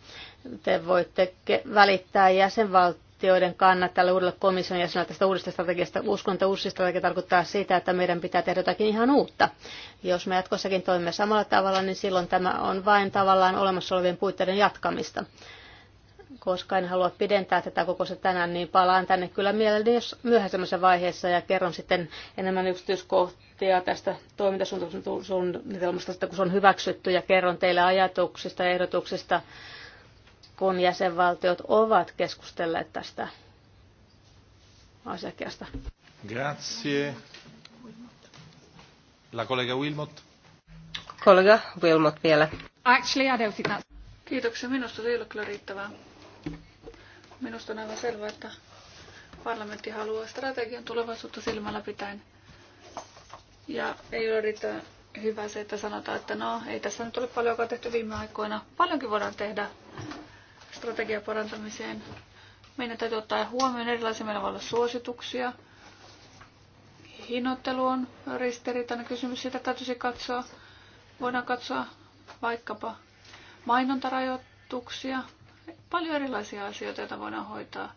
Te voitte välittää jäsenvaltioiden kannat tälle uudelle komission jäsenelle tästä uudesta strategiasta. Uskon, että uusi strategia tarkoittaa sitä, että meidän pitää tehdä jotakin ihan uutta. Jos me jatkossakin toimimme samalla tavalla, niin silloin tämä on vain tavallaan olemassa olevien puitteiden jatkamista koska en halua pidentää tätä koko se tänään, niin palaan tänne kyllä mielelläni jos myöhäisemmässä vaiheessa ja kerron sitten enemmän yksityiskohtia tästä toimintasuunnitelmasta, kun se on hyväksytty ja kerron teille ajatuksista ja ehdotuksista, kun jäsenvaltiot ovat keskustelleet tästä asiakirjasta. Grazie. La collega Wilmot. Kollega Wilmot vielä. Actually, I don't think that's... Kiitoksia. Minusta se ei ole kyllä riittävää. Minusta on aivan selvää, että parlamentti haluaa strategian tulevaisuutta silmällä pitäen. Ja ei ole riittävän hyvä se, että sanotaan, että no ei tässä nyt ole paljonkaan tehty viime aikoina. Paljonkin voidaan tehdä strategian parantamiseen. Meidän täytyy ottaa huomioon erilaisia meillä voi olla suosituksia. Hinnoittelu on ristiriitainen kysymys, sitä täytyisi katsoa. Voidaan katsoa vaikkapa mainontarajoituksia, paljon erilaisia asioita, joita voidaan hoitaa.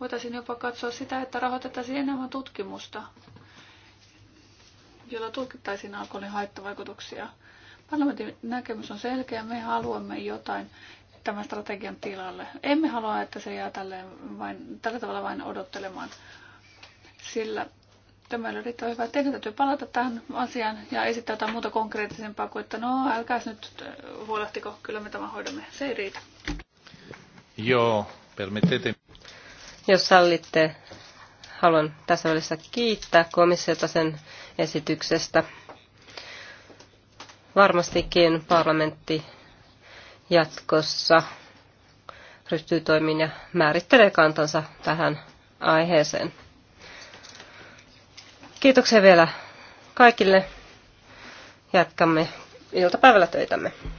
Voitaisiin jopa katsoa sitä, että rahoitettaisiin enemmän tutkimusta, jolla tutkittaisiin alkoholin haittavaikutuksia. Parlamentin näkemys on selkeä. Me haluamme jotain tämän strategian tilalle. Emme halua, että se jää tälle vain, tällä tavalla vain odottelemaan, sillä tämä oli erittäin hyvä. Teidän täytyy palata tähän asiaan ja esittää jotain muuta konkreettisempaa kuin, että no älkää nyt äh, huolehtiko, kyllä me tämä hoidamme. Se ei riitä. Joo, permettete. Jos sallitte, haluan tässä välissä kiittää komissiota sen esityksestä. Varmastikin parlamentti jatkossa ryhtyy toimiin ja määrittelee kantansa tähän aiheeseen. Kiitoksia vielä kaikille. Jatkamme iltapäivällä töitämme.